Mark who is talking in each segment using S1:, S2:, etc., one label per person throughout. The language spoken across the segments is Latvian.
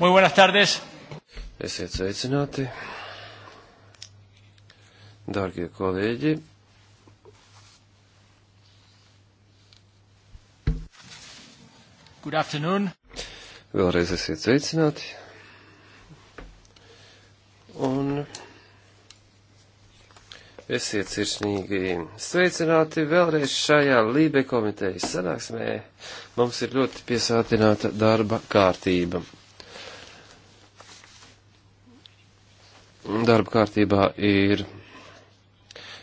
S1: Muy buenas tardes. Esiet sveicināti, dārgie kolēģi. Good afternoon. Vēlreiz esiet sveicināti. Un esiet sirsnīgi sveicināti vēlreiz šajā Lībe komitejas sanāksmē. Mums ir ļoti piesātināta darba kārtība. darba kārtībā ir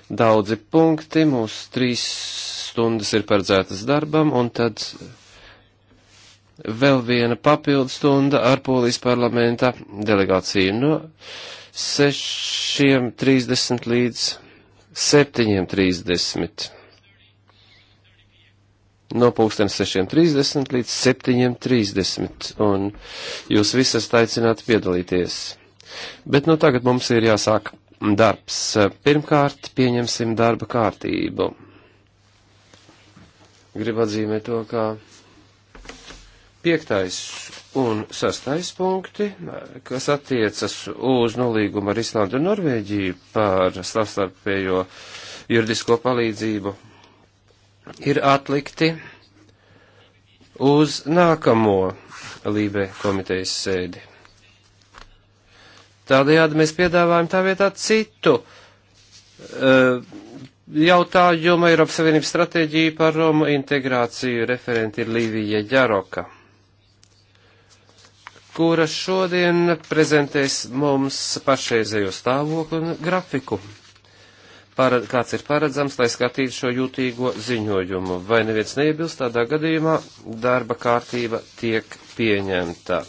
S1: daudzi punkti, mūsu trīs stundas ir paredzētas darbam, un tad vēl viena papildu stunda ar polijas parlamenta delegāciju no 6.30 līdz 7.30. No pulksten 6.30 līdz 7.30, un jūs visas aicināt piedalīties. Bet nu tagad mums ir jāsāk darbs. Pirmkārt, pieņemsim darba kārtību. Gribu atzīmēt to, ka piektais un sastais punkti, kas attiecas uz nolīgumu ar Islandu un Norvēģiju par savstarpējo juridisko palīdzību, ir atlikti uz nākamo Lībe komitejas sēdi. Tādējādi mēs piedāvājam tā vietā citu eh, jautājumu Eiropas Savienības stratēģiju par Romu integrāciju. Referenti ir Līvija Ģaroka, kura šodien prezentēs mums pašreizējo stāvokli un grafiku. Parad, kāds ir paredzams, lai skatītu šo jūtīgo ziņojumu. Vai neviens neiebilst, tādā gadījumā darba kārtība tiek pieņemta.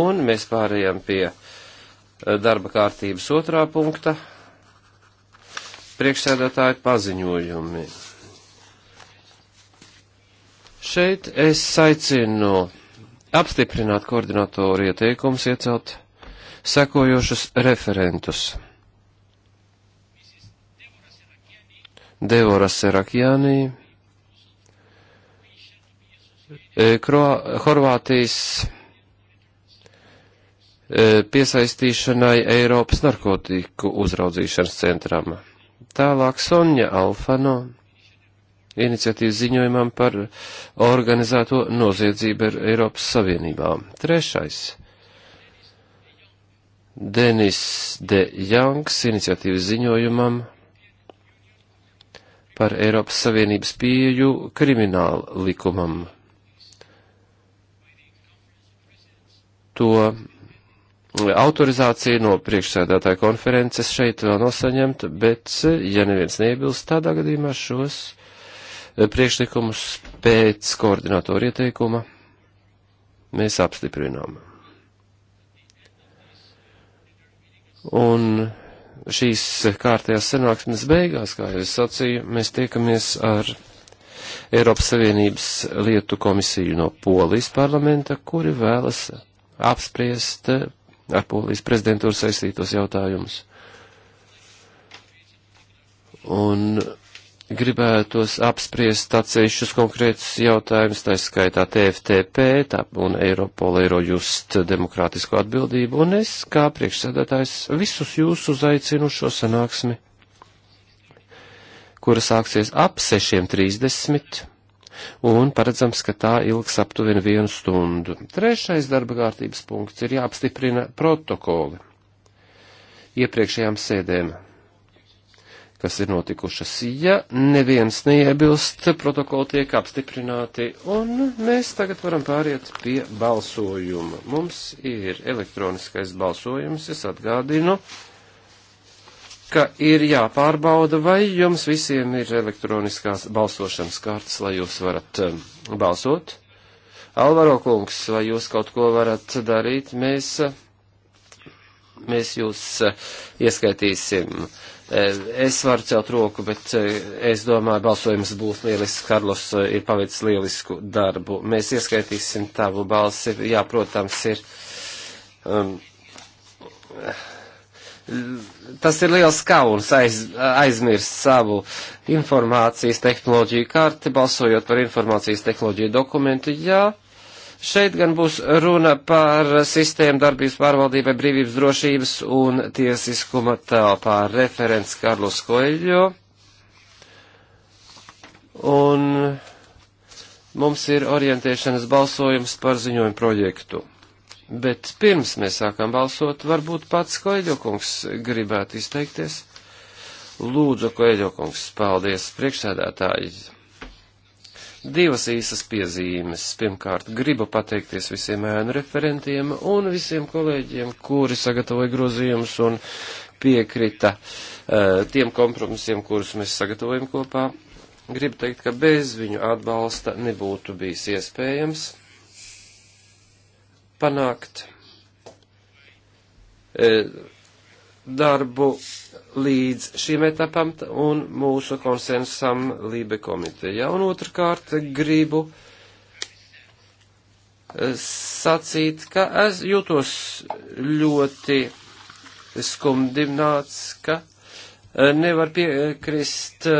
S1: Un mēs pārējām pie darba kārtības otrā punkta priekšsēdētāja paziņojumi. Šeit es aicinu apstiprināt koordinatoru ieteikumus iecelt sekojošus referentus. Devora Serakjānī, e, Horvātijas E, piesaistīšanai Eiropas narkotiku uzraudzīšanas centram. Tālāk Sonja Alfano iniciatīvas ziņojumam par organizēto noziedzību ar Eiropas Savienībā. Trešais. Denis De Janks iniciatīvas ziņojumam par Eiropas Savienības pieju krimināla likumam. To autorizāciju no priekšsēdētāja konferences šeit vēl nosaņemt, bet, ja neviens neiebilst, tādā gadījumā šos eh, priekšlikumus pēc koordinātoru ieteikuma mēs apstiprinām. Un šīs kārtējās sanāksmes beigās, kā jau es sacīju, mēs tiekamies ar Eiropas Savienības lietu komisiju no Polijas parlamenta, kuri vēlas apspriest ar polijas prezidentūru saistītos jautājumus. Un gribētos apspriest atsevišķus konkrētus jautājumus, tā skaitā TFTP tā, un Eiropola Eirojust demokrātisko atbildību, un es, kā priekšsēdētājs, visus jūs uzaicinu šo sanāksmi, kura sāksies ap 6.30 un paredzams, ka tā ilgs aptuveni vienu stundu. Trešais darba kārtības punkts ir jāapstiprina protokoli iepriekšējām sēdēm, kas ir notikušas. Ja neviens neiebilst, protokoli tiek apstiprināti, un mēs tagad varam pāriet pie balsojuma. Mums ir elektroniskais balsojums, es atgādinu. No ka ir jāpārbauda, vai jums visiem ir elektroniskās balsošanas kartas, lai jūs varat um, balsot. Alvaro kungs, vai jūs kaut ko varat darīt? Mēs, uh, mēs jūs uh, ieskaitīsim. Uh, es varu celt roku, bet es domāju, balsojums būs lielisks. Karlos ir paveicis lielisku darbu. Mēs ieskaitīsim tavu balsi. Jā, protams, ir. Um, tas ir liels kauns aiz, aizmirst savu informācijas tehnoloģiju karti, balsojot par informācijas tehnoloģiju dokumentu. Jā, šeit gan būs runa par sistēmu darbības pārvaldībai brīvības drošības un tiesiskuma telpā. Referents Karlos Koeļo. Un mums ir orientēšanas balsojums par ziņojumu projektu. Bet pirms mēs sākam balsot, varbūt pats Koeļokungs gribētu izteikties. Lūdzu, Koeļokungs, paldies priekšsēdētāji. Divas īsas piezīmes. Pirmkārt, gribu pateikties visiem ēnu referentiem un visiem kolēģiem, kuri sagatavoja grozījumus un piekrita uh, tiem kompromisiem, kurus mēs sagatavojam kopā. Gribu teikt, ka bez viņu atbalsta nebūtu bijis iespējams panākt e, darbu līdz šim etapam un mūsu konsensam Lībe komiteja. Un otrkārt gribu e, sacīt, ka es jūtos ļoti skumdināts, ka Eh, nevar piekrist eh,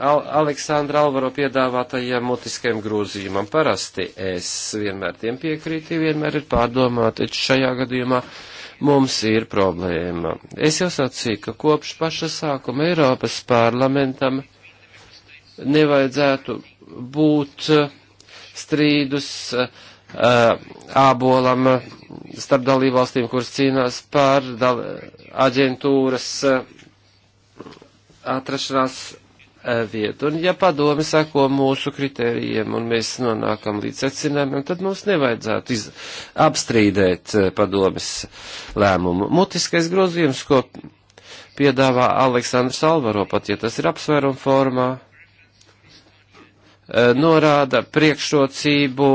S1: Al Aleksandra Alvaro piedāvātajiem mutiskajiem grozījumam. Parasti es vienmēr tiem piekrītu, vienmēr ir pārdomāti, taču šajā gadījumā mums ir problēma. Es jau sacīju, ka kopš paša sākuma Eiropas parlamentam nevajadzētu būt eh, strīdus uh, ābolam starp dalībvalstīm, kuras cīnās par aģentūras uh, atrašanās e, vietu. Un ja padomi sako mūsu kritērijiem un mēs nonākam līdz secinājumiem, tad mums nevajadzētu iz, apstrīdēt e, padomis lēmumu. Mutiskais grozījums, ko piedāvā Aleksandrs Alvaro, pat ja tas ir apsvērumu formā, e, norāda priekšrocību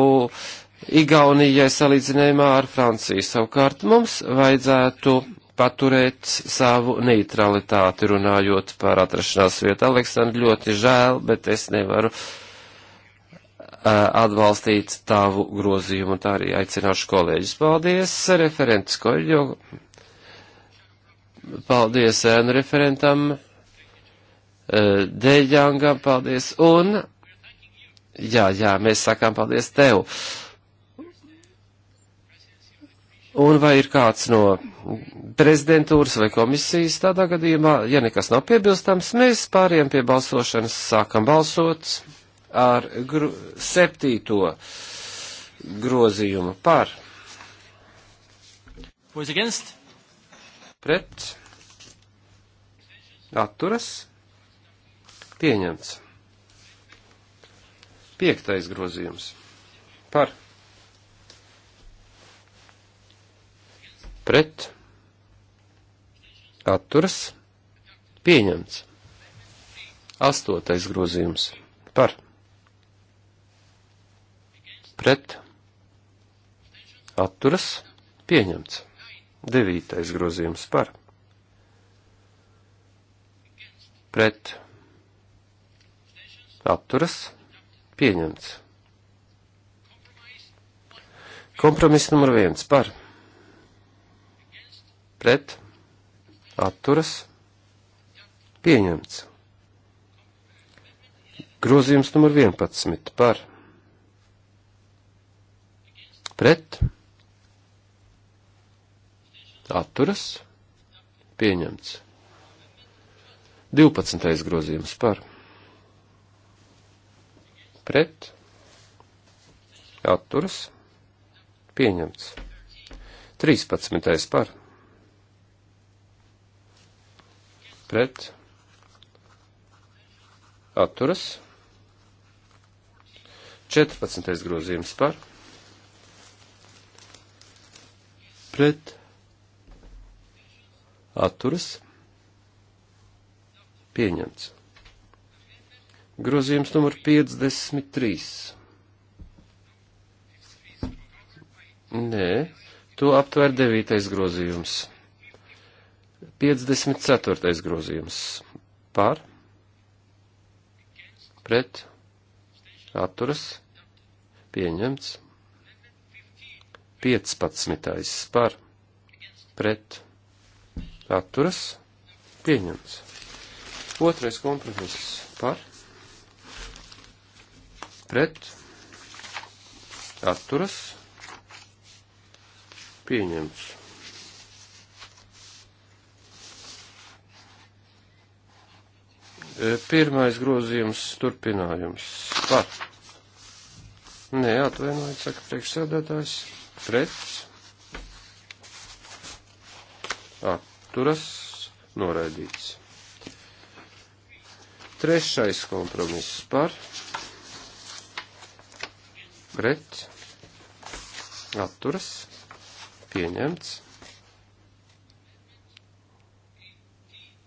S1: Igaunijai salīdzinājumā ar Franciju. Savukārt mums vajadzētu paturēt savu neutralitāti runājot par atrašanās vietu. Aleksandri, ļoti žēl, bet es nevaru atbalstīt tavu grozījumu, un tā arī aicināšu kolēģis. Paldies, referents Koļģo. Paldies ēnu referentam Deļģangam, paldies. Un, jā, jā, mēs sakām paldies tev. Uh, Un vai ir kāds no prezidentūras vai komisijas tādā gadījumā, ja nekas nav piebilstams, mēs pāriem pie balsošanas sākam balsot ar gru, septīto grozījumu par. Pret. Atturas. Pieņemts. Piektais grozījums. Par pret, atturas, pieņemts. Astotais grozījums par, pret, atturas, pieņemts. Devītais grozījums par, pret, atturas, pieņemts. Kompromiss numur viens par pret atturas pieņemts. Grozījums numur 11 par pret atturas pieņemts. 12. grozījums par pret atturas pieņemts. 13. par pret pret atturas. 14. grozījums par pret atturas pieņemts. Grozījums numur 53. Nē, to aptver 9. grozījums. 54. grozījums par, pret, atturas, pieņemts. 15. par, pret, atturas, pieņemts. Otrais kompromiss par, pret, atturas, pieņemts. E, pirmais grozījums turpinājums par. Nē, atvainojiet, saka priekšsēdētājs. Pret. Atturas. Noraidīts. Trešais kompromiss par. Pret. Atturas. Pieņemts.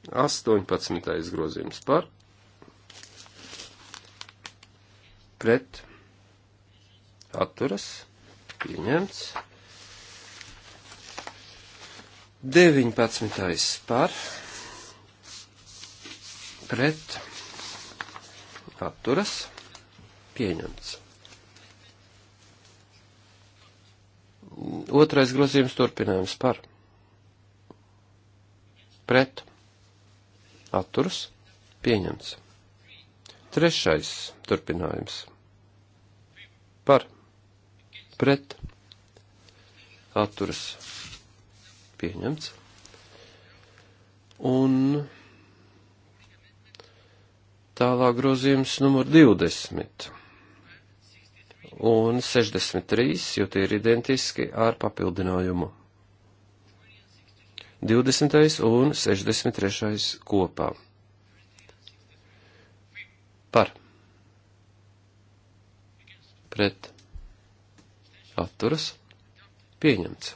S1: 18. grozījums par pret atturas pieņemts. 19. par pret atturas pieņemts. Otrais grozījums turpinājums par pret atturas atturas pieņemts. Trešais turpinājums par pret atturas pieņemts. Un tālāk grozījums numur 20 un 63, jo tie ir identiski ar papildinājumu. 20. un 63. kopā. Par. Pret. Atturas. Pieņemts.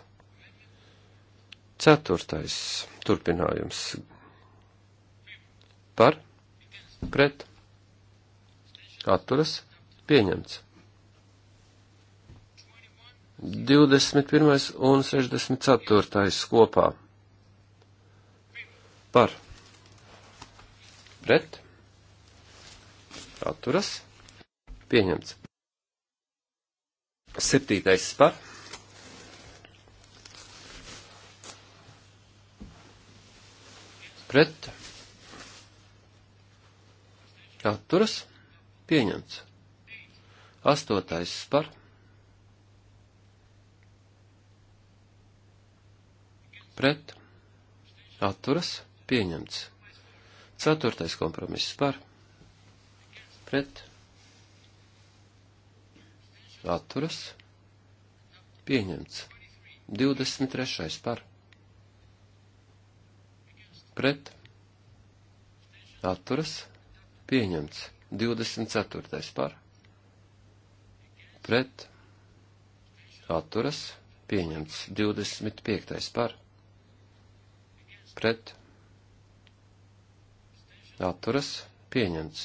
S1: Ceturtais turpinājums. Par. Pret. Atturas. Pieņemts. 21. un 64. kopā par pret atturas pieņemts. Septītais par pret atturas pieņemts. Astotais par pret atturas pieņemts pieņemts. Ceturtais kompromiss par, pret, atturas, pieņemts. 23. par, pret, atturas, pieņemts. 24. par, pret, atturas, pieņemts. 25. par, pret, atturas pieņemts.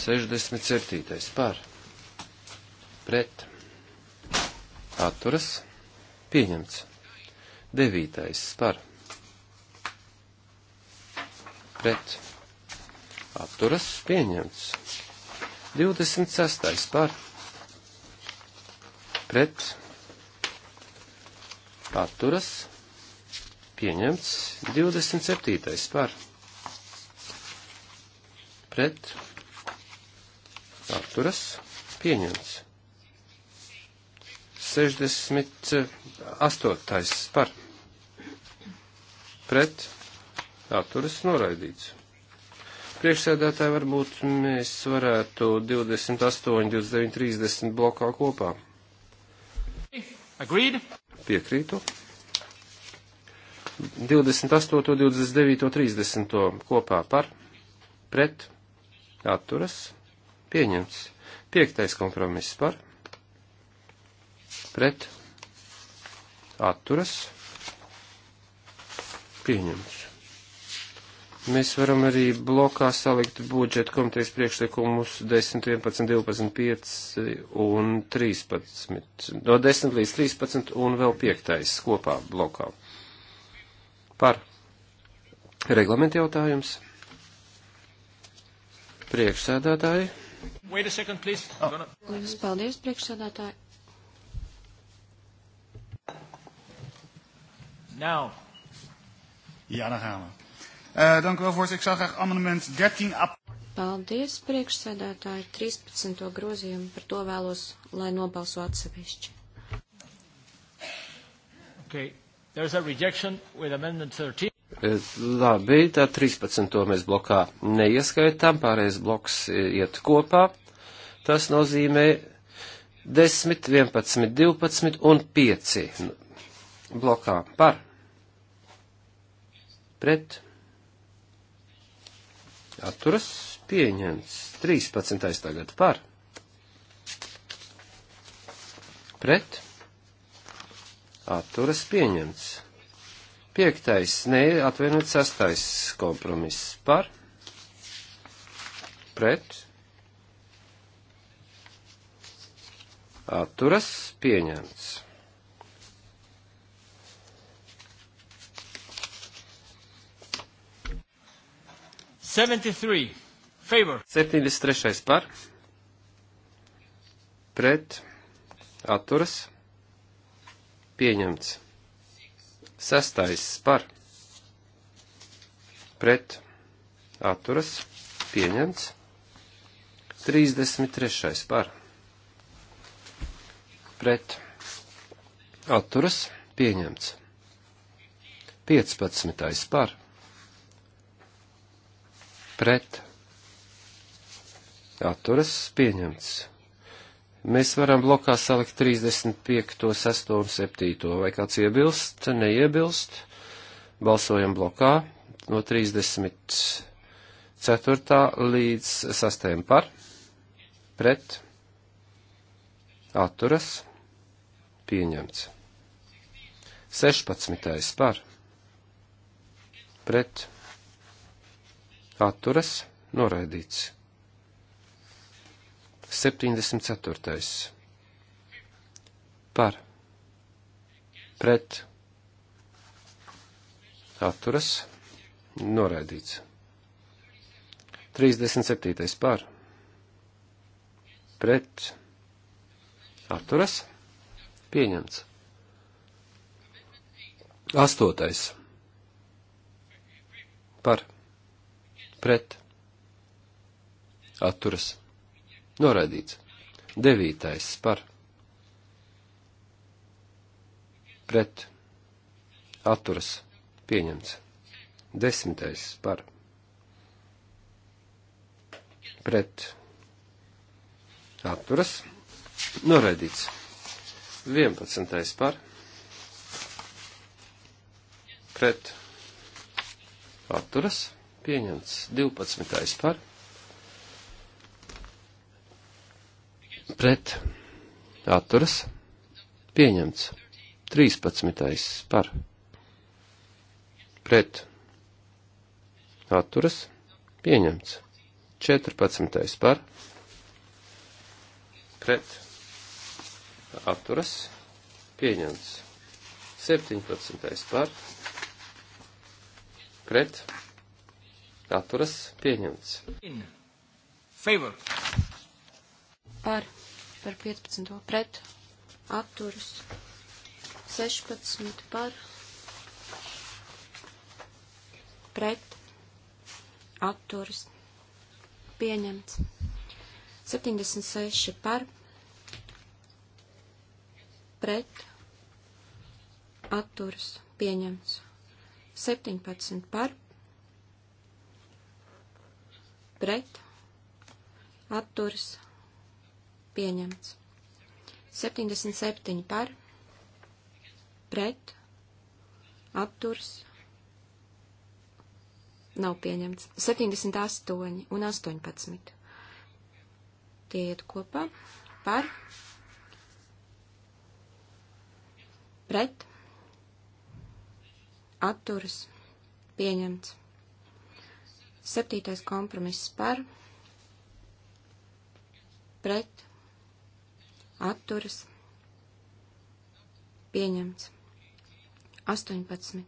S1: 67. par pret atturas pieņemts. 9. par pret atturas pieņemts. 26. par pret atturas pieņemts. 27. par pret pret atturas pieņemts. 68. par pret atturas noraidīts. Priekšsēdētāji varbūt mēs varētu 28, 29, 30 blokā kopā. Agreed. Piekrītu. 28, 29, 30 kopā par pret atturas, pieņemts. Piektais kompromiss par, pret, atturas, pieņemts. Mēs varam arī blokā salikt budžeta komitejas priekšlikumus 10, 11, 12, 5 un 13. No 10 līdz 13 un vēl 5. kopā blokā. Par reglamentu jautājums Priekšsēdētāji. Wait a second, please.
S2: Oh. Gonna... Lielas paldies, priekšsēdētāji.
S1: Now. Ja, dan gaan we. Uh, dank u wel, voorzitter. Ik zou graag amendement 13 ap...
S2: Paldies, priekšsēdētāji. 13. grozījumu par to vēlos, lai nobalso atsevišķi.
S1: Okay. There's a rejection with amendment 13. Labi, tā 13. mēs blokā neieskaitām, pārējais bloks iet kopā. Tas nozīmē 10, 11, 12 un 5 blokā par pret atturas pieņemts 13. tagad par pret atturas pieņemts Piektais, nē, atvienot sastais kompromiss par, pret, atturas, pieņemts. Septiņdesmit trešais par, pret, atturas, pieņemts. Sestais par pret atturas pieņemts. 33. par pret atturas pieņemts. 15. par pret atturas pieņemts. Mēs varam blokā salikt 35, 6 un 7. Vai kāds iebilst? Neiebilst. Balsojam blokā no 34. līdz 6. par. Pret. Atturas. Pieņemts. 16. par. Pret. Atturas. Noraidīts. 74. par pret atturas noraidīts. 37. par pret atturas pieņemts. 8. par pret atturas Noraidīts. Devītais par. Pret. Atturas. Pieņemts. Desmitais par. Pret. Atturas. Noraidīts. Vienpadsmitais par. Pret. Atturas. Pieņemts. Divpadsmitais par pret atturas pieņemts. 13. par pret atturas pieņemts. 14. par pret atturas pieņemts. 17. par pret atturas pieņemts. In favor. Par
S2: par 15. pret atturas 16 par pret atturas pieņemts 76 par pret atturas pieņemts 17 par pret atturas pieņemts pieņemts. 77 par, pret, atturs, nav pieņemts. 78 un 18. Tie iet kopā par, pret, atturs, pieņemts. Septītais kompromiss par, pret, atturas, pieņemts. 18.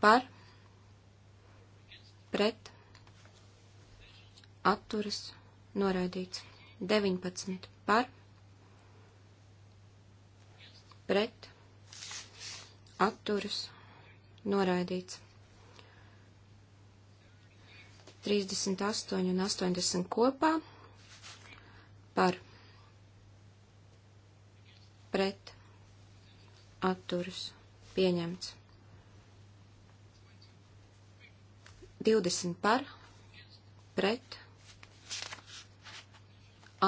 S2: Par, pret, atturas, noraidīts. 19. Par, pret, atturas, noraidīts. 38 un 80 kopā par pret atturas pieņemts. 20 par pret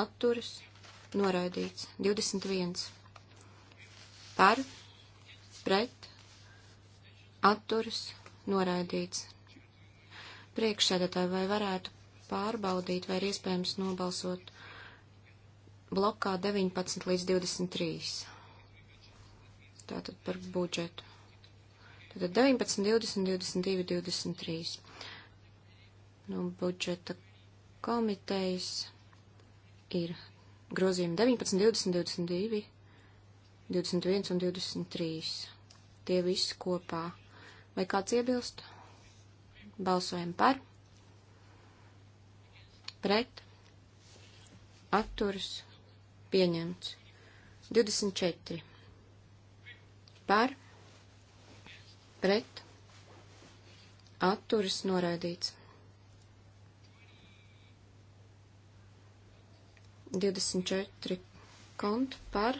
S2: atturas noraidīts. 21 par pret atturas noraidīts. Priekšsēdētāji vai varētu pārbaudīt, vai ir iespējams nobalsot blokā 19 līdz 23. Tātad par budžetu. Tātad 19, 20, 22, 23. No budžeta komitejas ir grozījumi 19, 20, 22, 21 un 23. Tie visi kopā. Vai kāds iebilst? Balsojam par, pret, atturas Pieņemts. 24. Par. Pret. Atturis noraidīts. 24 kontu par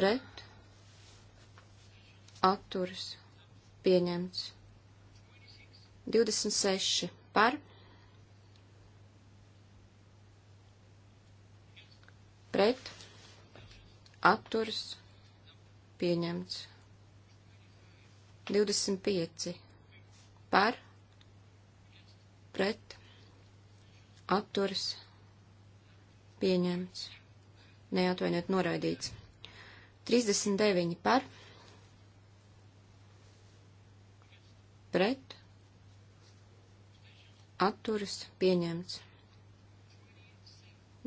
S2: pret atturis pieņemts. 26 par pret pret, atturs, pieņemts. 25 par, pret, atturs, pieņemts. Neatvainojiet, noraidīts. 39 par, pret, atturs, pieņemts.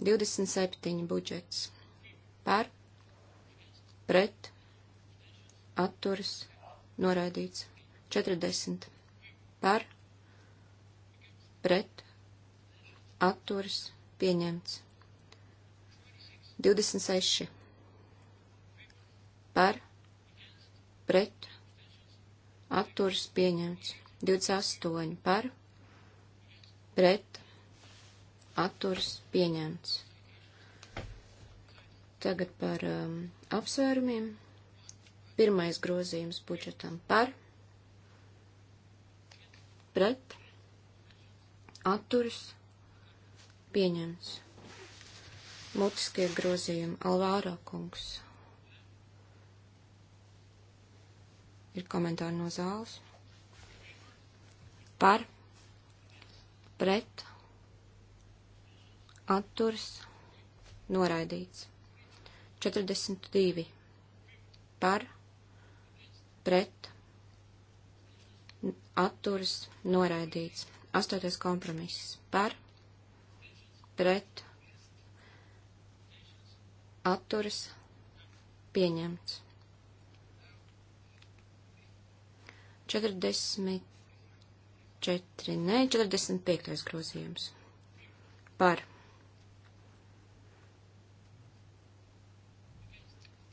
S2: 27 budžets par, pret, atturas, noraidīts. 40 par, pret, atturas, pieņemts. 26 par, pret, atturas, pieņemts. 28 par, pret, atturs pieņemts. Tagad par um, apsvērumiem. Pirmais grozījums budžetam par, pret, atturs pieņemts. Mutiskie grozījumi Alvāra kungs. Ir komentāri no zāles. Par, pret, atturs, noraidīts. 42 par, pret, atturs, noraidīts. 8. kompromiss par, pret, atturs, pieņemts. 44, ne, 45. grozījums par, pret,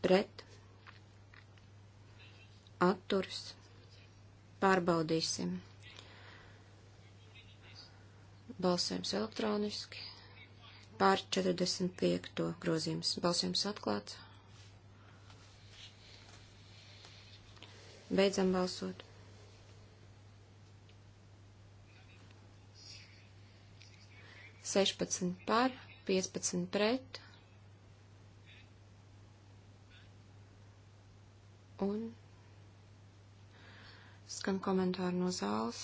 S2: pret, atturs, pārbaudīsim. Balsojums elektroniski, pār 45. grozījums. Balsojums atklāts. Beidzam balsot. Sešpadsmit par, piecpadsmit pret, un skan komentāri no zāles.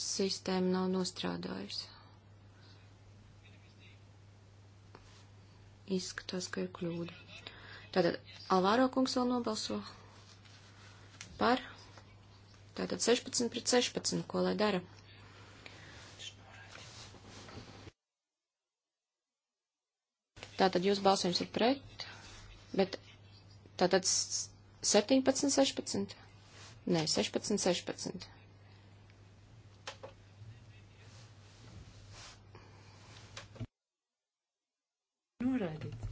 S2: Sistēma nav nostrādājusi. Izskatās, ka ir kļūda. Tātad Alvāro kungs vēl nobalso par. Tātad 16 pret 16, ko lai dara? Tātad jūs balsojums ir pret, bet Tātad 17, 16? Nē, 16, 16. Noraidīt.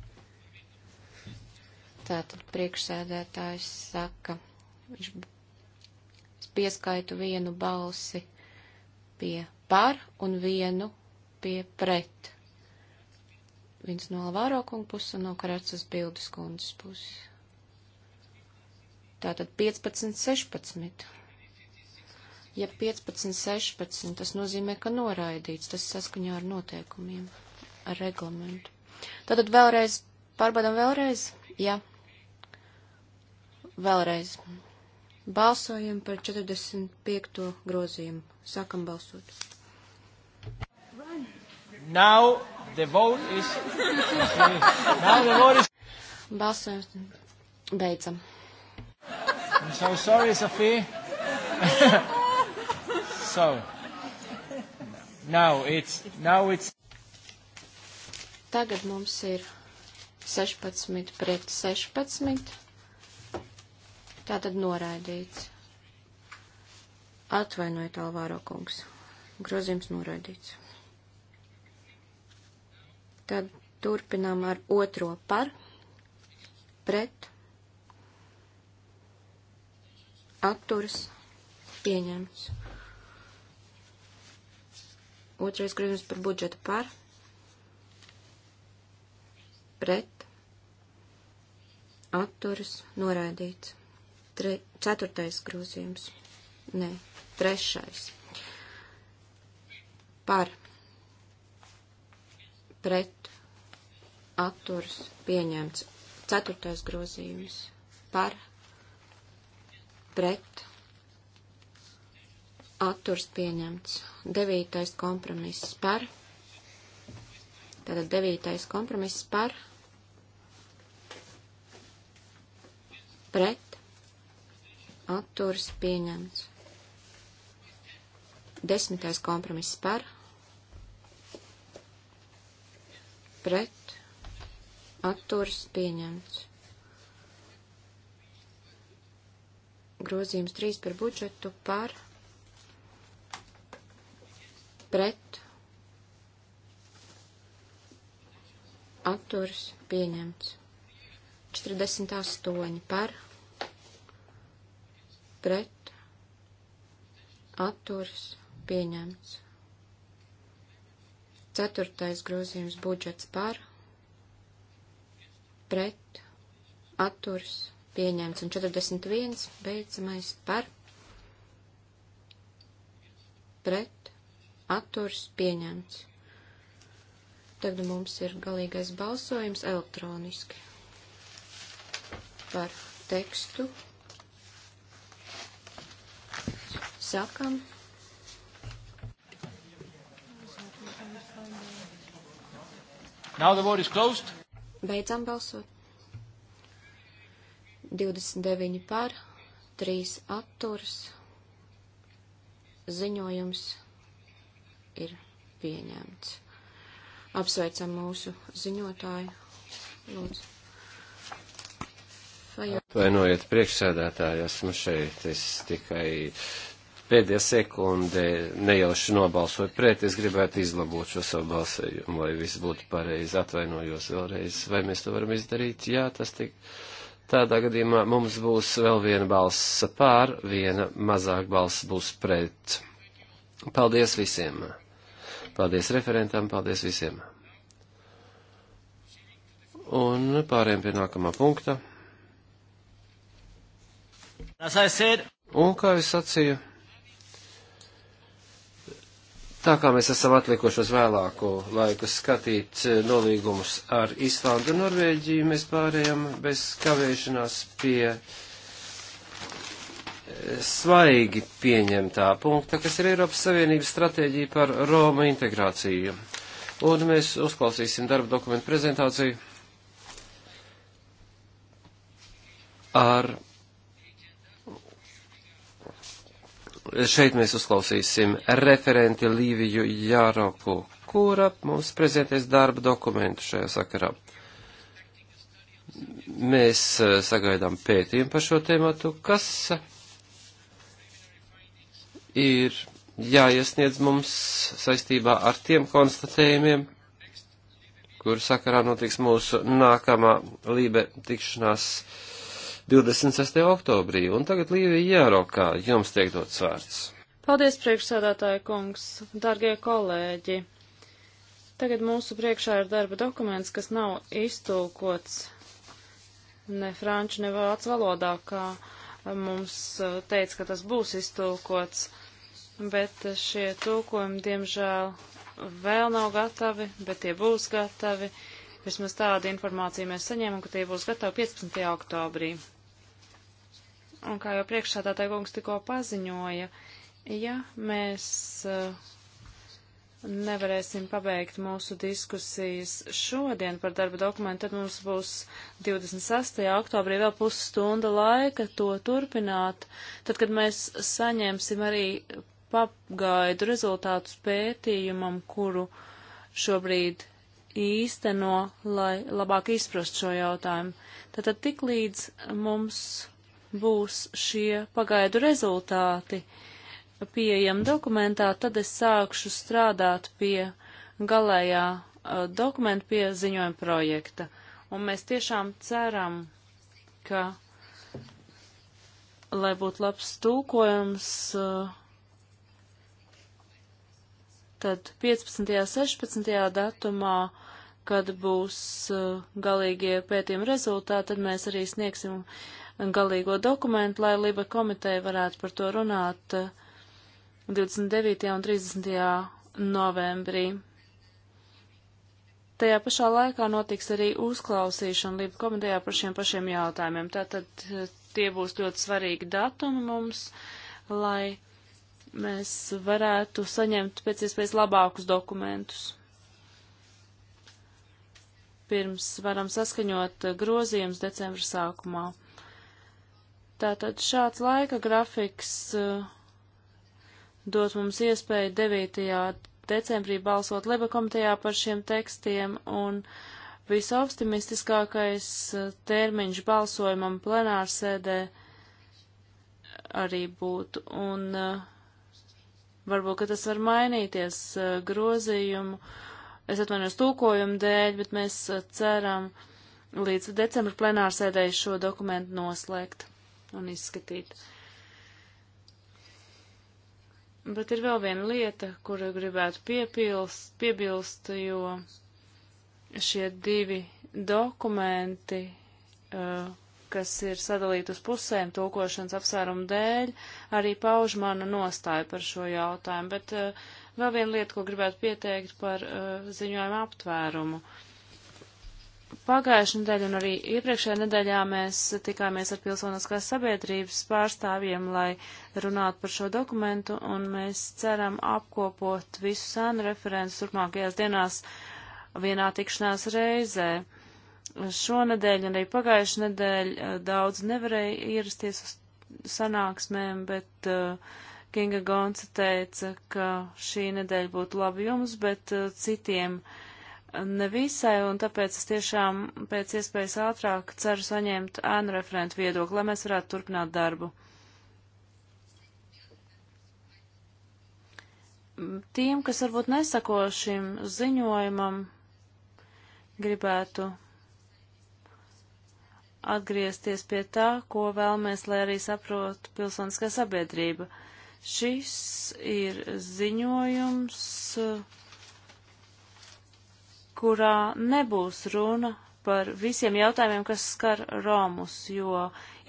S2: Tātad priekšsēdētājs saka, viņš pieskaitu vienu balsi pie par un vienu pie pret. Viens no Lavāro kungu puses un no Karacas bildes kundas puses. Tātad 15, 16. Ja 15, 16, tas nozīmē, ka noraidīts, tas saskaņā ar noteikumiem, ar reglamentu. Tātad vēlreiz, pārbaudam vēlreiz? Jā. Vēlreiz. Balsojam par 45. grozījumu. Sākam balsot.
S1: Now the vote is... Now the vote is...
S2: Balsojam. Beidzam. I'm so sorry, Sophie. so,
S1: now it's, now it's.
S2: Tagad mums ir 16 pret 16. Tātad noraidīts. Atvainojiet, Alvāro kungs. Grozījums noraidīts. Tad turpinām ar otro par, pret, atturas pieņemts. Otrais grozījums par budžetu par, pret, atturas noraidīts. Tre, ceturtais grozījums, nē, trešais par, pret, atturas pieņemts. Ceturtais grozījums par, pret atturs pieņemts. Devītais kompromiss par. Tātad devītais kompromiss par. Pret. Atturs pieņemts. Desmitais kompromiss par. Pret. Atturs pieņemts. grozījums 3 par budžetu par pret atturs pieņemts. 48 par pret atturs pieņemts. Ceturtais grozījums budžets par pret atturs pieņemts pieņemts, un 41 beidzamais par pret atturs pieņemts. Tagad mums ir galīgais balsojums elektroniski par tekstu. Sākam.
S1: Now the vote is closed.
S2: Beidzam balsot. 29 par, 3 atturs, ziņojums ir pieņemts. Apsveicam mūsu ziņotāju. Lūdzu.
S1: Atvainojiet, priekšsēdētāji, esmu šeit. Es tikai pēdējā sekundē nejauši nobalsoju pret. Es gribētu izlabot šo savu balsējumu, lai viss būtu pareizi. Atvainojos vēlreiz. Vai mēs to varam izdarīt? Jā, tas tik. Tika Tādā gadījumā mums būs vēl viena balss pār, viena mazāk balss būs pret. Paldies visiem! Paldies referentam, paldies visiem! Un pārējiem pie nākamā punkta. Un kā es sacīju? Tā kā mēs esam atlikušos vēlāko laiku skatīt eh, nolīgumus ar Islandu un Norvēģiju, mēs pārējām bez kavēšanās pie eh, svaigi pieņemtā punkta, kas ir Eiropas Savienības stratēģija par Roma integrāciju. Un mēs uzklausīsim darba dokumentu prezentāciju ar šeit mēs uzklausīsim referenti Līviju Jāropu, kura mums prezentēs darba dokumentu šajā sakarā. Mēs eh, sagaidām pētījumu par šo tēmatu, kas ir jāiesniedz mums saistībā ar tiem konstatējumiem, kur sakarā notiks mūsu nākamā lībe tikšanās 26. oktobrī, un tagad Līvija Jārokā jums tiek dots vārds.
S3: Paldies, priekšsēdētāja kungs, dargie kolēģi. Tagad mūsu priekšā ir darba dokuments, kas nav iztulkots ne franču, ne vācu valodā, kā mums eh, teica, ka tas būs iztulkots, bet šie tulkojumi, diemžēl, vēl nav gatavi, bet tie būs gatavi. Vismaz tādu informāciju mēs saņēmām, ka tie būs gatavi 15. oktobrī. Un kā jau priekšsādātāja kungs tikko paziņoja, ja mēs eh, nevarēsim pabeigt mūsu diskusijas šodien par darba dokumentu, tad mums būs 26. oktobrī vēl pusstunda laika to turpināt, tad, kad mēs saņemsim arī pagaidu rezultātus pētījumam, kuru šobrīd īsteno, lai labāk izprast šo jautājumu. Tātad tik līdz mums būs šie pagaidu rezultāti pieejami dokumentā, tad es sākšu strādāt pie galējā uh, dokumentu pieziņojuma projekta. Un mēs tiešām ceram, ka, lai būtu labs tulkojums, uh, tad 15. un 16. datumā, kad būs uh, galīgie pētījuma rezultāti, tad mēs arī sniegsim uh, galīgo dokumentu, lai Liba komiteja varētu par to runāt 29. Eh, un 30. novembrī. Tajā pašā laikā notiks arī uzklausīšana Liba komitejā par šiem pašiem jautājumiem. Tātad eh, tie būs ļoti svarīgi datumi mums, lai mēs varētu saņemt pēc iespējas labākus dokumentus. Pirms varam saskaņot eh, grozījums decembra sākumā. Tātad šāds laika grafiks eh, dot mums iespēju 9. decembrī balsot Leba komitejā par šiem tekstiem un visoptimistiskākais eh, termiņš balsojumam plenārsēdē arī būtu. Un eh, varbūt, ka tas var mainīties grozījumu, es atvainojos tūkojumu dēļ, bet mēs ceram līdz decembra plenārsēdēju šo dokumentu noslēgt un izskatīt. Bet ir vēl viena lieta, kura gribētu piepilst, piebilst, jo šie divi dokumenti, uh, kas ir sadalīti uz pusēm tulkošanas apsvērumu dēļ, arī pauž manu nostāju par šo jautājumu. Bet uh, vēl viena lieta, ko gribētu pieteikt par uh, ziņojumu aptvērumu. Uh, Pagājušajā nedēļā un arī iepriekšējā nedēļā mēs tikāmies ar pilsoniskās sabiedrības pārstāvjiem, lai runātu par šo dokumentu, un mēs ceram apkopot visu sēnu referents turpmākajās dienās vienā tikšanās reizē. Šonadēļ un arī pagājušajā nedēļā eh, daudz nevarēja ierasties uz sanāksmēm, bet uh, Kinga Gonca teica, ka šī nedēļa būtu labi jums, bet uh, citiem uh, nevisai, un tāpēc es tiešām pēc iespējas ātrāk ceru saņemt ēnu referentu viedokli, lai mēs varētu turpināt darbu. Tiem, kas varbūt nesako šim ziņojumam, gribētu atgriezties pie tā, ko vēlamies, lai arī saprot pilsoniskā sabiedrība. Šis ir ziņojums. Uh, kurā nebūs runa par visiem jautājumiem, kas skar Romus, jo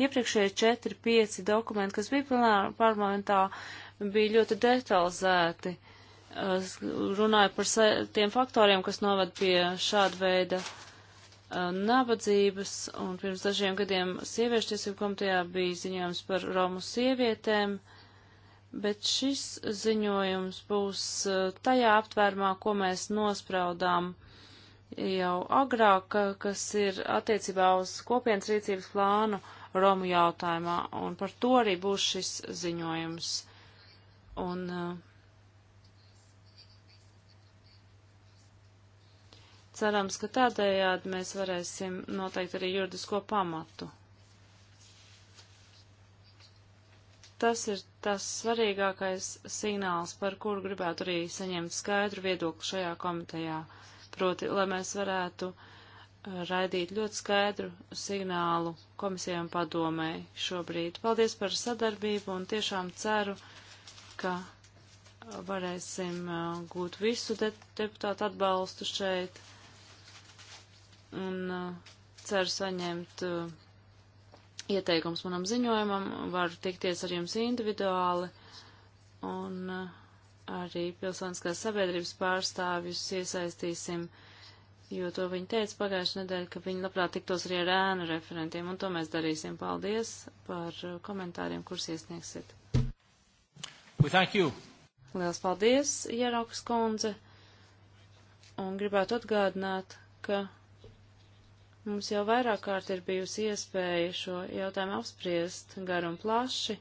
S3: iepriekšējie četri, pieci dokumenti, kas bija plenāra parlamentā, bija ļoti detalizēti. Es runāju par tiem faktoriem, kas noved pie šāda veida nabadzības, un pirms dažiem gadiem sieviešu tiesību komitejā bija ziņojums par Romu sievietēm, bet šis ziņojums būs tajā aptvērumā, ko mēs nospraudām uh, jau agrāk, kas ir attiecībā uz kopienas rīcības plānu Romu jautājumā, un par to arī būs šis ziņojums. Un, eh, Cerams, ka tādējādi mēs varēsim noteikt arī juridisko pamatu. Tas ir tas svarīgākais signāls, par kuru gribētu arī saņemt skaidru viedokli šajā komitejā. Uh, proti, lai mēs varētu uh, raidīt ļoti skaidru signālu komisijām padomēji šobrīd. Paldies par sadarbību un tiešām ceru, ka uh, varēsim uh, gūt visu de deputātu atbalstu šeit un ceru saņemt ieteikums manam ziņojumam, varu tikties ar jums individuāli un uh, arī pilsoniskās sabiedrības pārstāvjus iesaistīsim, jo to viņi teica pagājušajā nedēļā, ka viņi labprāt tiktos arī ar ēnu referentiem, un to mēs darīsim. Paldies par uh, komentāriem, kurus iesniegsiet. We thank you. Liels paldies, Jaraukas kundze, un gribētu atgādināt, ka mums jau vairāk kārt ir bijusi iespēja šo jautājumu apspriest gar un plaši.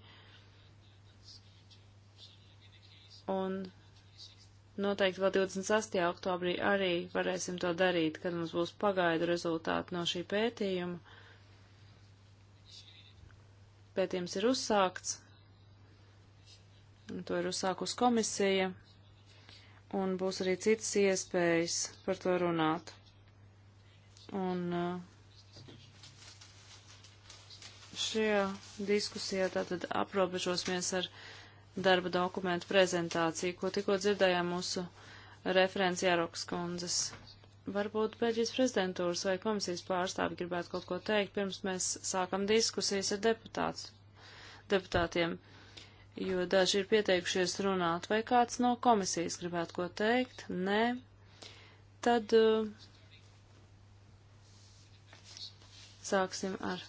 S3: un noteikti vēl 28. oktobrī arī varēsim to darīt, kad mums būs pagaidu rezultāti no šī pētījuma. Pētījums ir uzsākts, un to ir uzsākus komisija, un būs arī citas iespējas par to runāt. Un uh, šajā diskusijā tātad aprobežosimies ar darba dokumentu prezentāciju, ko tikko dzirdējām mūsu referents Jāroks kundzes. Varbūt Beļģijas prezidentūras vai komisijas pārstāvi gribētu kaut ko teikt, pirms mēs sākam diskusijas ar deputāts, deputātiem, jo daži ir pieteikušies runāt. Vai kāds no komisijas gribētu ko teikt? Nē. Tad uh, sāksim ar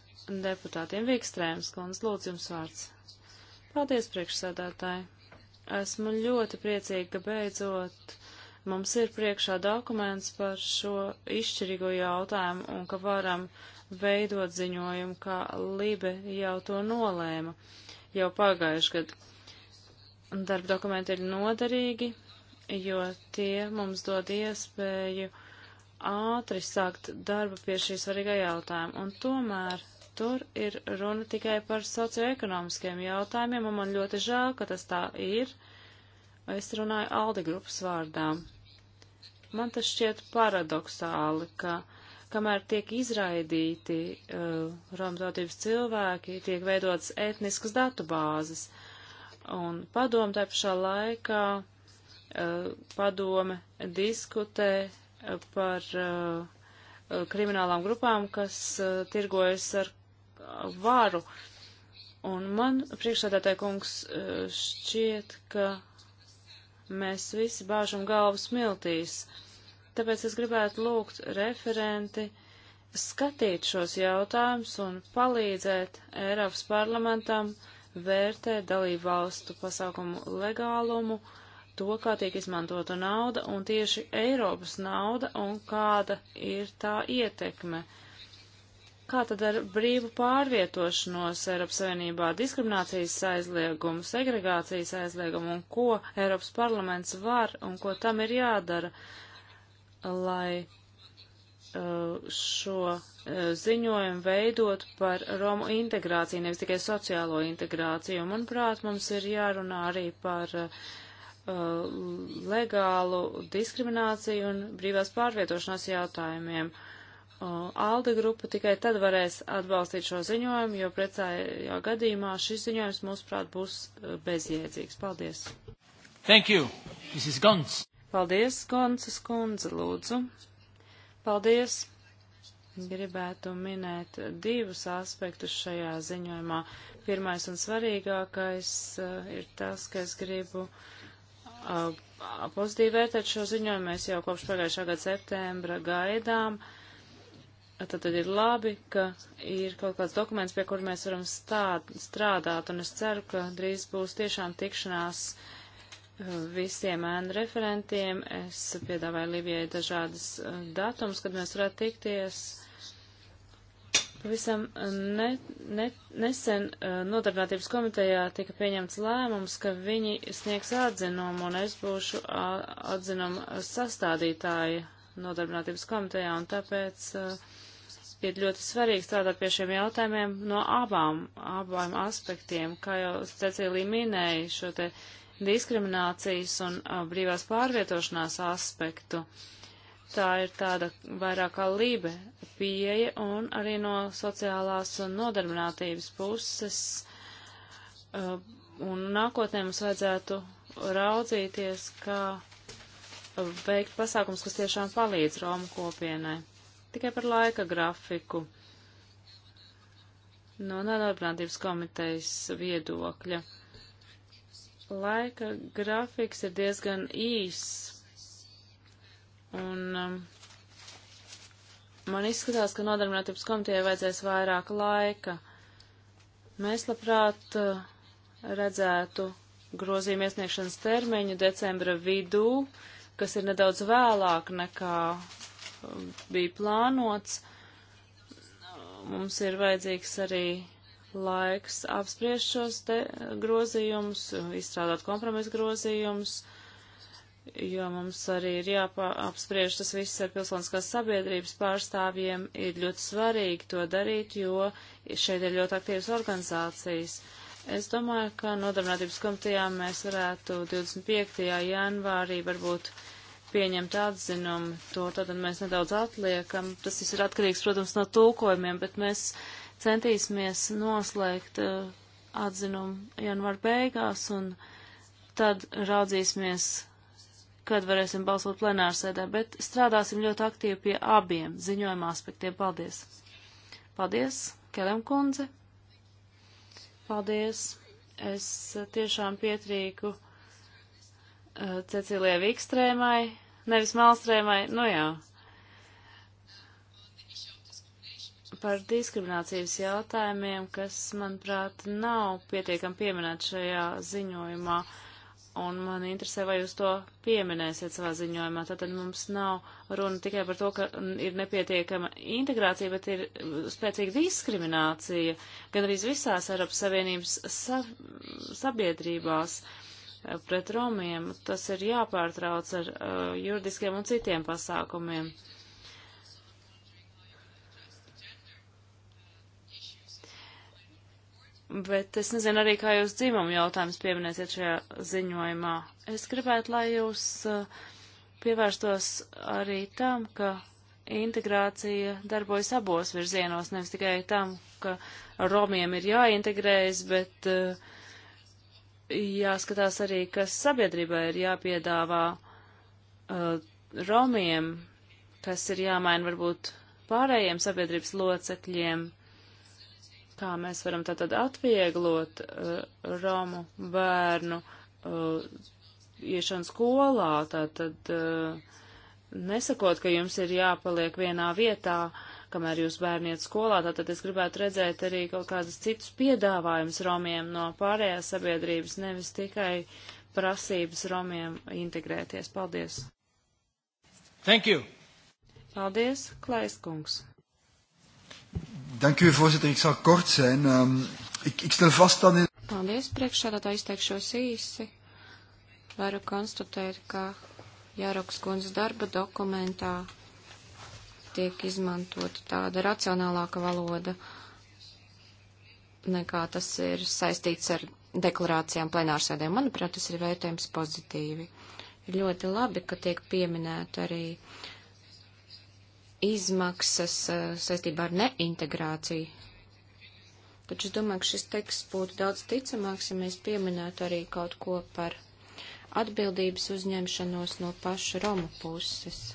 S3: deputātiem. Vīkstrēms, kundze, lūdzu jums vārds. Paldies, priekšsēdētāji. Esmu ļoti priecīga, ka beidzot mums ir priekšā dokuments par šo izšķirīgo jautājumu un ka varam veidot ziņojumu, kā Libe jau to nolēma jau pagājuši gadu. Darba dokumenti ir noderīgi, jo tie mums dod iespēju ātri sākt darbu pie šī svarīgā jautājuma. Un tomēr Tur ir runa tikai par socioekonomiskiem jautājumiem, un man ļoti žēl, ka tas tā ir. Es runāju Alde grupas vārdām. Man tas šķiet paradoxāli, ka kamēr tiek izraidīti uh, romtautības cilvēki, tiek veidotas etniskas datubāzes. Un padome tā pašā laikā uh, padome diskutē uh, par uh, uh, kriminālām grupām, kas uh, tirgojas ar varu. Un man priekšsēdētāji kungs e, šķiet, ka mēs visi bāžam galvu smiltīs. Tāpēc es gribētu lūgt referenti skatīt šos jautājumus un palīdzēt Eiropas parlamentam vērtēt dalību valstu pasākumu legālumu, to, kā tiek izmantota nauda un tieši Eiropas nauda un kāda ir tā ietekme. Uh, Kā tad ar brīvu pārvietošanos Eiropas Savienībā, diskriminācijas aizliegumu, segregācijas aizliegumu un ko Eiropas parlaments var un ko tam ir jādara, lai uh, šo uh, ziņojumu veidot par Romu integrāciju, nevis tikai sociālo integrāciju. Manuprāt, mums ir jārunā arī par uh, legālu diskrimināciju un brīvās pārvietošanās jautājumiem. Uh, Uh, ALDE grupa tikai tad varēs atbalstīt šo ziņojumu, jo precējā gadījumā šis ziņojums, mūsuprāt, būs uh, bezjēdzīgs. Paldies!
S1: Thank you! This is Gons!
S3: Paldies, Gonsas kundze, lūdzu! Paldies! Gribētu minēt divus aspektus šajā ziņojumā. Pirmais un svarīgākais uh, ir tas, ka es gribu pozitīvi vērtēt šo ziņojumu. Mēs jau kopš pagājušā gada septembra gaidām. Uh, Tad, tad ir labi, ka ir kaut kāds dokuments, pie kura mēs varam stād, strādāt, un es ceru, ka drīz būs tiešām tikšanās uh, visiem ēnu referentiem. Es piedāvāju Livijai dažādas uh, datums, kad mēs varētu tikties. Pavisam uh, ne, ne, nesen nodarbinātības komitejā tika pieņemts lēmums, ka viņi sniegs atzinumu, un es būšu atzinumu sastādītāja nodarbinātības komitejā, un tāpēc uh, ir ļoti svarīgi strādāt pie šiem jautājumiem no abām, abām aspektiem, kā jau Cecīlija minēja, šo te diskriminācijas un a, brīvās pārvietošanās aspektu. Tā ir tāda vairāk kā lībe pieeja un arī no sociālās un nodarbinātības puses. A, un nākotnē mums vajadzētu raudzīties, kā veikt pasākums, kas tiešām palīdz Romu kopienai. Tikai par laika grafiku. No Nodarbinātības komitejas viedokļa. Laika grafiks ir diezgan īss. Un um, man izskatās, ka Nodarbinātības komitejai vajadzēs vairāk laika. Mēs labprāt uh, redzētu grozījuma iesniegšanas termiņu decembra vidū, kas ir nedaudz vēlāk nekā bija plānots. Mums ir vajadzīgs arī laiks apspriest šos grozījumus, izstrādāt kompromisu grozījumus, jo mums arī ir jāapspriež tas viss ar pilsoniskās sabiedrības pārstāvjiem. Ir ļoti svarīgi to darīt, jo šeit ir ļoti aktīvas organizācijas. Es domāju, ka nodarbinātības komitejā mēs varētu 25. janvārī varbūt pieņemt atzinumu. To tad mēs nedaudz atliekam. Tas viss ir atkarīgs, protams, no tulkojumiem, bet mēs centīsimies noslēgt uh, atzinumu janvāra beigās un tad raudzīsimies, kad varēsim balsot plenārsēdē, bet strādāsim ļoti aktīvi pie abiem ziņojuma aspektiem. Paldies! Paldies, Kelem kundze! Paldies! Es uh, tiešām pietrīku Eh, Cecilijai Vikstrēmai, nevis Malstrēmai, nu jā. Par diskriminācijas jautājumiem, kas, manuprāt, nav pietiekami pieminēti šajā ziņojumā, un man interesē, vai jūs to pieminēsiet savā ziņojumā. Tātad mums nav runa tikai par to, ka ir nepietiekama integrācija, bet ir spēcīga diskriminācija gan arī visās Eiropas Savienības sa sabiedrībās. Uh, pret romiem. Tas ir jāpārtrauc ar uh, juridiskiem un citiem pasākumiem. Bet es nezinu arī, kā jūs dzimumu jautājumus pieminēsiet šajā ziņojumā. Es gribētu, lai jūs uh, pievērstos arī tam, ka integrācija darbojas abos virzienos, nevis tikai tam, ka romiem ir jāintegrējas, bet uh, jāskatās arī, kas sabiedrībai ir jāpiedāvā uh, romiem, kas ir jāmaina varbūt pārējiem sabiedrības locekļiem, kā mēs varam tātad atvieglot uh, romu bērnu uh, iešanu skolā, tātad uh, nesakot, ka jums ir jāpaliek vienā vietā, uh, kamēr jūs bērni iet skolā, tātad es gribētu redzēt arī kaut kādas citus piedāvājumus romiem no pārējās sabiedrības, nevis tikai prasības romiem integrēties. Paldies! Thank you! Paldies,
S2: Klaiskungs!
S1: Dank u, voorzitter. Ik zal kort zijn. Um, ik, ik stel vast dat...
S2: Paldies, priekšsēdētāji, izteikšos īsi. Varu konstatēt, ka Jāroks kundzes darba dokumentā tiek izmantota tāda racionālāka valoda nekā tas ir saistīts ar deklarācijām plenārsēdēm. Manuprāt, tas ir vērtējums pozitīvi. Ir ļoti labi, ka tiek pieminēta arī izmaksas eh, saistībā ar neintegrāciju. Taču es domāju, ka šis teksts būtu daudz ticamāks, ja mēs pieminētu arī kaut ko par atbildības uzņemšanos no paša Roma puses.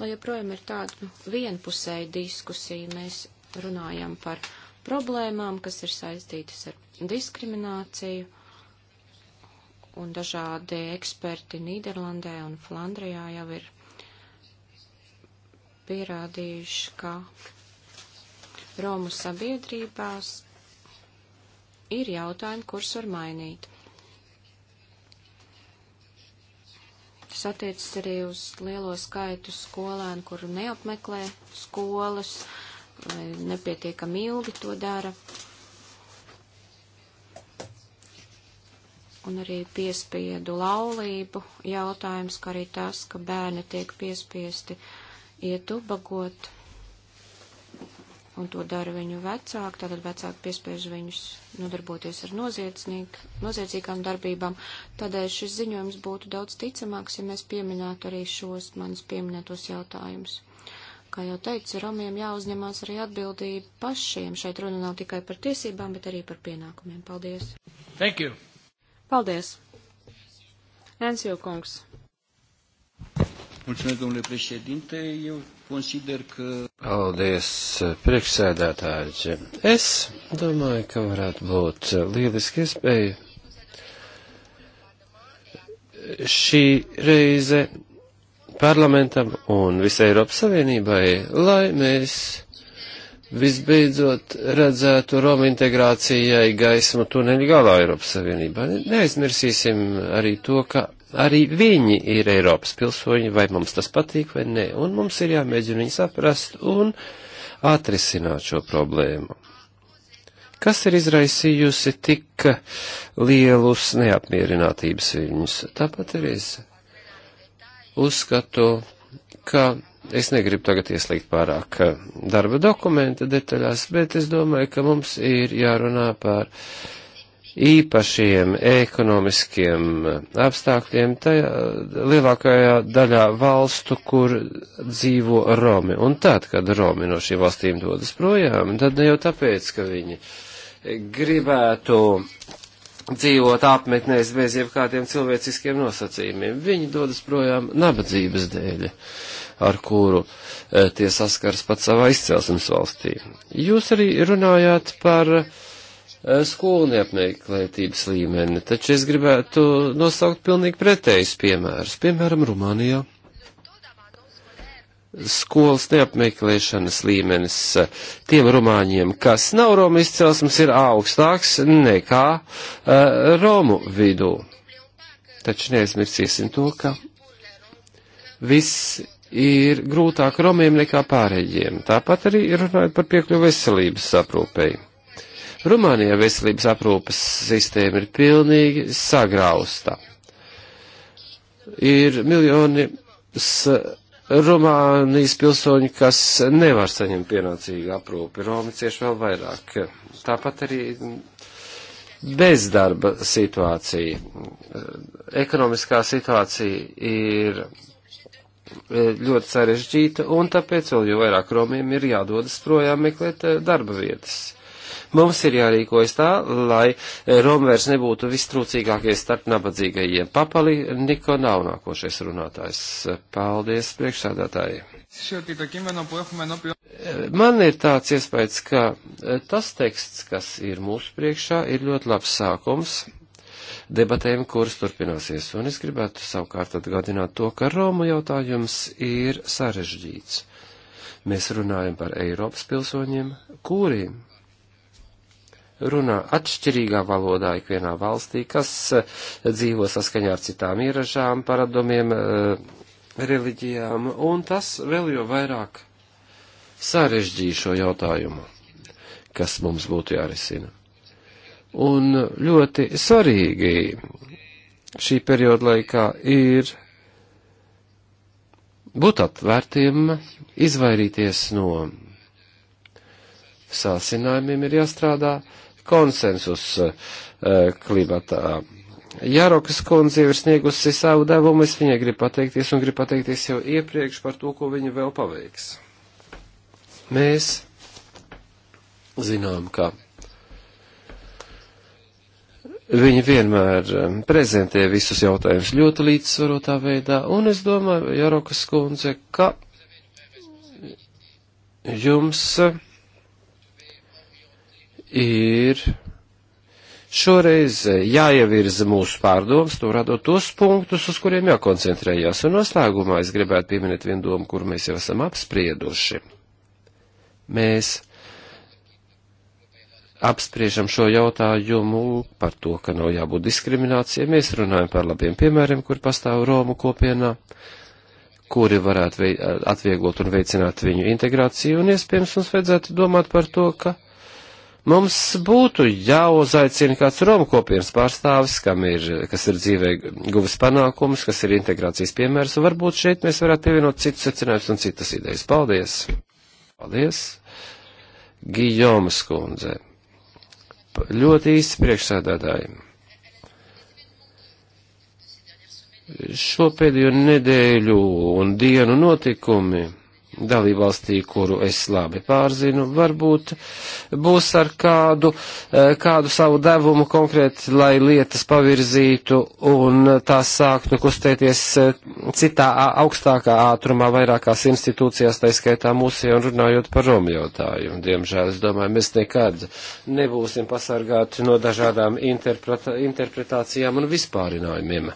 S2: lai joprojām ir tāda nu, vienpusēja diskusija. Mēs runājam par problēmām, kas ir saistītas ar diskrimināciju, un dažādi eksperti Nīderlandē un Flandrijā jau ir pierādījuši, ka Romu sabiedrībās ir jautājumi, kurus var mainīt. Tas attiecas arī uz lielo skaitu skolēnu, kuru neapmeklē skolas vai nepietiekami ilgi to dara. Un arī piespiedu laulību jautājums, kā arī tas, ka bērni tiek piespiesti iet ubagot un to dara viņu vecāki, tātad vecāki piespiež viņus nodarboties ar noziedzīgām darbībām. Tādēļ šis ziņojums būtu daudz ticamāks, ja mēs pieminētu arī šos manis pieminētos jautājumus. Kā jau teicu, Romiem jāuzņemās arī atbildība pašiem. Šeit runa nav tikai par tiesībām, bet arī par pienākumiem. Paldies! Thank you! Paldies! Ensio kungs!
S1: Mulțumesc, domnule președinte. Eu Consider, ka. Paldies, priekšsēdētāji. Es domāju, ka varētu būt lieliski iespēja šī reize parlamentam un visai Eiropas Savienībai, lai mēs visbeidzot redzētu Roma integrācijai gaismu tuneļu galā Eiropas Savienībā. Neaizmirsīsim arī to, ka arī viņi ir Eiropas pilsoņi, vai mums tas patīk vai nē, un mums ir jāmēģina viņu saprast un atrisināt šo problēmu. Kas ir izraisījusi tik lielus neapmierinātības viņus? Tāpat arī es uzskatu, ka es negribu tagad ieslīgt pārāk darba dokumenta detaļās, bet es domāju, ka mums ir jārunā par uh, īpašiem ekonomiskiem apstākļiem tajā lielākajā daļā valstu, kur dzīvo Romi. Un tad, kad Romi no šīm valstīm dodas projām, tad ne jau tāpēc, ka viņi gribētu dzīvot apmetnēs bez jebkādiem cilvēciskiem nosacījumiem. Viņi dodas projām nabadzības dēļ, ar kuru e, tie saskars pat savā izcelsmes valstī. Jūs arī runājāt par uh, Eh, skolu neapmeklētības līmeni, taču es gribētu nosaukt pilnīgi pretējus piemērus. Piemēram, Rumānijā skolas neapmeklēšanas līmenis eh, tiem rumāņiem, kas nav Roma izcelsmes, ir augstāks nekā uh, Romu vidū. Taču neaizmirsīsim to, ka viss ir grūtāk Romiem nekā pārējiem. Tāpat arī runājot par piekļuvu veselības aprūpei. Rumānijā veselības aprūpas sistēma ir pilnīgi sagrausta. Ir miljoni Rumānijas pilsoņi, kas nevar saņemt pienācīgu aprūpi. Romi cieši vēl vairāk. Tāpat arī bezdarba situācija. Ekonomiskā situācija ir ļoti sarežģīta, un tāpēc vēl jo vairāk Romiem ir jādodas projām meklēt darba vietas. Mums ir jārīkojas tā, lai eh, Roma vairs nebūtu vistrūcīgākie starp nabadzīgajiem. Papali Niko nav nākošais runātājs. Paldies priekšsādātāji. Eh, man ir tāds iespējas, ka eh, tas teksts, kas ir mūsu priekšā, ir ļoti labs sākums debatēm, kuras turpināsies. Un es gribētu savukārt atgādināt to, ka Roma jautājums ir sarežģīts. Mēs runājam par Eiropas pilsoņiem, kuri runā atšķirīgā valodā ikvienā valstī, kas eh, dzīvo saskaņā ar citām ieražām, paradumiem, eh, reliģijām, un tas vēl jo vairāk sarežģīja šo jautājumu, kas mums būtu jārisina. Un ļoti svarīgi šī perioda laikā ir būt atvērtiem, izvairīties no sāsinājumiem, ir jāstrādā uh, konsensus eh, klimatā. Jārokas kundze jau ir sniegusi savu devumu, es viņai gribu pateikties un gribu pateikties jau iepriekš par to, ko viņa vēl paveiks. Mēs zinām, ka viņi vienmēr eh, prezentē visus jautājumus ļoti līdzsvarotā veidā, un es domāju, Jārokas kundze, ka jums eh, ir šoreiz jāievirza mūsu pārdomas, to radot tos punktus, uz kuriem jākoncentrējās. Un noslēgumā es gribētu pieminēt vienu domu, kuru mēs jau esam apsprieduši. Mēs apspriežam šo jautājumu par to, ka nav jābūt diskriminācijai. Mēs runājam par labiem piemēriem, kur pastāv Romu kopienā, kuri varētu atvieglot un veicināt viņu integrāciju, un iespējams mums vajadzētu domāt par to, ka Mums būtu jāuzaicina kāds Romu kopienas pārstāvis, kam ir, kas ir dzīvē guvis panākumus, kas ir integrācijas piemērs, un varbūt šeit mēs varētu pievienot citus secinājumus un citas idejas. Paldies! Paldies! Gijomas kundze. Ļoti īsti priekšsēdētājiem. Šo pēdējo nedēļu un dienu notikumi dalībvalstī, kuru es labi pārzinu, varbūt būs ar kādu, eh, kādu savu devumu konkrēti, lai lietas pavirzītu un tās sāktu kustēties eh, citā augstākā ātrumā vairākās institūcijās, tā skaitā mūsu jau runājot par Romu jautājumu. Diemžēl es domāju, mēs nekad nebūsim pasargāti no dažādām interpretācijām un vispārinājumiem.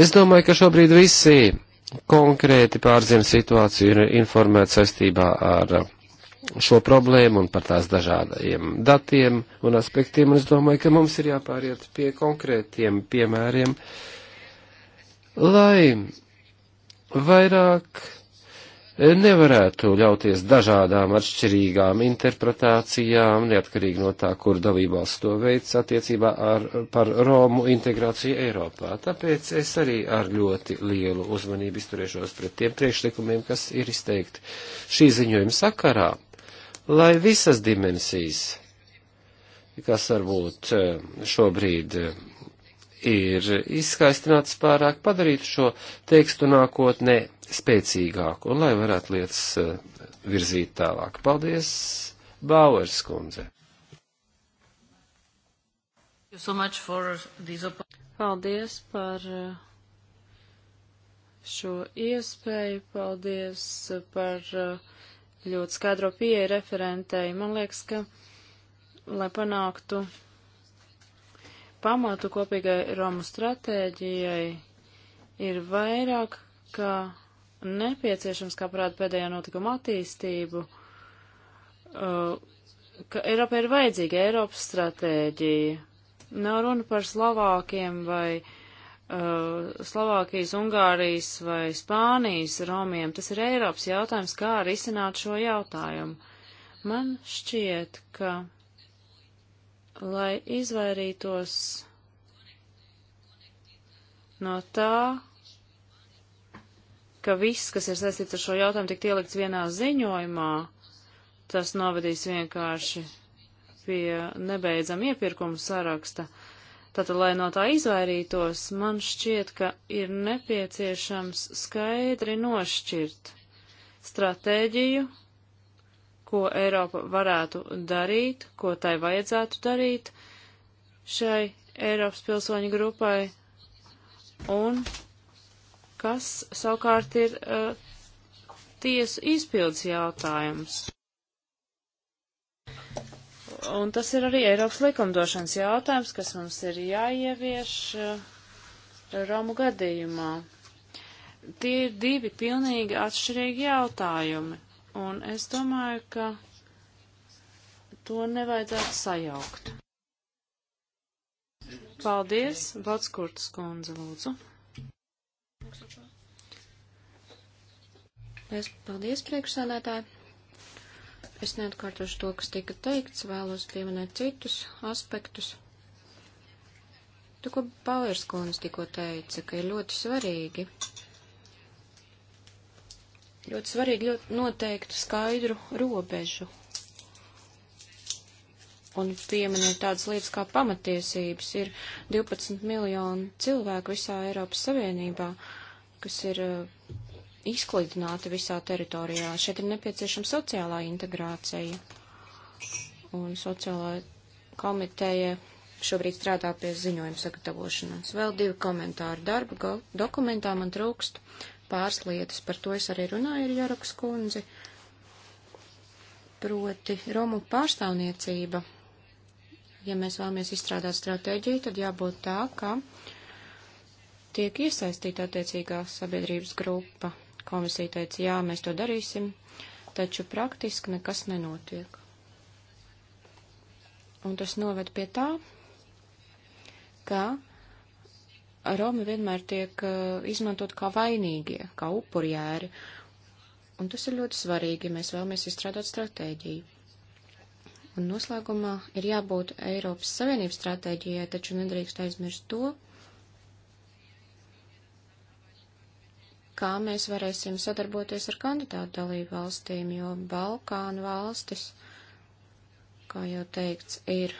S1: Es domāju, ka šobrīd visi konkrēti pārzina situāciju un informēt saistībā ar uh, šo problēmu un par tās dažādajiem datiem un aspektiem. Un es domāju, ka mums ir jāpāriet pie konkrētiem piemēriem, lai vairāk nevarētu ļauties dažādām atšķirīgām interpretācijām, neatkarīgi no tā, kur dalībās to veids attiecībā ar, par Romu integrāciju Eiropā. Tāpēc es arī ar ļoti lielu uzmanību izturēšos pret tiem priekšlikumiem, kas ir izteikti šī ziņojuma sakarā, lai visas dimensijas, kas varbūt eh, šobrīd eh, ir izskaistināts pārāk, padarītu šo tekstu nākotnē spēcīgāku un lai varētu lietas eh, virzīt tālāk. Paldies, Bauers kundze!
S3: So paldies par eh, šo iespēju, paldies par eh, ļoti skaidro pieeja referentei. Man liekas, ka, lai panāktu pamatu kopīgai Romu stratēģijai ir vairāk kā nepieciešams, kā prāt pēdējā notikuma attīstību, uh, ka Eiropa ir vajadzīga Eiropas stratēģija. Nav runa par Slovākiem vai uh, Slovākijas, Ungārijas vai Spānijas romiem. Tas ir Eiropas jautājums, kā risināt šo jautājumu. Man šķiet, ka lai izvairītos no tā, ka viss, kas ir saistīts ar šo jautājumu, tik ielikts vienā ziņojumā, tas novedīs vienkārši pie nebeidzam iepirkumu saraksta. Tātad, lai no tā izvairītos, man šķiet, ka ir nepieciešams skaidri nošķirt stratēģiju ko Eiropa varētu darīt, ko tai vajadzētu darīt šai Eiropas pilsoņu grupai, un kas savukārt ir uh, tiesu izpildes jautājums. Un tas ir arī Eiropas likumdošanas jautājums, kas mums ir jāievieš uh, Romu gadījumā. Tie ir divi pilnīgi atšķirīgi jautājumi Un es domāju, ka to nevajadzētu sajaukt. Paldies, Vatskurtas kundze, lūdzu.
S2: Paldies, paldies priekšsēdētāji. Es neatkārtošu to, kas tika teikts, vēlos pieminēt citus aspektus. Tu, ko Pavers kundze tikko teica, ka ir ļoti svarīgi Ļoti svarīgi ļoti noteiktu skaidru robežu un pieminēt tādas lietas kā pamatiesības. Ir 12 miljoni cilvēku visā Eiropas Savienībā, kas ir uh, izklīdināti visā teritorijā. Šeit ir nepieciešama sociālā integrācija. Un sociālā komiteja šobrīd strādā pie ziņojuma sagatavošanas. Vēl divi komentāri darba dokumentā man trūkst pāris lietas. Par to es arī runāju ar Jarakas kundzi. Proti, Romu pārstāvniecība. Ja mēs vēlamies izstrādāt stratēģiju, tad jābūt tā, ka tiek iesaistīta attiecīgā sabiedrības grupa. Komisija teica, jā, mēs to darīsim, taču praktiski nekas nenotiek. Un tas noved pie tā, ka Romi vienmēr tiek eh, izmantot kā vainīgie, kā upurjēri, un tas ir ļoti svarīgi, ja mēs vēlamies izstrādāt stratēģiju. Un noslēgumā ir jābūt Eiropas Savienības stratēģijai, taču nedrīkst aizmirst to, kā mēs varēsim sadarboties ar kandidātu dalību valstīm, jo Balkānu valstis, kā jau teikts, ir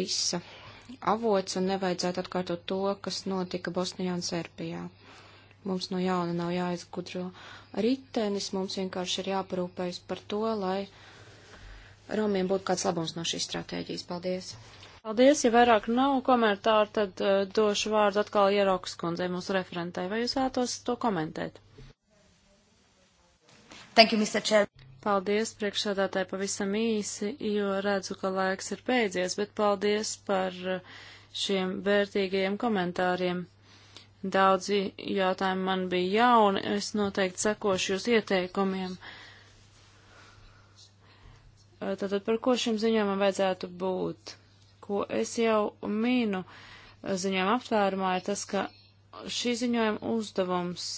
S2: visa avots un nevajadzētu atkārtot to, kas notika Bosnijā un Serbijā. Mums no jauna nav jāizgudro ritenis, mums vienkārši ir jāparūpējas par to, lai Romiem būtu kāds labums no šīs stratēģijas. Paldies!
S3: Paldies, ja vairāk nav komentāru, tad uh, došu vārdu atkal Ierokas kundzei mūsu referentai. Vai jūs vēlatos to komentēt? Thank you, Mr. Chair. Paldies priekšsādātāji pavisam īsi, jo redzu, ka laiks ir beidzies, bet paldies par uh, šiem vērtīgajiem komentāriem. Daudzi jautājumi man bija jauni, es noteikti sekošu jūs ieteikumiem. Uh, tātad par ko šim ziņojumam vajadzētu būt? Ko es jau mīnu uh, ziņojuma aptvērumā ir tas, ka šī ziņojuma uzdevums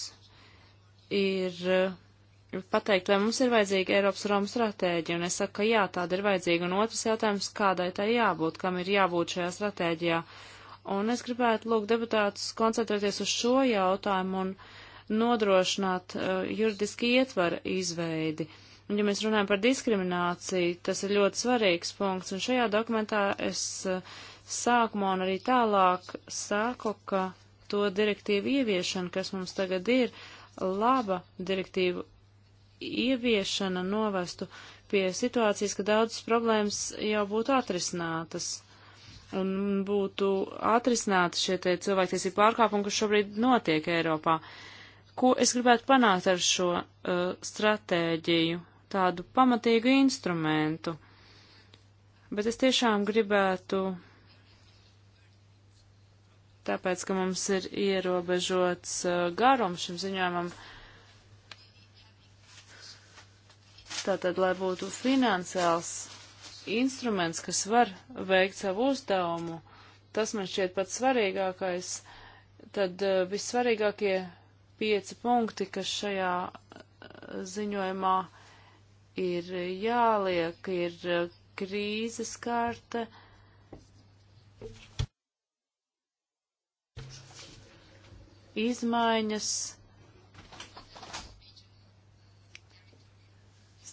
S3: ir pateikt, vai mums ir vajadzīga Eiropas Romas stratēģija, un es saku, ka jā, tāda ir vajadzīga, un otrs jautājums, kādai tai jābūt, kam ir jābūt šajā stratēģijā. Un es gribētu lūgt deputātus koncentrēties uz šo jautājumu un nodrošināt uh, juridiski ietvara izveidi. Un, ja mēs runājam par diskrimināciju, tas ir ļoti svarīgs punkts, un šajā dokumentā es uh, sākumā un arī tālāk saku, ka to direktīvu ieviešana, kas mums tagad ir, laba direktīvu ieviešana novestu pie situācijas, ka daudzas problēmas jau būtu atrisinātas un būtu atrisināti šie te cilvēktiesību pārkāpumi, kas šobrīd notiek Eiropā. Ko es gribētu panākt ar šo uh, stratēģiju, tādu pamatīgu instrumentu? Bet es tiešām gribētu, tāpēc, ka mums ir ierobežots uh, garums šim ziņojumam, uh, Tātad, lai būtu finansiāls instruments, kas var veikt savu uzdevumu, tas man šķiet pats svarīgākais, tad eh, vissvarīgākie pieci punkti, kas šajā eh, ziņojumā ir jāliek, ir eh, krīzes kārta. Izmaiņas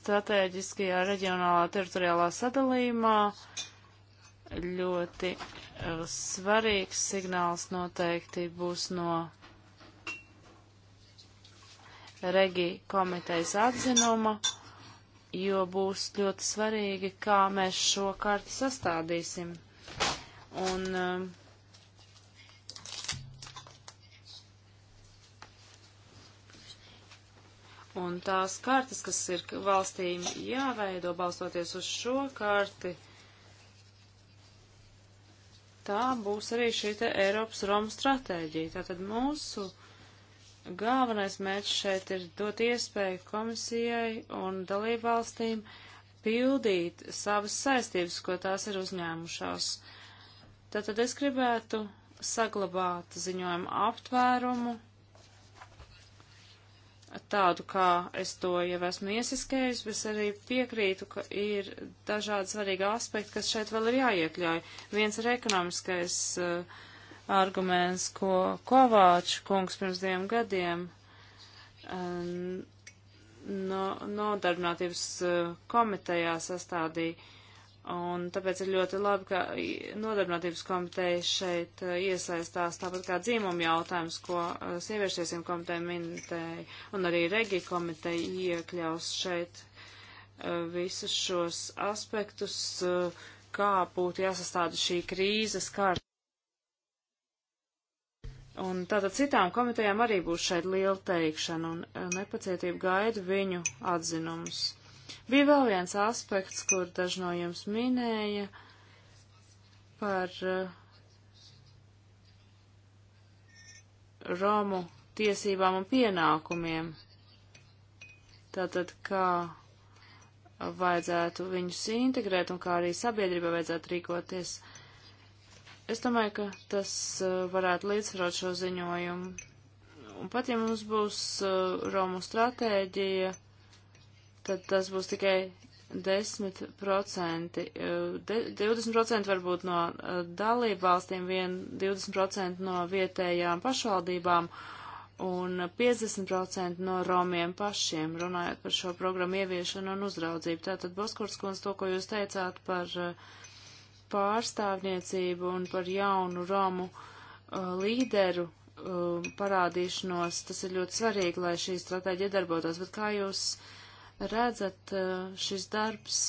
S3: stratēģiskajā reģionālā teritoriālā sadalījumā ļoti eh, svarīgs signāls noteikti būs no regi komitejas atzinuma, jo būs ļoti svarīgi, kā mēs šo karti sastādīsim. Un uh, Un tās kartes, kas ir valstīm jāveido balstoties uz šo karti, tā būs arī šī te Eiropas Roma stratēģija. Tātad mūsu galvenais mērķis šeit ir dot iespēju komisijai un dalību valstīm pildīt savas saistības, ko tās ir uzņēmušās. Tātad es gribētu saglabāt ziņojumu aptvērumu tādu, kā es to jau esmu iesiskējusi, bet arī piekrītu, ka ir dažādi svarīgi aspekti, kas šeit vēl ir jāiekļauj. Viens ir ekonomiskais uh, arguments, ko Kovāčs kungs pirms diviem gadiem um, no, nodarbinātības uh, komitejā sastādīja. Un tāpēc ir ļoti labi, ka nodarbinātības komiteja šeit uh, iesaistās, tāpat kā dzīmuma jautājums, ko uh, sieviešiesim komiteja minēja, un arī regi komiteja iekļaus šeit uh, visus šos aspektus, kā būtu jāsastāda šī krīzes kārta. Un tātad citām komitejām arī būs šeit liela teikšana, un nepacietību gaidu viņu atzinumus. Bija vēl viens aspekts, kur daži no jums minēja par eh, Romu tiesībām un pienākumiem. Tātad, kā vajadzētu viņus integrēt un kā arī sabiedrība vajadzētu rīkoties. Es domāju, ka tas eh, varētu līdzsvarot šo ziņojumu. Un pat ja mums būs eh, Romu stratēģija, tad tas būs tikai 10%. De, 20% varbūt no eh, dalību valstīm, vien 20% no vietējām pašvaldībām un 50% no romiem pašiem, runājot par šo programmu ieviešanu un uzraudzību. Tātad, Boskurs kundze, to, ko jūs teicāt par eh, pārstāvniecību un par jaunu romu uh, līderu uh, parādīšanos, tas ir ļoti svarīgi, lai šī stratēģija darbotos. Bet kā jūs redzat, šis darbs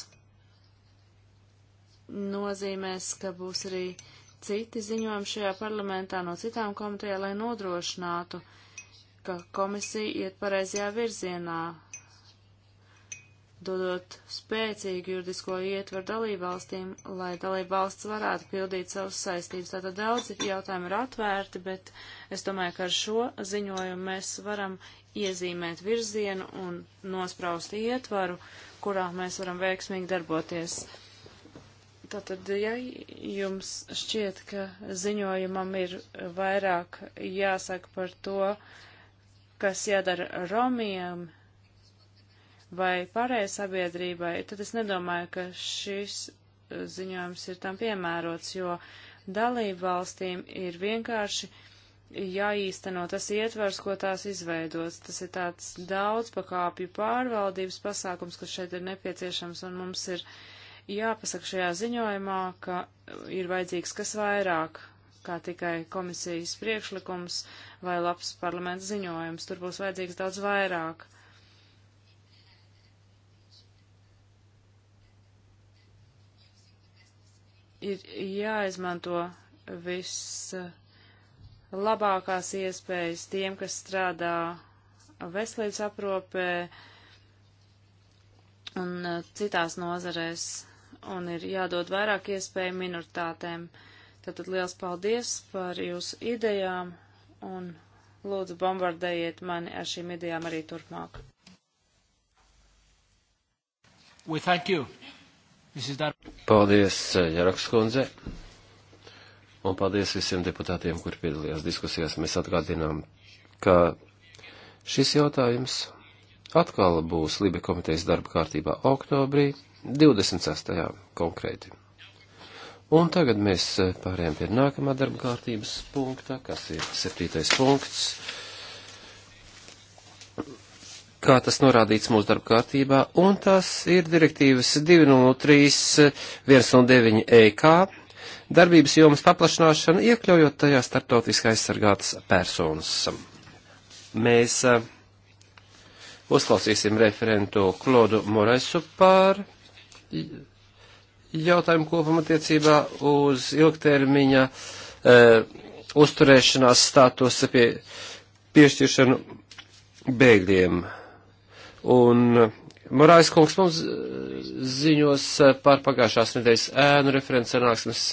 S3: nozīmēs, ka būs arī citi ziņojumi šajā parlamentā no citām komitejām, lai nodrošinātu, ka komisija iet pareizajā virzienā, dodot spēcīgu juridisko ietvaru dalībvalstīm, lai dalībvalsts varētu pildīt savas saistības. Tātad daudzi jautājumi ir atvērti, bet es domāju, ka ar šo ziņojumu mēs varam iezīmēt virzienu un nospraust ietvaru, kurā mēs varam veiksmīgi darboties. Tātad, ja jums šķiet, ka ziņojumam ir vairāk jāsaka par to, kas jādara romiem vai pārējai sabiedrībai, tad es nedomāju, ka šis ziņojums ir tam piemērots, jo dalību valstīm ir vienkārši uh, jāīsteno tas ietvers, ko tās izveidos. Tas ir tāds daudzpakāpju pārvaldības pasākums, kas šeit ir nepieciešams, un mums ir jāpasaka šajā ziņojumā, ka ir vajadzīgs kas vairāk kā tikai komisijas priekšlikums vai labs parlaments ziņojums. Tur būs vajadzīgs daudz vairāk. Ir jāizmanto viss labākās iespējas tiem, kas strādā veselības aprūpē un uh, citās nozarēs, un ir jādod vairāk iespēju minoritātēm. Tātad liels paldies par jūsu idejām un lūdzu bombardējiet mani ar šīm idejām arī turpmāk.
S1: We thank you. Paldies, uh, Jarakskundze. Un paldies visiem deputātiem, kur piedalījās diskusijās. Mēs atgādinām, ka šis jautājums atkal būs Libe komitejas darba kārtībā oktobrī 26. konkrēti. Un tagad mēs pārējām pie nākamā darba kārtības punkta, kas ir septītais punkts. Kā tas norādīts mūsu darba kārtībā, un tas ir direktīvas 203.109 EK darbības jomas paplašināšana, iekļaujot tajā starptautiski aizsargātas personas. Mēs uh, uzklausīsim referentu Klodu Moraisu par jautājumu kopumā attiecībā uz ilgtermiņa uh, uzturēšanās statusa pie, piešķiršanu bēgļiem. Un Morājas kungs mums eh, ziņos par pagājušās nedēļas ēnu referents sanāksmes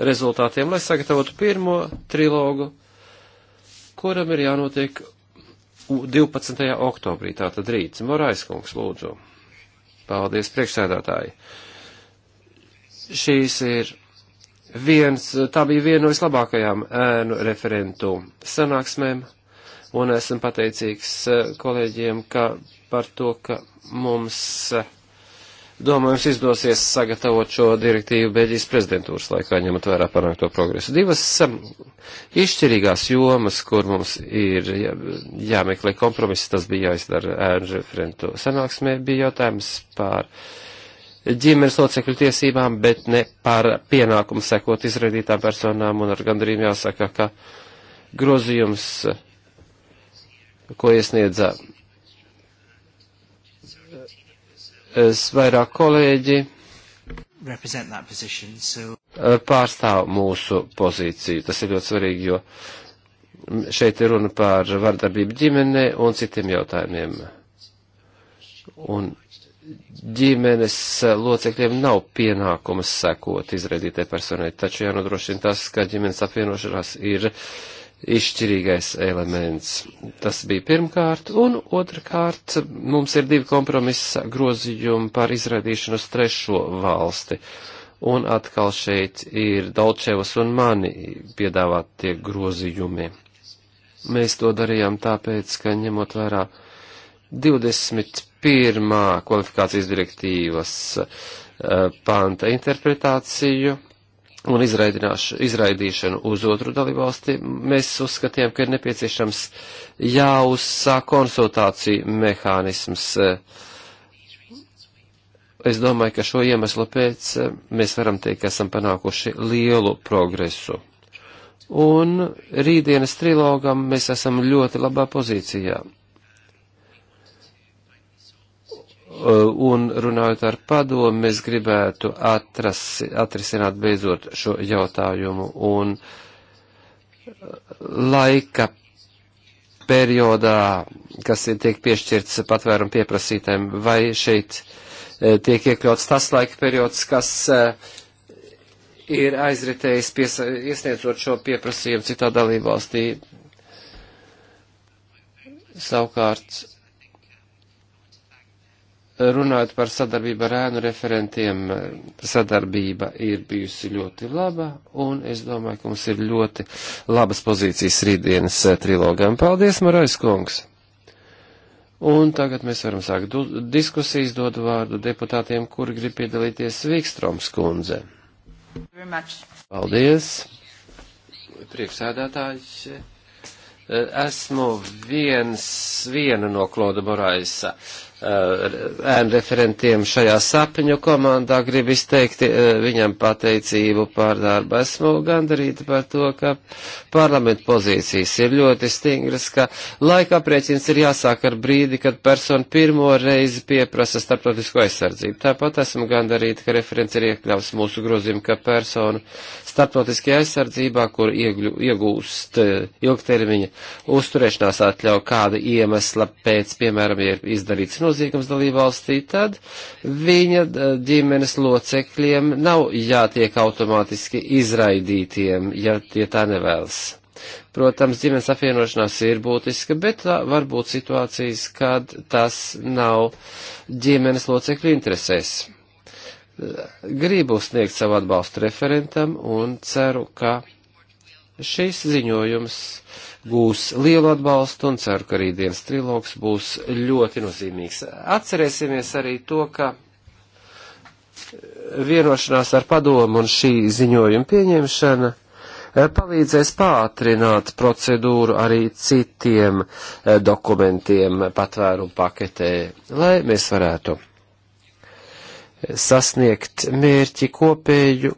S1: rezultātiem, lai sagatavotu pirmo trilogu, kuram ir jānotiek 12. oktobrī, tātad rīts. Morais kungs, lūdzu. Paldies, priekšsēdētāji. Šīs ir viens, tā bija viena no vislabākajām ēnu referentu sanāksmēm, un esmu pateicīgs eh, kolēģiem, ka par to, ka mums uh, domājams, izdosies sagatavot šo direktīvu Beļģijas prezidentūras laikā, ņemot vērā panākto progresu. Divas um, izšķirīgās jomas, kur mums ir jā, jāmeklē kompromiss, tas bija jāizdara ēnu referentu sanāksmē, bija jautājums par ģimenes locekļu tiesībām, bet ne par pienākumu sekot izraidītām personām, un ar gandrīz jāsaka, ka grozījums, ko iesniedza es vairāk kolēģi position, so... Eh, pārstāv mūsu pozīciju. Tas ir ļoti svarīgi, jo šeit ir runa par vardarbību ģimene un citiem jautājumiem. Un ģimenes locekļiem nav pienākumas sekot izraidītai personai, taču jānodrošina tas, ka ģimenes apvienošanās ir uh, izšķirīgais elements. Tas bija pirmkārt, un otrkārt mums ir divi kompromisa grozījumi par izraidīšanu uz trešo valsti. Un atkal šeit ir Daučevas un mani piedāvātie grozījumi. Mēs to darījām tāpēc, ka ņemot vērā 21. kvalifikācijas direktīvas eh, panta interpretāciju, un izraidīšanu uz otru dalībvalsti, mēs uzskatījām, ka ir nepieciešams jāuzsāk konsultāciju mehānisms. Es domāju, ka šo iemeslu pēc eh, mēs varam teikt, ka esam panākuši lielu progresu. Un rītdienas trilogam mēs esam ļoti labā pozīcijā. Uh, un runājot ar padomu, mēs gribētu atras, atrisināt beidzot šo jautājumu un uh, laika periodā, kas tiek piešķirts patvērumu pieprasītēm, vai šeit uh, tiek iekļauts tas laika periods, kas ir aizritējis piesa, iesniedzot šo pieprasījumu citā dalībvalstī. Savukārt, Runājot par sadarbību ar ēnu referentiem, sadarbība ir bijusi ļoti laba, un es domāju, ka mums ir ļoti labas pozīcijas rītdienas eh, trilogām. Paldies, Marais kungs! Un tagad mēs varam sākt du, diskusijas, dodu vārdu deputātiem, kuri grib piedalīties Vīkstroms kundze. Paldies, priekšsēdētāji. Eh, esmu viens, viena no Kloda Moraisa ēnu referentiem šajā sapņu komandā grib izteikt viņam pateicību par darbu. Esmu gandarīta par to, ka parlamentu pozīcijas ir ļoti stingras, ka laika aprēķins ir jāsāk ar brīdi, kad persona pirmo reizi pieprasa starptautisko aizsardzību. Tāpat esmu gandarīta, ka referents ir iekļauts mūsu grozījumu, ka persona starptautiskajā aizsardzībā, kur iegļu, iegūst ilgtermiņa uzturēšanās atļauju kāda iemesla pēc, piemēram, ir izdarīts no noziegums dalībvalstī, tad viņa eh, ģimenes locekļiem nav jātiek automātiski izraidītiem, ja tie tā nevēlas. Protams, ģimenes apvienošanās ir būtiska, bet var būt situācijas, kad tas nav ģimenes locekļu interesēs. Eh, gribu sniegt savu atbalstu referentam un ceru, ka šis ziņojums uh, gūs lielu atbalstu un ceru, ka arī dienas trilogs būs ļoti nozīmīgs. Atcerēsimies arī to, ka e, vienošanās ar padomu un šī ziņojuma pieņemšana e, palīdzēs pātrināt procedūru arī citiem e, dokumentiem patvērumu paketē, lai mēs varētu sasniegt mērķi kopēju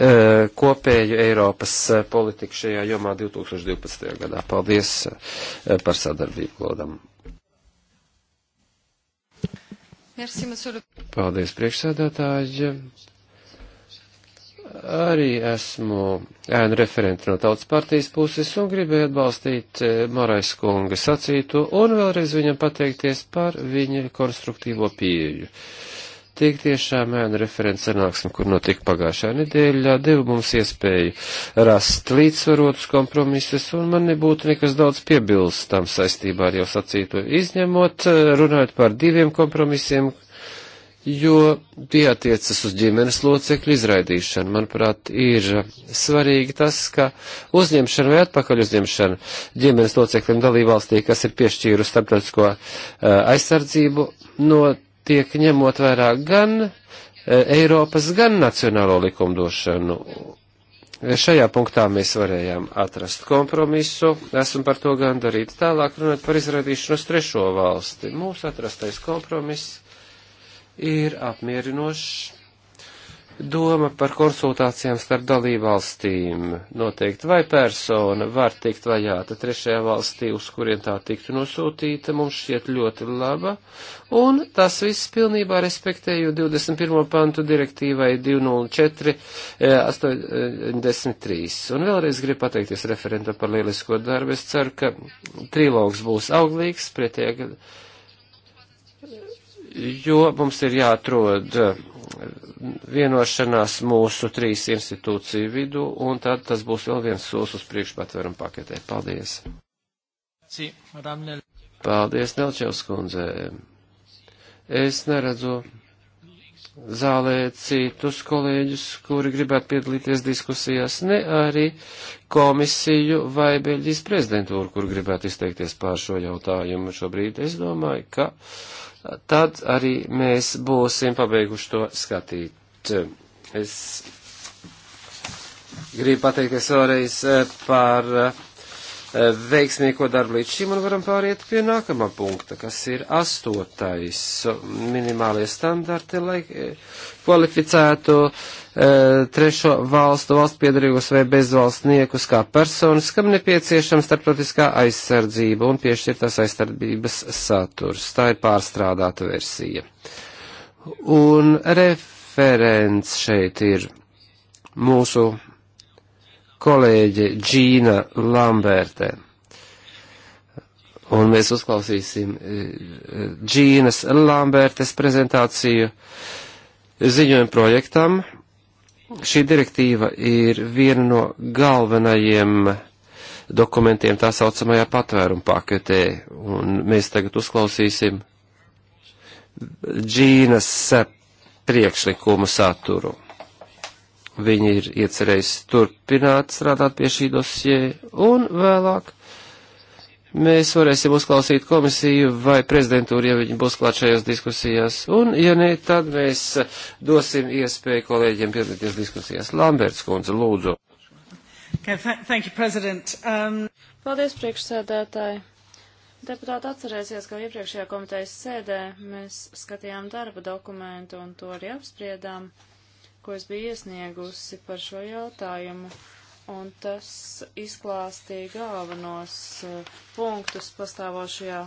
S1: Eh, kopēju Eiropas eh, politiku šajā jomā 2012. gadā. Paldies eh, par sadarbību, Klodam. Paldies, priekšsēdētāji. Arī esmu ēnu referenti no tautas partijas puses un gribēju atbalstīt Marais kunga sacīto un vēlreiz viņam pateikties par viņa konstruktīvo pieeju. Uh, Tik tiešām mēnu referents sanāksme, kur notika pagājušā nedēļā, deva mums iespēju rast līdzsvarotus kompromisus, un man nebūtu nekas daudz piebilstam saistībā ar jau sacīto, izņemot, eh, runājot par diviem kompromisiem, jo tie attiecas uz ģimenes locekļu izraidīšanu. Manuprāt, ir svarīgi tas, ka uzņemšana vai atpakaļ uzņemšana ģimenes locekļiem dalībvalstī, kas ir piešķīru starptautisko uh, aizsardzību, no notiek ņemot vērā gan e, Eiropas, gan nacionālo likumdošanu. Šajā punktā mēs varējām atrast kompromisu. Esmu par to gandarīti. Tālāk runāt par izraidīšanos trešo valsti. Mūsu atrastais kompromiss ir apmierinošs doma par konsultācijām starp dalībvalstīm noteikti, vai persona var tikt vajāta trešajā valstī, uz kurien tā tiktu nosūtīta, mums šķiet ļoti laba, un tas viss pilnībā respektēju 21. pantu direktīvai 204, 83. Eh, un vēlreiz gribu pateikties referentam par lielisko darbu, es ceru, ka trilogs būs auglīgs, pretējā, jo mums ir jāatrod eh, vienošanās mūsu trīs institūciju vidu, un tad tas būs vēl viens solis uz priekšpatveram paketē. Paldies! Paldies, Nelčevs kundze! Es neredzu zālē citus kolēģus, kuri gribētu piedalīties diskusijās, ne arī komisiju vai Beļģijas prezidentūru, kur gribētu izteikties pār šo jautājumu šobrīd. Es domāju, ka tad arī mēs būsim pabeiguši to skatīt. Es gribu pateikties vēlreiz eh, par eh, Eh, veiksmīgo darbu līdz šim un varam pāriet pie nākamā punkta, kas ir astotais minimālie standarti, lai eh, kvalificētu e, eh, trešo valstu valstu piedarīgos vai bezvalstniekus kā personas, kam nepieciešama starptautiskā aizsardzība un piešķirtās aizsardzības saturs. Tā ir pārstrādāta versija. Un referents šeit ir mūsu kolēģe Džīna Lambertē. Un mēs uzklausīsim e, e, Džīnas Lambertes prezentāciju ziņojumu projektam. Šī direktīva ir viena no galvenajiem dokumentiem tā saucamajā patvērumu paketē, un mēs tagad uzklausīsim Džīnas priekšlikumu saturu. Viņi ir iecerējuši turpināt strādāt pie šī dosie, un vēlāk mēs varēsim uzklausīt komisiju vai prezidentūru, ja viņi būs klāt šajās diskusijās. Un, ja ne, tad mēs dosim iespēju kolēģiem piedalīties diskusijās. Lamberts kundze, lūdzu.
S3: Okay, thank you, President. Um... Paldies, priekšsēdētāji. Deputāti atcerēsies, ka iepriekšējā komitejas sēdē mēs skatījām darba dokumentu un to arī apspriedām. Uh, ko es biju iesniegusi par šo jautājumu, un tas izklāstīja galvenos eh, punktus pastāvošajā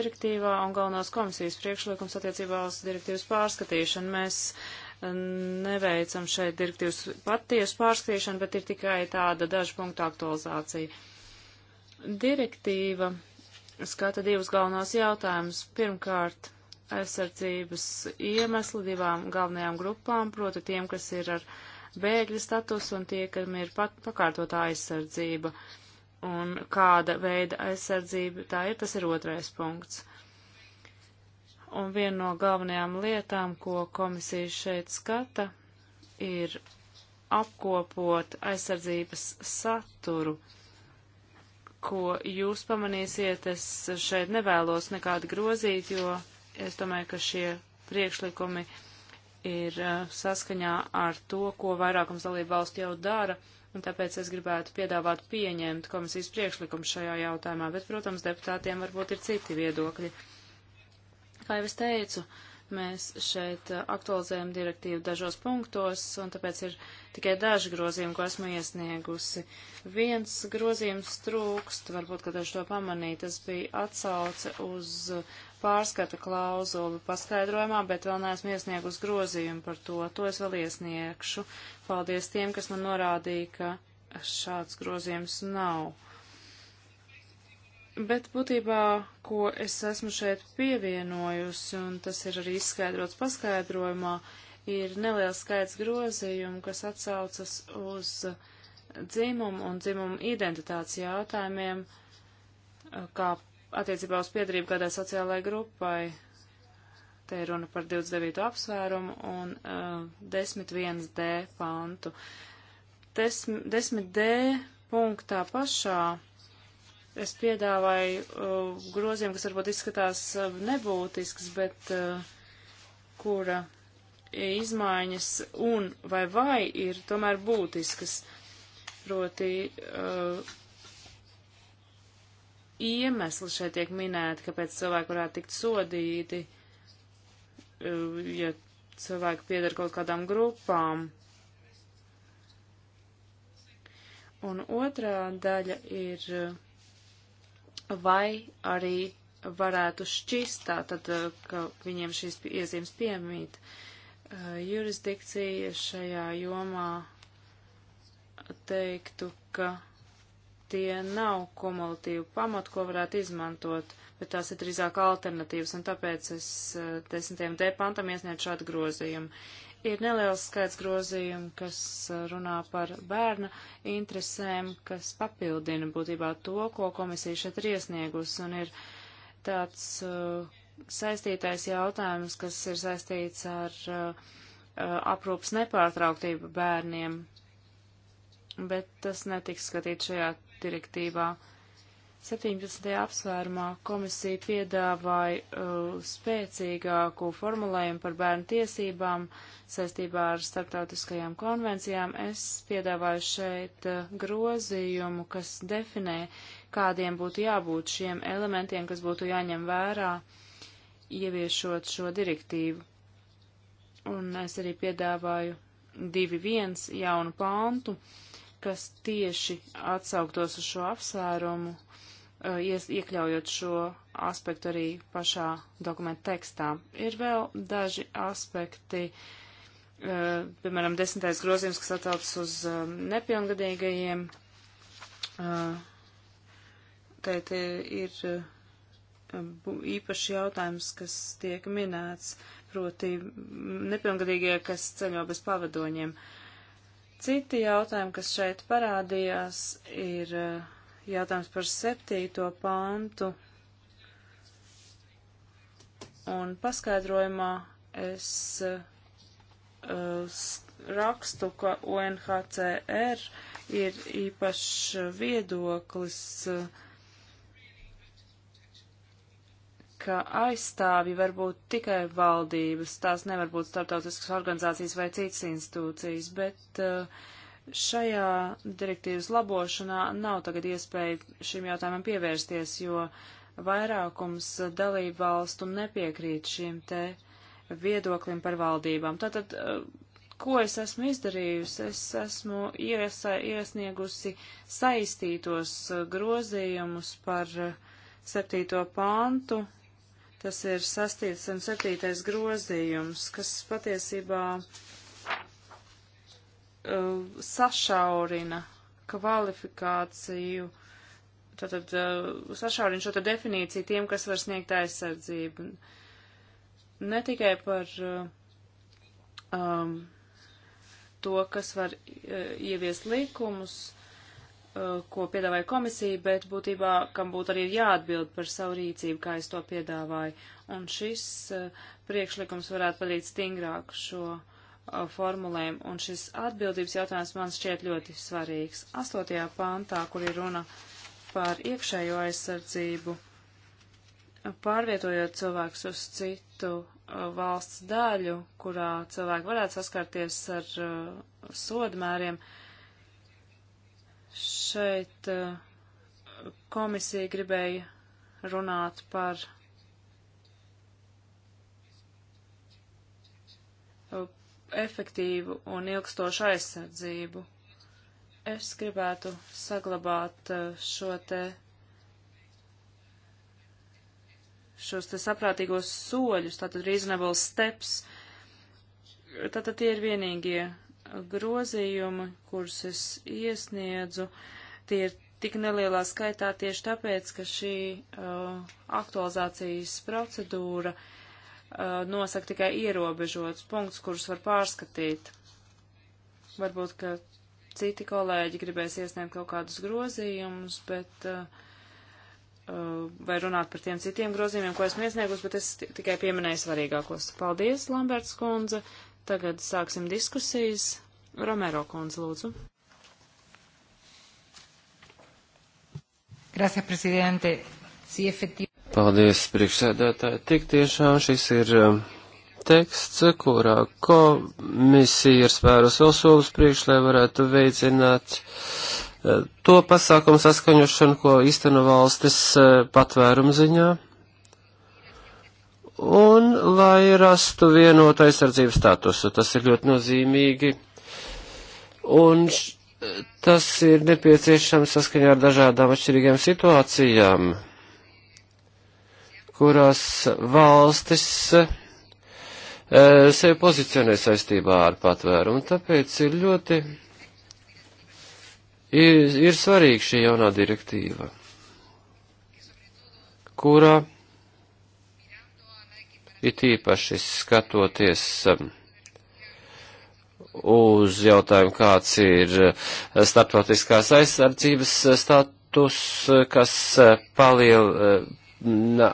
S3: direktīvā un galvenos komisijas priekšlikums attiecībā uz direktīvas pārskatīšanu. Mēs eh, neveicam šeit direktīvas patiesu pārskatīšanu, bet ir tikai tāda dažu punktu aktualizācija. Direktīva skata divus galvenos jautājumus. Pirmkārt, aizsardzības iemesli divām galvenajām grupām, proti tiem, kas ir ar bēgļu status un tie, kam ir pat pakārtotā aizsardzība. Un kāda veida aizsardzība tā ir, tas ir otrais punkts. Un viena no galvenajām lietām, ko komisija šeit skata, ir apkopot aizsardzības saturu ko jūs pamanīsiet, es šeit nevēlos nekādu grozīt, jo Es domāju, ka šie priekšlikumi ir uh, saskaņā ar to, ko vairākums dalību valstu jau dara, un tāpēc es gribētu piedāvāt pieņemt komisijas priekšlikumu šajā jautājumā, bet, protams, deputātiem varbūt ir citi viedokļi. Kā jau es teicu, mēs šeit uh, aktualizējam direktīvu dažos punktos, un tāpēc ir tikai daži grozījumi, ko esmu iesniegusi. Viens grozījums trūkst, varbūt, ka daži to pamanīja, tas bija atsauce uz uh, pārskata klauzulu paskaidrojumā, bet vēl neesmu iesniegus grozījumu par to. To es vēl iesniegšu. Paldies tiem, kas man norādīja, ka šāds grozījums nav. Bet būtībā, ko es esmu šeit pievienojusi, un tas ir arī izskaidrots paskaidrojumā, ir neliels skaits grozījumu, kas atsaucas uz dzimumu un dzimumu identitātes jautājumiem, kā attiecībā uz piedarību kādai sociālajai grupai. Te ir runa par 29. apsvērumu un uh, 10.1d pantu. 10.d punktā pašā es piedāvāju uh, grozījumu, kas varbūt izskatās uh, nebūtisks, bet uh, kura izmaiņas un vai vai ir tomēr būtiskas. Proti, uh, iemesli šeit tiek minēti, kāpēc cilvēki varētu tikt sodīti, ja cilvēki piedara kaut kādām grupām. Un otrā daļa ir, vai arī varētu šķist tā, tad, ka viņiem šīs iezīmes piemīt. Eh, jurisdikcija šajā jomā teiktu, ka tie nav kumulatīvi pamati, ko varētu izmantot, bet tās ir drīzāk alternatīvas, un tāpēc es eh, desmitiem D pantam iesniedzu šādu grozījumu. Ir neliels skaits grozījumu, kas eh, runā par bērna interesēm, kas papildina būtībā to, ko komisija šeit ir iesniegusi, un ir tāds uh, saistītais jautājums, kas ir saistīts ar uh, aprūpas nepārtrauktību bērniem, bet tas netiks skatīt šajā direktīvā. 17. apsvērumā komisija piedāvāja uh, spēcīgāku formulējumu par bērnu tiesībām saistībā ar starptautiskajām konvencijām. Es piedāvāju šeit uh, grozījumu, kas definē, kādiem būtu jābūt šiem elementiem, kas būtu jāņem vērā, ieviešot šo direktīvu. Un es arī piedāvāju 2.1 jaunu pāntu. Uh, kas tieši atsauktos uz šo apsvērumu, uh, iekļaujot šo aspektu arī pašā dokumenta tekstā. Ir vēl daži aspekti, uh, piemēram, desmitais grozījums, kas attiecas uz um, nepilngadīgajiem. Uh, Teit ir īpaši jautājums, kas tiek minēts, proti nepilngadīgie, kas ceļo bez pavadoņiem. Uh, Citi jautājumi, kas šeit parādījās, ir eh, jautājums par septīto pantu. Un paskaidrojumā es uh, rakstu, ka UNHCR ir īpašs viedoklis. Uh, ka aizstāvji var būt tikai valdības, tās nevar būt starptautiskas organizācijas vai citas institūcijas, bet uh, šajā direktīvas labošanā nav tagad iespēja šim jautājumam pievērsties, jo vairākums dalību valstu nepiekrīt šim te viedoklim par valdībām. Tātad, uh, ko es esmu izdarījusi? Es esmu iesa, iesniegusi saistītos uh, grozījumus par uh, septīto pantu Tas ir sastīts un septītais grozījums, kas patiesībā uh, sašaurina kvalifikāciju, tātad uh, sašaurina šo definīciju tiem, kas var sniegt aizsardzību. Ne tikai par uh, um, to, kas var uh, ieviest likumus, Eh, ko piedāvāja komisija, bet būtībā, kam būtu arī jāatbild par savu rīcību, kā es to piedāvāju. Un šis eh, priekšlikums varētu padarīt stingrāku šo eh, formulējumu, un šis atbildības jautājums man šķiet ļoti svarīgs. Astotajā pāntā, kur ir runa par iekšējo aizsardzību, pārvietojot cilvēkus uz citu valsts daļu, kurā cilvēki varētu saskarties ar sodmēriem, uh, Šeit eh, komisija gribēja runāt par eh, efektīvu un ilgstošu aizsardzību. Es gribētu saglabāt eh, šo te, šos te saprātīgos soļus, tātad reasonable steps. Tātad tie ir vienīgie grozījumi, kurus es iesniedzu, tie ir tik nelielā skaitā tieši tāpēc, ka šī uh, aktualizācijas procedūra uh, nosaka tikai ierobežots punkts, kurus var pārskatīt. Varbūt, ka citi kolēģi gribēs iesniegt kaut kādus grozījumus, bet uh, uh vai runāt par tiem citiem grozījumiem, ko esmu iesniegus, bet es tikai pieminēju svarīgākos. Paldies, Lamberts kundze. Tagad sāksim diskusijas. Romero kundze, lūdzu.
S1: Gracias, presidente. Si efektīvi. Paldies, priekšsēdētāji. Tik tiešām šis ir um, teksts, kurā komisija ir spērus vēl solis priekš, lai varētu veicināt uh, to pasākumu saskaņošanu, ko īsteno valstis uh, patvērumu ziņā un lai rastu vienotu aizsardzības statusu. Tas ir ļoti nozīmīgi, un tas ir nepieciešams saskaņā ar dažādām atšķirīgām situācijām, kurās valstis e, sevi pozicionē saistībā ar patvērumu, tāpēc ir ļoti, ir, ir svarīga šī jaunā direktīva, kurā it īpaši skatoties um, uz jautājumu, kāds ir uh, starptautiskās aizsardzības uh, status, uh, kas palielina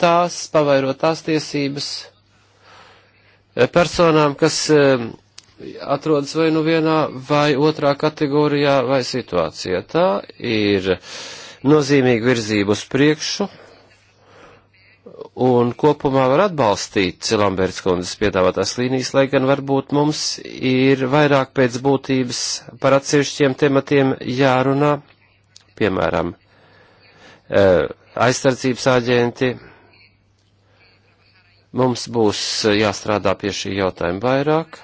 S1: tās, pavairo tās tiesības personām, kas um, atrodas vai nu vienā vai otrā kategorijā vai situācijā. Tā ir nozīmīga virzība uz priekšu Un kopumā var atbalstīt Lamberts kundzes piedāvātās līnijas, lai gan varbūt mums ir vairāk pēc būtības par atsevišķiem tematiem jārunā, piemēram, eh, aizsardzības aģenti. Mums būs jāstrādā pie šī jautājuma vairāk.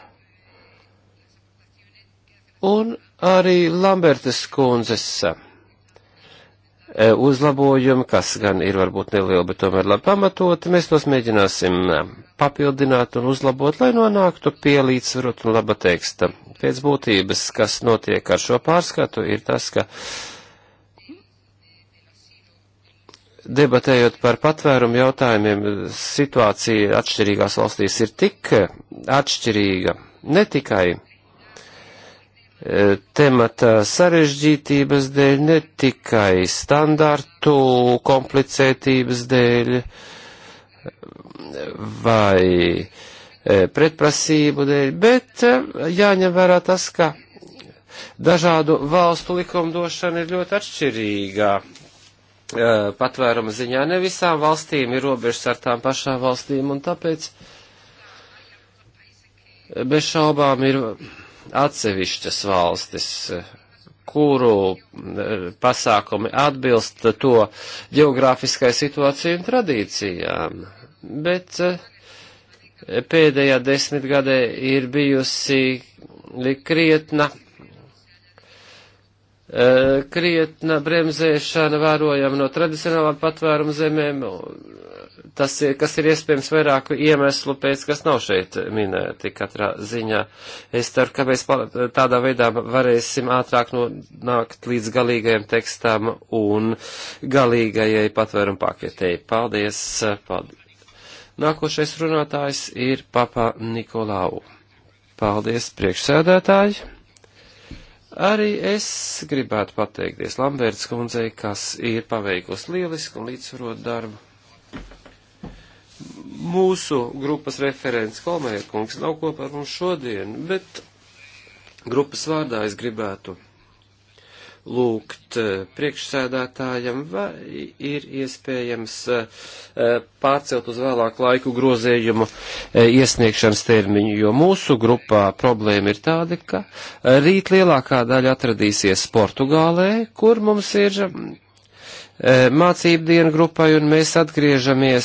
S1: Un arī Lambertes kundzes E, uzlabojumi, kas gan ir varbūt nelieli, bet tomēr labi pamatoti. Mēs tos mēģināsim papildināt un uzlabot, lai nonāktu pie līdzsvarot un laba teksta. Pēc būtības, kas notiek ar šo pārskatu, ir tas, ka debatējot par patvērumu jautājumiem, situācija atšķirīgās valstīs ir tik atšķirīga ne tikai temata sarežģītības dēļ, ne tikai standartu komplicētības dēļ vai e, pretprasību dēļ, bet e, jāņem vērā tas, ka dažādu valstu likumdošana ir ļoti atšķirīga. E, patvēruma ziņā ne visām valstīm ir robežas ar tām pašām valstīm, un tāpēc bez šaubām ir atsevišķas valstis, kuru eh, pasākumi atbilst to geogrāfiskai situācijai un tradīcijām. Bet eh, pēdējā desmitgadē ir bijusi krietna, eh, krietna bremzēšana vērojama no tradicionālām patvērumu zemēm tas, kas ir iespējams vairāku iemeslu pēc, kas nav šeit minēti katrā ziņā. Es ceru, ka mēs tādā veidā varēsim ātrāk nonākt līdz galīgajam tekstam un galīgajai patvērumu paketei. Paldies! paldies. Nākošais runātājs ir Papa Nikolau. Paldies, priekšsēdētāji! Arī es gribētu pateikties Lamberts kundzei, kas ir paveikusi lielisku un līdzsvarot darbu mūsu grupas referents Kolmērkungs nav kopā ar mums šodien, bet grupas vārdā es gribētu lūgt eh, priekšsēdētājam, vai ir iespējams eh, eh, pārcelt uz vēlāku laiku grozējumu iesniegšanas termiņu, jo mūsu grupā problēma ir tāda, ka rīt lielākā daļa atradīsies Portugālē, kur mums ir mācību dienu grupai, un mēs atgriežamies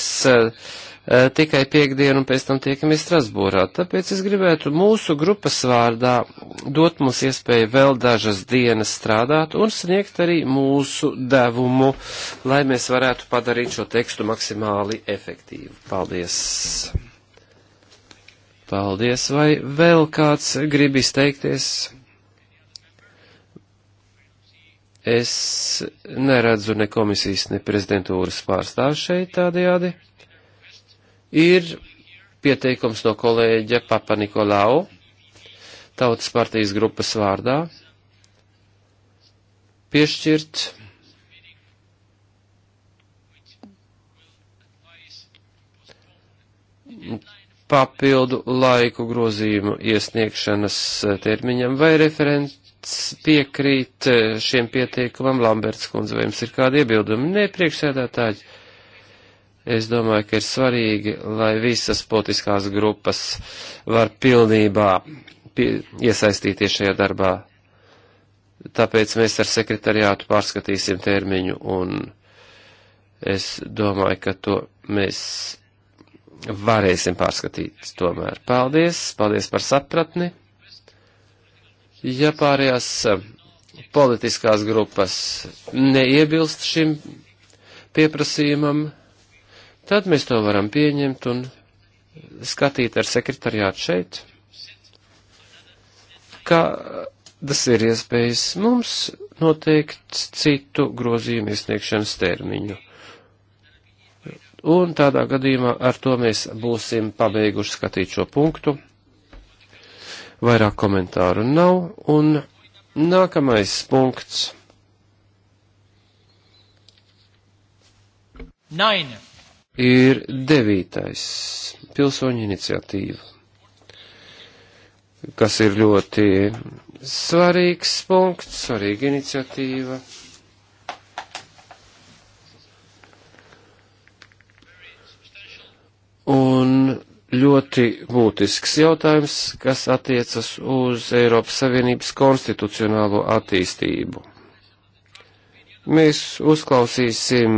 S1: Eh, tikai piekdienu un pēc tam tiekamies Strasbūrā. Tāpēc es gribētu mūsu grupas vārdā dot mums iespēju vēl dažas dienas strādāt un sniegt arī mūsu devumu, lai mēs varētu padarīt šo tekstu maksimāli efektīvu. Paldies! Paldies! Vai vēl kāds grib izteikties? Es neredzu ne komisijas, ne prezidentūras pārstāvu šeit tādajādi. Ir pieteikums no kolēģa Papa Nikolau, Tautas partijas grupas vārdā, piešķirt papildu laiku grozījumu iesniegšanas termiņam, vai referents piekrīt šiem pieteikumam Lamberts kundze, vai jums ir kādi iebildumi? Nē, priekšsēdētāji, Es domāju, ka ir svarīgi, lai visas politiskās grupas var pilnībā pie, iesaistīties šajā darbā. Tāpēc mēs ar sekretariātu pārskatīsim termiņu, un es domāju, ka to mēs varēsim pārskatīt tomēr. Paldies, paldies par sapratni. Ja pārējās eh, politiskās grupas neiebilst šim pieprasījumam, tad mēs to varam pieņemt un skatīt ar sekretariātu šeit, kā tas ir iespējas mums noteikt citu grozījumu iesniegšanas termiņu. Un tādā gadījumā ar to mēs būsim pabeiguši skatīt šo punktu. Vairāk komentāru nav, un nākamais punkts. Nine ir devītais pilsoņu iniciatīva, kas ir ļoti svarīgs punkts, svarīga iniciatīva. Un ļoti būtisks jautājums, kas attiecas uz Eiropas Savienības konstitucionālo attīstību. Mēs uzklausīsim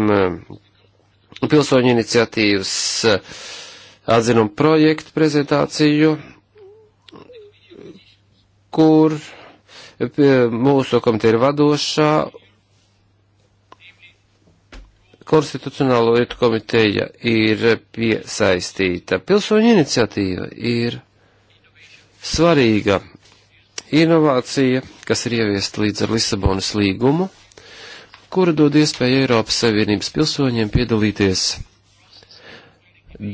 S1: pilsoņu iniciatīvas eh, atzinumu projektu prezentāciju, kur eh, mūsu komiteja ir vadošā konstitucionālo lietu komiteja ir piesaistīta. Pilsoņu iniciatīva ir svarīga inovācija, kas ir ieviesta līdz ar Lisabonas līgumu kura dod iespēju Eiropas Savienības pilsoņiem piedalīties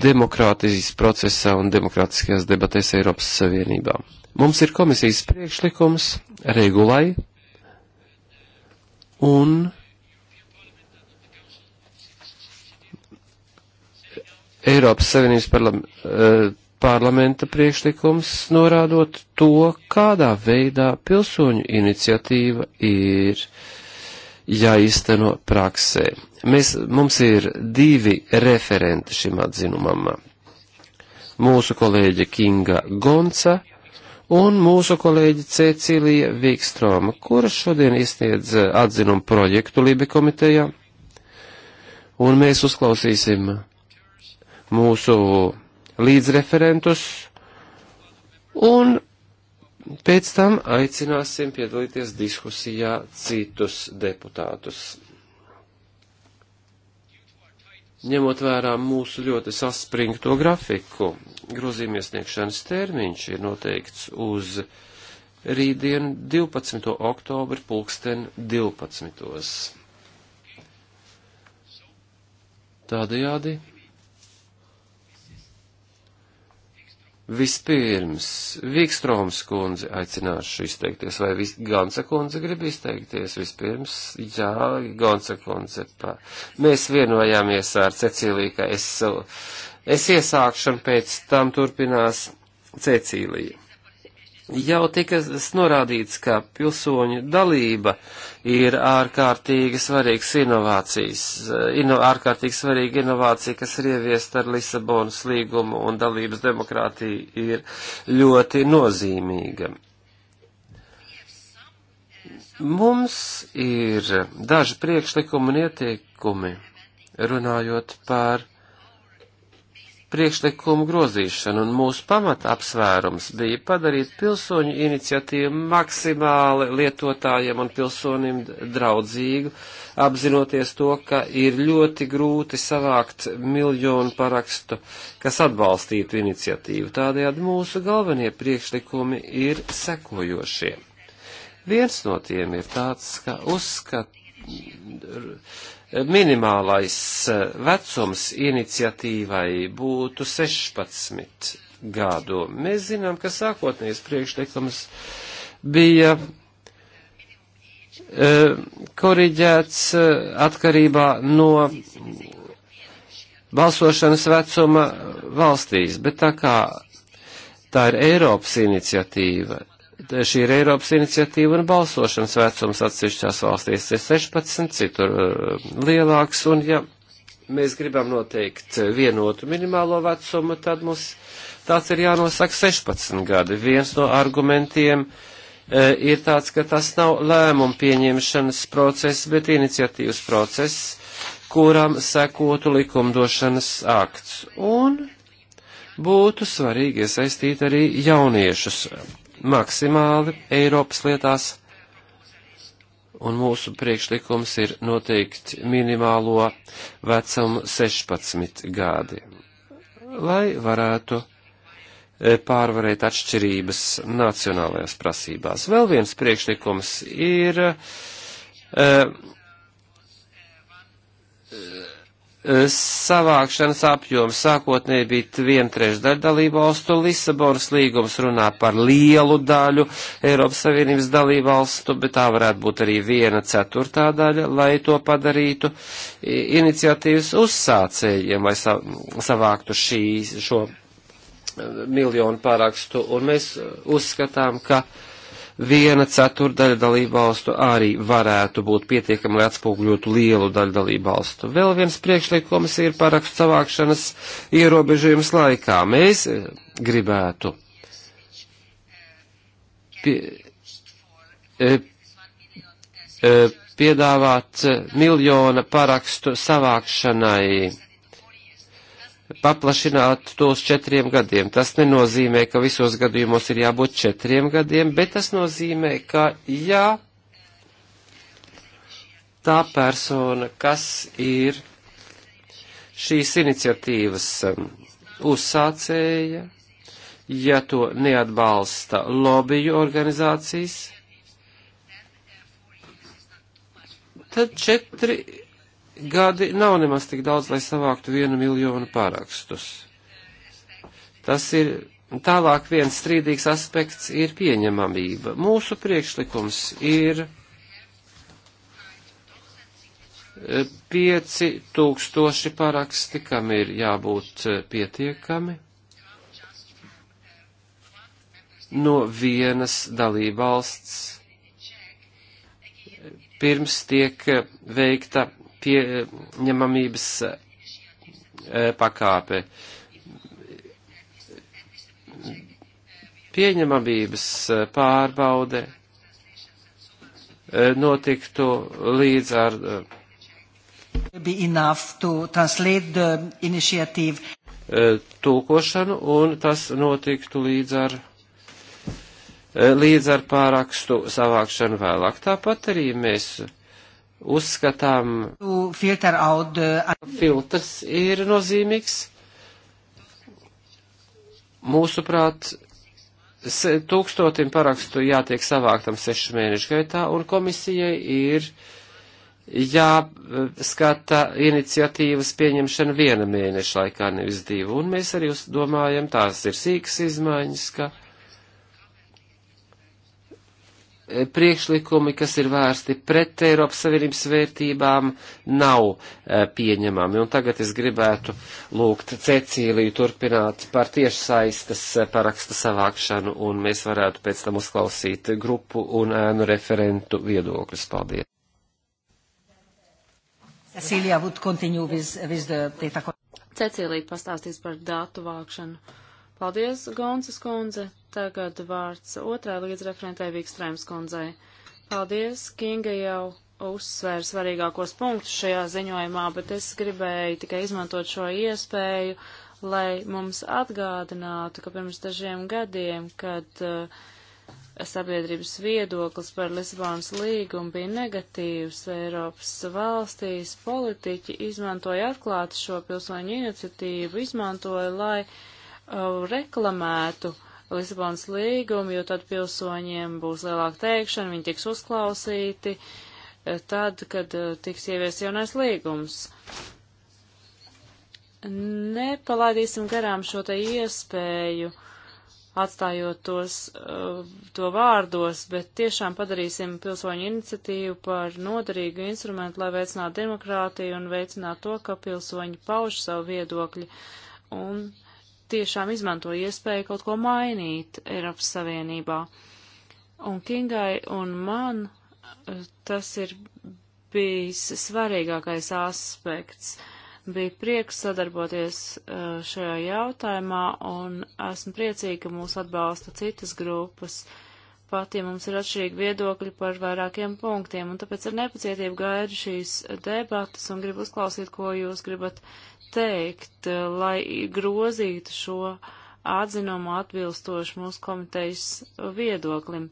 S1: demokrātijas procesā un demokrātiskajās debatēs Eiropas Savienībā. Mums ir komisijas priekšlikums regulai un Eiropas Savienības parlam, eh, parlamenta priekšlikums norādot to, kādā veidā pilsoņu iniciatīva ir uh, jāīsteno praksē. Mēs, mums ir divi referenti šim atzinumam. Mūsu kolēģe Kinga Gonca un mūsu kolēģi Cecilija Vikstroma, kura šodien izsniedz eh, atzinumu projektu Libi komitejā. Un mēs uzklausīsim mūsu līdzreferentus un Pēc tam aicināsim piedalīties diskusijā citus deputātus. Ņemot vērā mūsu ļoti saspringto grafiku, grozījuma iesniegšanas termiņš ir noteikts uz rītdienu 12. oktobri pulksten 12. Tādējādi Vispirms, Vīkstroms kundze aicināšu izteikties, vai vis, Ganca kundze grib izteikties vispirms? Jā, Ganca kundze. Pā. Mēs vienojāmies ar Cecīliju, ka es, es iesākšu un pēc tam turpinās Cecīlija. Jau tika norādīts, ka pilsoņu dalība ir ārkārtīgi svarīgs inovācijas, ino, ārkārtīgi svarīga inovācija, kas ir ieviesta ar Lisabonas līgumu un dalības demokrātija ir ļoti nozīmīga. Mums ir daži priekšlikumi un ieteikumi runājot par priekšlikumu grozīšanu, un mūsu pamata apsvērums bija padarīt pilsoņu iniciatīvu maksimāli lietotājiem un pilsonim draudzīgu, apzinoties to, ka ir ļoti grūti savākt miljonu parakstu, kas atbalstītu iniciatīvu. Tādējādi mūsu galvenie priekšlikumi ir sekojošie. Viens no tiem ir tāds, ka uzskat minimālais eh, vecums iniciatīvai būtu 16 gadu. Mēs zinām, ka sākotnējais priekšlikums bija eh, koriģēts eh, atkarībā no balsošanas vecuma valstīs, bet tā kā tā ir Eiropas iniciatīva, šī ir Eiropas iniciatīva un balsošanas vecums atsevišķās valstīs ir 16, citur eh, lielāks, un ja mēs gribam noteikt vienotu minimālo vecumu, tad mums tāds ir jānosaka 16 gadi. Viens no argumentiem e, ir tāds, ka tas nav lēmumu pieņemšanas process, bet iniciatīvas process, kuram sekotu likumdošanas akts. Un būtu svarīgi iesaistīt arī jauniešus maksimāli Eiropas lietās, un mūsu priekšlikums ir noteikti minimālo vecumu 16 gadi, lai varētu e, pārvarēt atšķirības nacionālajās prasībās. Vēl viens priekšlikums ir uh, savākšanas apjoms sākotnēji bija viena trešdaļa dalībvalstu, Lisabonas līgums runā par lielu daļu Eiropas Savienības dalībvalstu, bet tā varētu būt arī viena ceturtā daļa, lai to padarītu iniciatīvas uzsācējiem, lai savāktu šī, šo miljonu pārakstu. Un mēs uzskatām, ka uh, viena ceturdaļa dalībvalstu arī varētu būt pietiekama, lai atspūgļotu lielu daļu dalībvalstu. Vēl viens priekšlikums ir parakstu savākšanas ierobežojums laikā. Mēs eh, gribētu pie, e, e, piedāvāt miljona parakstu savākšanai paplašināt to uz četriem gadiem. Tas nenozīmē, ka visos gadījumos ir jābūt četriem gadiem, bet tas nozīmē, ka ja tā persona, kas ir šīs iniciatīvas um, uzsācēja, ja to neatbalsta lobiju organizācijas, tad četri gadi nav nemaz tik daudz, lai savāktu vienu miljonu pārakstus. Tas ir tālāk viens strīdīgs aspekts ir pieņemamība. Mūsu priekšlikums ir 5000 eh, paraksti, kam ir jābūt eh, pietiekami no vienas dalībvalsts eh, pirms tiek veikta pieņemamības e, pakāpe. Pieņemamības e, pārbaude e, notiktu līdz ar tūkošanu, un tas notiktu līdz ar, līdz ar pārakstu savākšanu vēlāk. Tāpat arī mēs uzskatām, filtrs ir nozīmīgs. Mūsuprāt, tūkstotim parakstu jātiek savāktam sešu mēnešu gaitā, un komisijai ir jāskata iniciatīvas pieņemšana viena mēneša laikā, nevis divu, un mēs arī domājam, tās ir sīkas izmaiņas, ka priekšlikumi, kas ir vērsti pret Eiropas Savienības vērtībām, nav e, pieņemami. Un tagad es gribētu lūgt Cecīliju turpināt par tiešsaistes e, paraksta savākšanu, un mēs varētu pēc tam uzklausīt grupu un ēnu referentu viedokļus. Paldies! Cecīlija would continue with, with the data.
S3: Cecīlija pastāstīs par datu vākšanu. Paldies, Gonsas kundze. Tagad vārds otrā līdzreferentai Vikstrēms kundzei. Paldies, Kinga jau uzsvēra svarīgākos punktus šajā ziņojumā, bet es gribēju tikai izmantot šo iespēju, lai mums atgādinātu, ka pirms dažiem gadiem, kad uh, sabiedrības viedoklis par Lisabonas līgumu bija negatīvs, Eiropas valstīs politiķi izmantoja atklāti šo pilsoņu iniciatīvu, izmantoja, lai uh, reklamētu uh, Lisabonas līgumu, jo tad pilsoņiem būs lielāka teikšana, viņi tiks uzklausīti eh, tad, kad eh, tiks ievies jaunais līgums. Nepalaidīsim garām šo te iespēju, atstājot tos, eh, to vārdos, bet tiešām padarīsim pilsoņu iniciatīvu par noderīgu instrumentu, lai veicinātu demokrātiju un veicinātu to, ka pilsoņi pauž savu viedokļu un uh, tiešām izmanto iespēju kaut ko mainīt Eiropas Savienībā. Un Kingai un man eh, tas ir bijis svarīgākais aspekts. Bija prieks sadarboties eh, šajā jautājumā, un esmu priecīga, ka mūs atbalsta citas grupas. Uh, pat, ja mums ir atšķirīgi viedokļi par vairākiem punktiem, un tāpēc ar nepacietību gaidu šīs debatas un gribu uzklausīt, ko jūs gribat teikt, lai grozītu šo atzinumu atbilstoši mūsu komitejas viedoklim.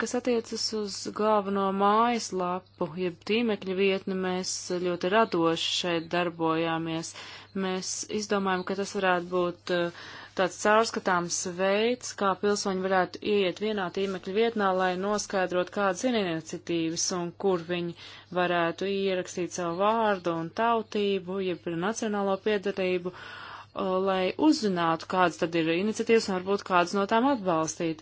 S3: Kas attiecas uz galveno mājaslapu, jeb tīmekļa vietni, mēs ļoti radoši šeit darbojāmies. Mēs izdomājam, ka tas varētu būt uh, tāds caurskatāms veids, kā pilsoņi varētu ieiet vienā tīmekļa vietnā, lai noskaidrot, kādas ir iniciatīvas un kur viņi varētu ierakstīt savu vārdu un tautību, jeb nacionālo piedarību, lai uzzinātu, kādas tad ir iniciatīvas un varbūt kādas no tām atbalstīt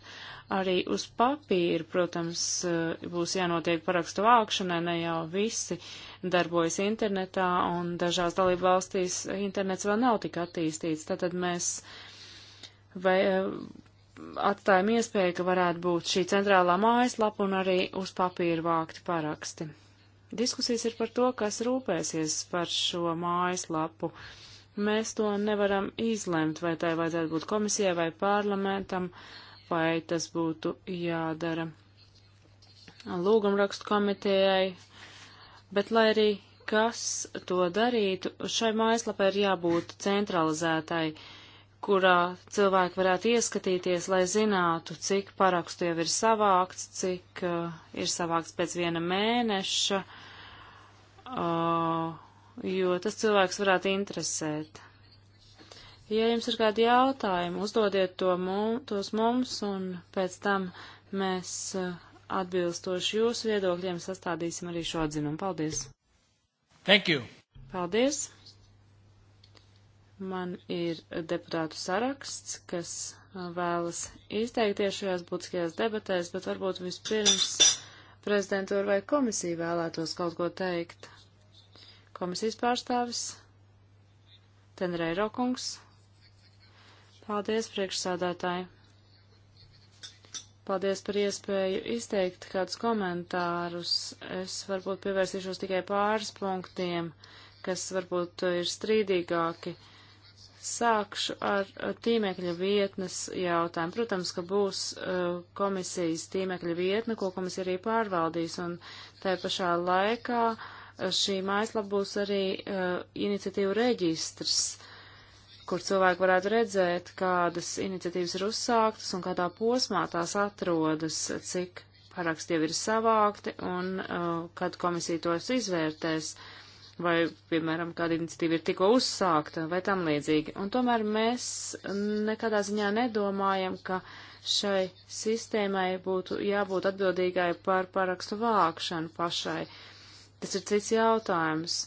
S3: arī uz papīra, protams, e, būs jānotiek parakstu vākšanai, ne jau visi darbojas internetā, un dažās dalību valstīs internets vēl nav tik attīstīts. Tātad mēs vai eh, atstājam iespēju, ka varētu būt šī centrālā mājaslapa un arī uz papīra vākti paraksti. Diskusijas ir par to, kas rūpēsies par šo mājaslapu. Mēs to nevaram izlemt, vai tai vajadzētu būt komisijai vai parlamentam, vai tas būtu jādara lūgumrakstu komitejai, bet lai arī kas to darītu, šai mājaslapai ir jābūt centralizētai uh, kurā cilvēki varētu ieskatīties, lai zinātu, cik parakstu jau ir savākts, cik uh, ir savākts pēc viena mēneša, uh, jo tas cilvēks varētu interesēt. Ja jums ir kādi jautājumi, uzdodiet to mums, tos mums, un pēc tam mēs uh, atbilstoši jūsu viedokļiem sastādīsim arī šo atzinumu. Paldies! Thank you! Paldies! Man ir deputātu saraksts, kas uh, vēlas izteikties šajās būtiskajās debatēs, bet varbūt vispirms prezidentūra vai komisija vēlētos kaut ko teikt. Komisijas pārstāvis Tenreiro kungs. Paldies, priekšsādātāji. Paldies par iespēju izteikt kādus komentārus. Es varbūt pievērsīšos tikai pāris punktiem, kas varbūt uh, ir strīdīgāki. Uh, Sākšu ar tīmekļa vietnes jautājumu. Protams, ka būs uh, komisijas tīmekļa vietne, ko komisija arī pārvaldīs, un tai pašā laikā uh, šī mājaslapa būs arī uh, iniciatīvu reģistrs, kur cilvēki varētu redzēt, kādas iniciatīvas ir uzsāktas un kādā posmā tās atrodas, cik paraksti jau ir savākti un uh, kad komisija tos izvērtēs. Uh, vai, piemēram, kāda iniciatīva ir tikko uzsākta vai tam līdzīgi. Un tomēr mēs nekādā ziņā nedomājam, ka šai sistēmai būtu jābūt atbildīgai par parakstu vākšanu pašai. Tas ir cits jautājums.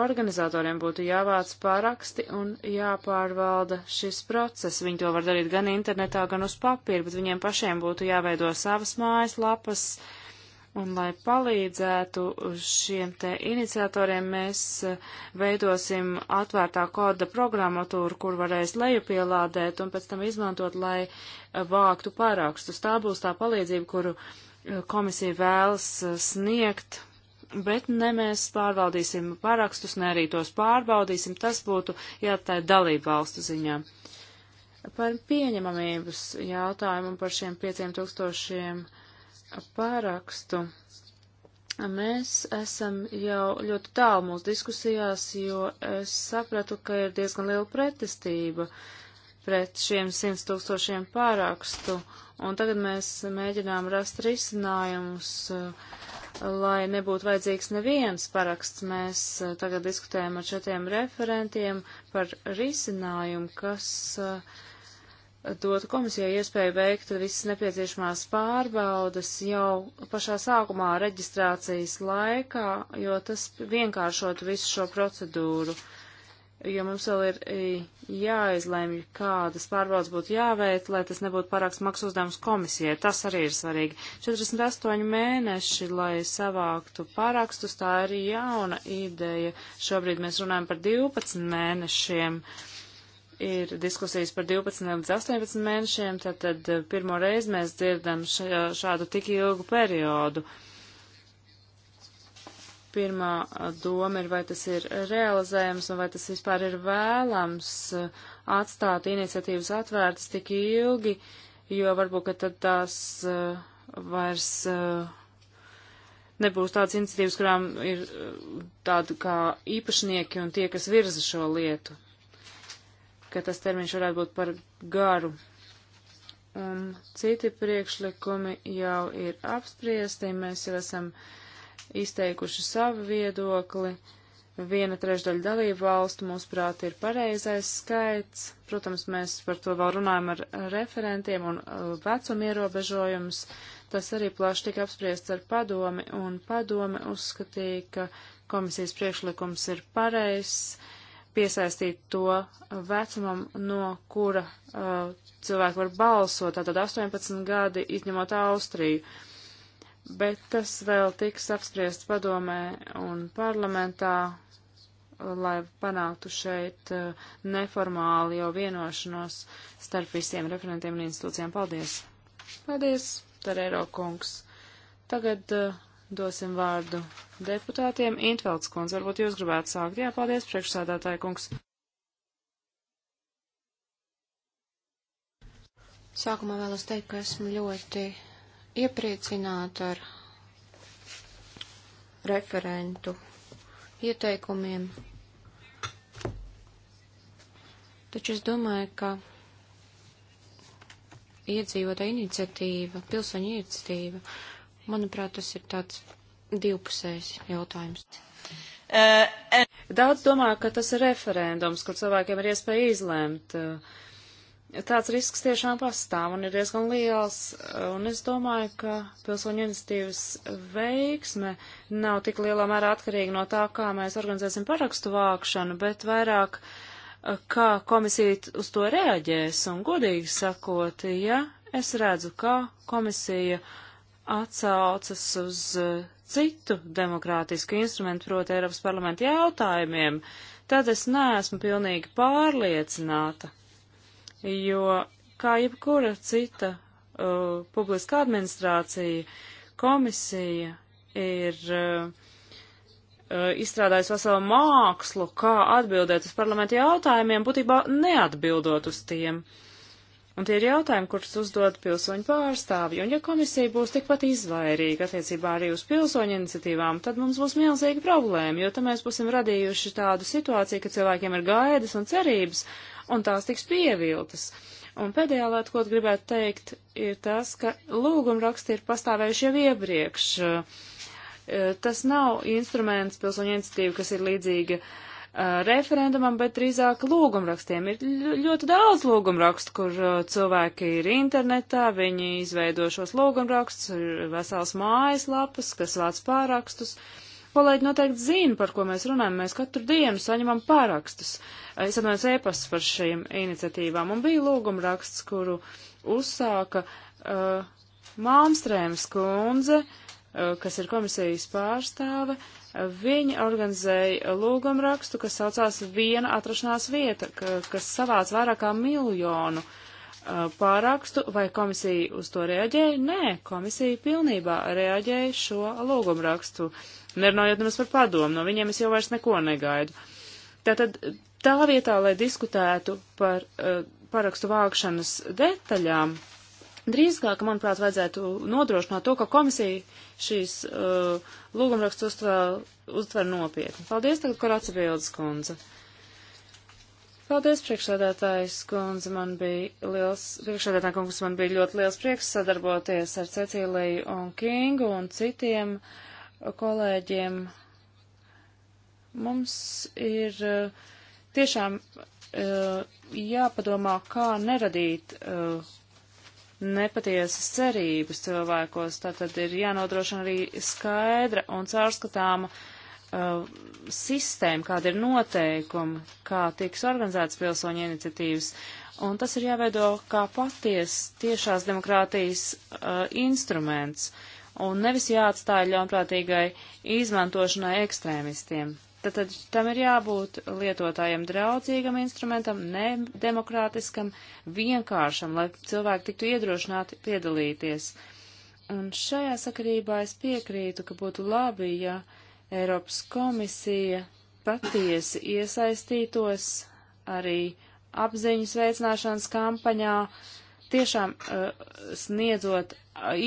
S3: Organizatoriem būtu jāvāc paraksti un jāpārvalda šis process. Viņi to var darīt gan internetā, gan uz papīra, bet viņiem pašiem būtu jāveido savas mājas lapas, uh, Un, lai palīdzētu šiem te iniciatoriem, mēs eh, veidosim atvērtā koda programmatūru, kur varēs lejupielādēt un pēc tam izmantot, lai eh, vāktu pārākstus. Tā būs tā palīdzība, kuru eh, komisija vēlas sniegt, bet ne mēs pārvaldīsim pārākstus, ne arī tos pārbaudīsim. Tas būtu jātāja dalību valstu ziņā. Par pieņemamības jautājumu par šiem pieciem tūkstošiem. 000 pārakstu. Mēs esam jau ļoti tālu mūsu diskusijās, jo es sapratu, ka ir diezgan liela pretestība pret šiem 100 tūkstošiem pārakstu, un tagad mēs mēģinām rast risinājumus, lai nebūtu vajadzīgs neviens paraksts. Mēs eh, tagad diskutējam ar četriem referentiem par risinājumu, kas uh, dotu komisijai iespēju veikt visas nepieciešamās pārbaudas jau pašā sākumā reģistrācijas laikā, jo tas vienkāršotu visu šo procedūru, jo mums vēl ir jāizlemj, kādas pārbaudas būtu jāveic, lai tas nebūtu pārāk smags uzdevums komisijai. Tas arī ir svarīgi. 48 mēneši, lai savāktu pārakstus, tā ir jauna ideja. Šobrīd mēs runājam par 12 mēnešiem. Uh, ir diskusijas par 12 līdz 18 mēnešiem, tad, tad eh, pirmo reizi mēs dzirdam šā, šādu tik ilgu periodu. Pirmā eh, doma ir, vai tas ir realizējams un vai tas vispār ir vēlams eh, atstāt iniciatīvas atvērtas tik ilgi, jo varbūt, ka tad tās vairs nebūs tādas iniciatīvas, kurām ir tādi kā īpašnieki un tie, kas virza šo lietu ka tas termiņš varētu būt par garu. Un citi priekšlikumi jau ir apspriesti, mēs jau esam izteikuši savu viedokli. Viena trešdaļa dalību valstu, mūsuprāt, ir pareizais skaits. Protams, mēs par to vēl runājam ar referentiem un uh, vecumu ierobežojums. Tas arī plaši tika apspriests ar padomi, un padome uzskatīja, ka komisijas priekšlikums ir pareizs piesaistīt to vecumam, no kura uh, cilvēki var balsot, tātad 18 gadi, izņemot Austriju. Bet tas vēl tiks apspriests padomē un parlamentā, lai panāktu šeit uh, neformāli jau vienošanos starp visiem referentiem un institūcijām. Paldies! Paldies, Tarēro kungs! Tagad uh, Dosim vārdu deputātiem. Intvelds kundze, varbūt jūs gribētu sākt. Jā, paldies, priekšsādātāja
S2: kungs. Sākumā vēlos teikt, ka esmu ļoti iepriecināta ar referentu ieteikumiem. Taču es domāju, ka iedzīvotā iniciatīva, pilsoņa iniciatīva, uh, Manuprāt, tas ir tāds divpusējs jautājums. Uh, Daudz domā, ka
S3: tas ir referendums, kur cilvēkiem ir iespēja izlemt. Tāds risks tiešām pastāv un ir diezgan liels, un es domāju, ka pilsoņu iniciatīvas veiksme nav tik lielā mērā atkarīga no tā, kā mēs organizēsim parakstu vākšanu, bet vairāk, uh, kā komisija uz to reaģēs, un godīgi sakot, ja es redzu, kā komisija uh, atsaucas uz eh, citu demokrātisku instrumentu, proti Eiropas parlamenta jautājumiem, tad es neesmu pilnīgi pārliecināta, jo kā jebkura cita uh, publiska administrācija, komisija ir uh, eh, izstrādājis veselu mākslu, kā atbildēt uz parlamenta jautājumiem, būtībā neatbildot uz tiem. Uh, Un tie ir jautājumi, kurus uzdod pilsoņu pārstāvji. Un ja komisija būs tikpat izvairīga attiecībā arī uz pilsoņu iniciatīvām, tad mums būs milzīga problēma, jo tam mēs būsim radījuši tādu situāciju, ka cilvēkiem ir gaidas un cerības, un tās tiks pieviltas. Un pēdējā lieta, ko gribētu teikt, ir tas, ka lūgumraksti ir pastāvējuši jau iepriekš. Eh, tas nav instruments pilsoņu iniciatīva, kas ir līdzīga uh, Uh, referendumam, bet drīzāk lūgumrakstiem. Ir ļoti daudz lūgumrakstu, kur uh, cilvēki ir internetā, viņi izveido šos lūgumrakstus, ir vesels mājaslapas, kas vāc pārakstus. Kolēģi noteikti zina, par ko mēs runājam. Mēs katru dienu saņemam pārakstus. Es atvainojos ēpastus par šīm iniciatīvām. Un bija lūgumraksts, kuru uzsāka uh, Māmstrēmas kundze, uh, kas ir komisijas pārstāve, uh, Viņi organizēja lūgumrakstu, kas saucās Viena atrašanās vieta, ka, kas savāca vairāk kā miljonu uh, pārakstu, vai komisija uz to reaģēja? Nē, komisija pilnībā reaģēja šo lūgumrakstu. Nerunājot nemaz par padomu, no viņiem es jau vairs neko negaidu. Tātad tā vietā, lai diskutētu par uh, parakstu vākšanas detaļām, uh, Drīzāk, manuprāt, vajadzētu nodrošināt to, ka komisija šīs uh, lūgumrakstus uztver, uztver nopietni. Paldies, tagad, kur atsebildes kundze. Paldies, priekšsēdētājs kundze, man bija liels, priekšsēdētāja kungs, man bija ļoti liels prieks sadarboties ar Cecīliju un Kingu un citiem kolēģiem. Mums ir uh, tiešām uh, jāpadomā, kā neradīt uh, nepatiesas cerības cilvēkos. Tātad ir jānodrošina arī skaidra un caurskatāma uh, sistēma, kāda ir noteikuma, kā tiks organizētas pilsoņu iniciatīvas. Un tas ir jāveido kā paties tiešās demokrātijas uh, instruments un nevis jāatstāja ļaunprātīgai izmantošanai ekstrēmistiem. Tātad tam ir jābūt lietotājiem draudzīgam instrumentam, nedemokrātiskam, vienkāršam, lai cilvēki tiktu iedrošināti piedalīties. Un šajā sakarībā es piekrītu, ka būtu labi, ja Eiropas komisija patiesi iesaistītos arī apziņas veicināšanas kampaņā, tiešām uh, sniedzot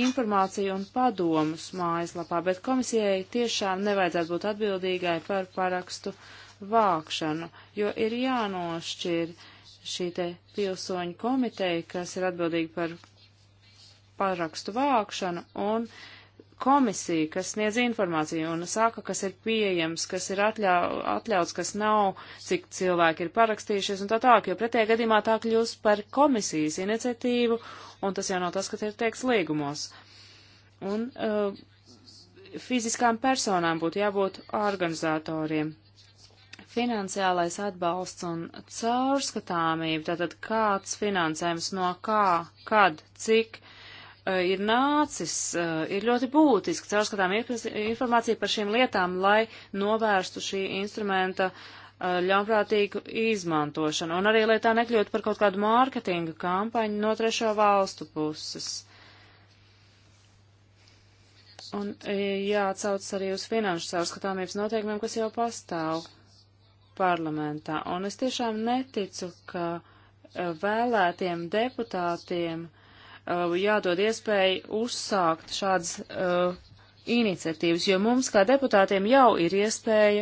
S3: informāciju un padomus mājaslapā, bet komisijai tiešām nevajadzētu būt atbildīgai par parakstu vākšanu, jo ir jānošķir šī te pilsoņu komiteja, kas ir atbildīga par parakstu vākšanu, un uh, komisija, kas sniedz informāciju un saka, kas ir pieejams, kas ir atļau, atļauts, kas nav, cik cilvēki ir parakstījušies un tā tālāk, jo pretējā gadījumā tā kļūst par komisijas iniciatīvu, un tas jau nav tas, kas ir teikts līgumos. Un uh, fiziskām personām būtu jābūt organizatoriem. Finansiālais atbalsts un caurskatāmība, tātad kāds finansējums no kā, kad, cik, uh, Eh, ir nācis, eh, ir ļoti būtiski caurskatām informācija par šīm lietām, lai novērstu šī instrumenta eh, ļaunprātīgu izmantošanu, un arī, lai tā nekļūtu par kaut kādu mārketinga kampaņu no trešo valstu puses. Un jāatsaucas arī uz finanšu caurskatāmības noteikumiem, kas jau pastāv parlamentā. Un es tiešām neticu, ka vēlētiem deputātiem Uh, jādod iespēja uzsākt šādas uh, iniciatīvas, jo mums kā deputātiem jau ir iespēja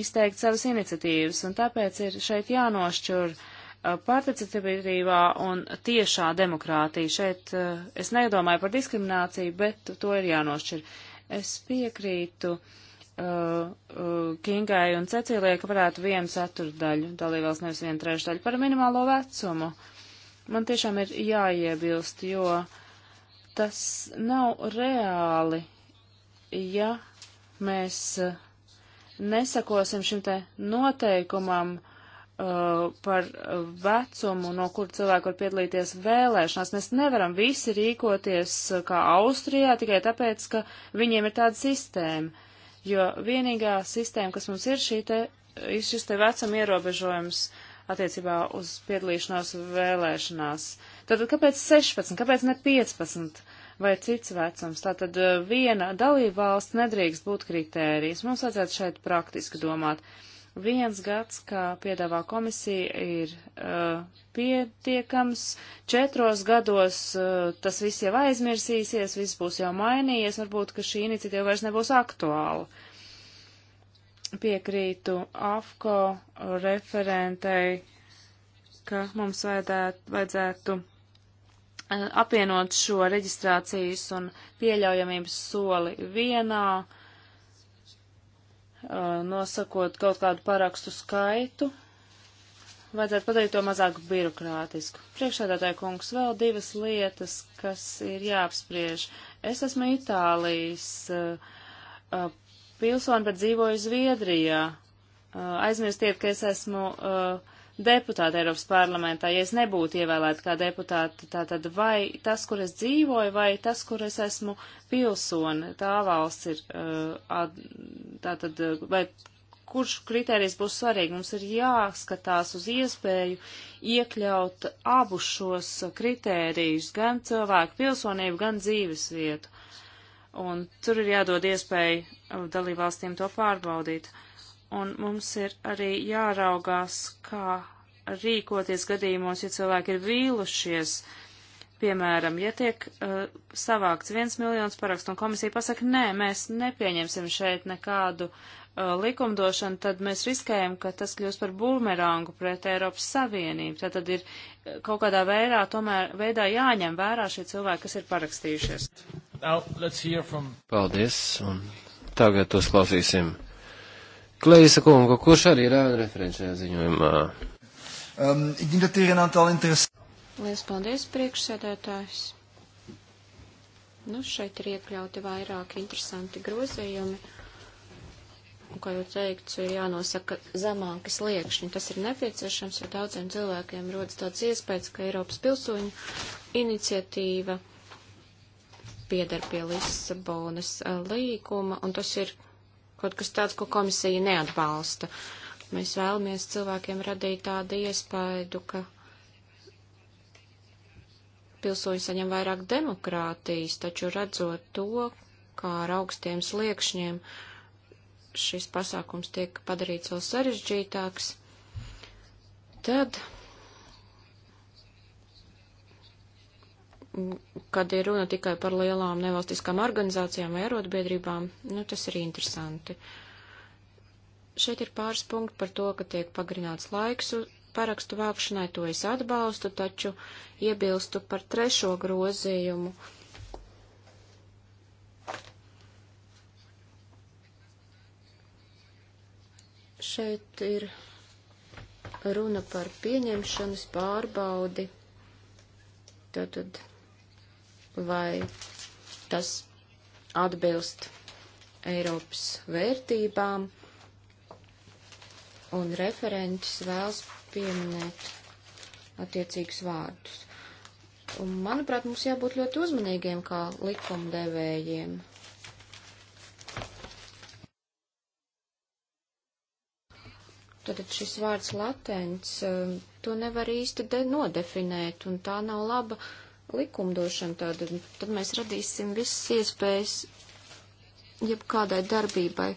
S3: izteikt savas iniciatīvas, un tāpēc ir šeit jānošķir uh, participatīvā un tiešā demokrātija. Šeit es nedomāju par diskrimināciju, bet to ir jānošķir. Es piekrītu uh, uh, Kingai un Cecilijai, ka varētu vienu ceturdaļu dalībvalsts, nevis vienu trešdaļu par minimālo vecumu. Uh, Man tiešām ir jāiebilst, jo tas nav reāli, ja mēs eh, nesakosim šim te noteikumam uh, par vecumu, no kur cilvēku var piedalīties vēlēšanās. Mēs nevaram visi rīkoties eh, kā Austrijā tikai tāpēc, ka viņiem ir tāda sistēma. Jo vienīgā sistēma, kas mums ir, šī te, ir šis te vecuma ierobežojums. Uh, attiecībā uz piedalīšanos vēlēšanās. Tātad kāpēc 16, kāpēc ne 15 vai cits vecums? Tātad eh, viena dalība valsts nedrīkst būt kritērijas. Mums vajadzētu šeit praktiski domāt viens gads, kā piedāvā komisija, ir uh, pietiekams. Četros gados uh, tas viss jau aizmirsīsies, viss būs jau mainījies, varbūt, ka šī iniciatīva vairs nebūs aktuāla piekrītu AFCO referentei, ka mums vajadzētu, vajadzētu e, apvienot šo reģistrācijas un pieļaujamības soli vienā, e, nosakot kaut kādu parakstu skaitu. Vajadzētu padarīt to mazāk birokrātisku. Priekšādātāja kungs vēl divas lietas, kas ir jāapspriež. Es esmu Itālijas uh, pilsoni, bet dzīvoju Zviedrijā. Uh, aizmirstiet, ka es esmu uh, deputāta Eiropas parlamentā. Ja es nebūtu ievēlēta kā deputāta, tātad vai tas, kur es dzīvoju, vai tas, kur es esmu pilsoni, tā valsts ir, uh, tātad, vai kurš kriterijs būs svarīgi. Mums ir jāskatās uz iespēju iekļaut abus šos kritērijus, gan cilvēku pilsonību, gan dzīvesvietu un tur ir jādod iespēja uh, dalībvalstīm to pārbaudīt. Un mums ir arī jāraugās, kā rīkoties gadījumos, ja cilvēki ir vīlušies. Piemēram, ja tiek uh, savākts viens miljons parakstu un komisija pasaka, nē, mēs nepieņemsim šeit nekādu uh, Uh, likumdošanu, tad mēs riskējam, ka tas kļūs par bumerangu pret Eiropas Savienību. Tad ir uh, kaut kādā vērā, tomēr veidā jāņem vērā šie cilvēki, kas ir parakstījušies.
S1: Now, from... Paldies, un tagad tos klausīsim. Kleisa kungu, kurš arī ir referents šajā ziņojumā? Um, er interes...
S2: Liels paldies, priekšsēdētājs. Nu, šeit ir iekļauti vairāki interesanti grozījumi un, kā jau teikts, ir jānosaka zemāki sliekšņi. Tas ir nepieciešams, jo daudziem cilvēkiem rodas tāds iespējas, ka Eiropas pilsoņu iniciatīva piedar pie Lisabonas līguma, un tas ir kaut kas tāds, ko komisija neatbalsta. Mēs vēlamies cilvēkiem radīt tādu iespēju, ka pilsoņi saņem vairāk demokrātijas, taču redzot to, kā ar augstiem sliekšņiem uh, šis pasākums tiek padarīts vēl sarežģītāks, tad, kad ir runa tikai par lielām nevalstiskām organizācijām vai arotbiedrībām, nu, tas ir interesanti. Šeit ir pāris punkti par to, ka tiek pagarināts laiks parakstu vākšanai, to es atbalstu, taču iebilstu par trešo grozījumu. Uh, Šeit ir runa par pieņemšanas pārbaudi. Tātad, vai tas atbilst Eiropas vērtībām, un referentis vēlas pieminēt attiecīgus vārdus. Un, manuprāt, mums jābūt ļoti uzmanīgiem kā likumdevējiem. Tad šis vārds latents, um, to nevar īsti nodefinēt, un tā nav laba likumdošana. Tāda. Tad mēs radīsim visas iespējas jebkādai darbībai.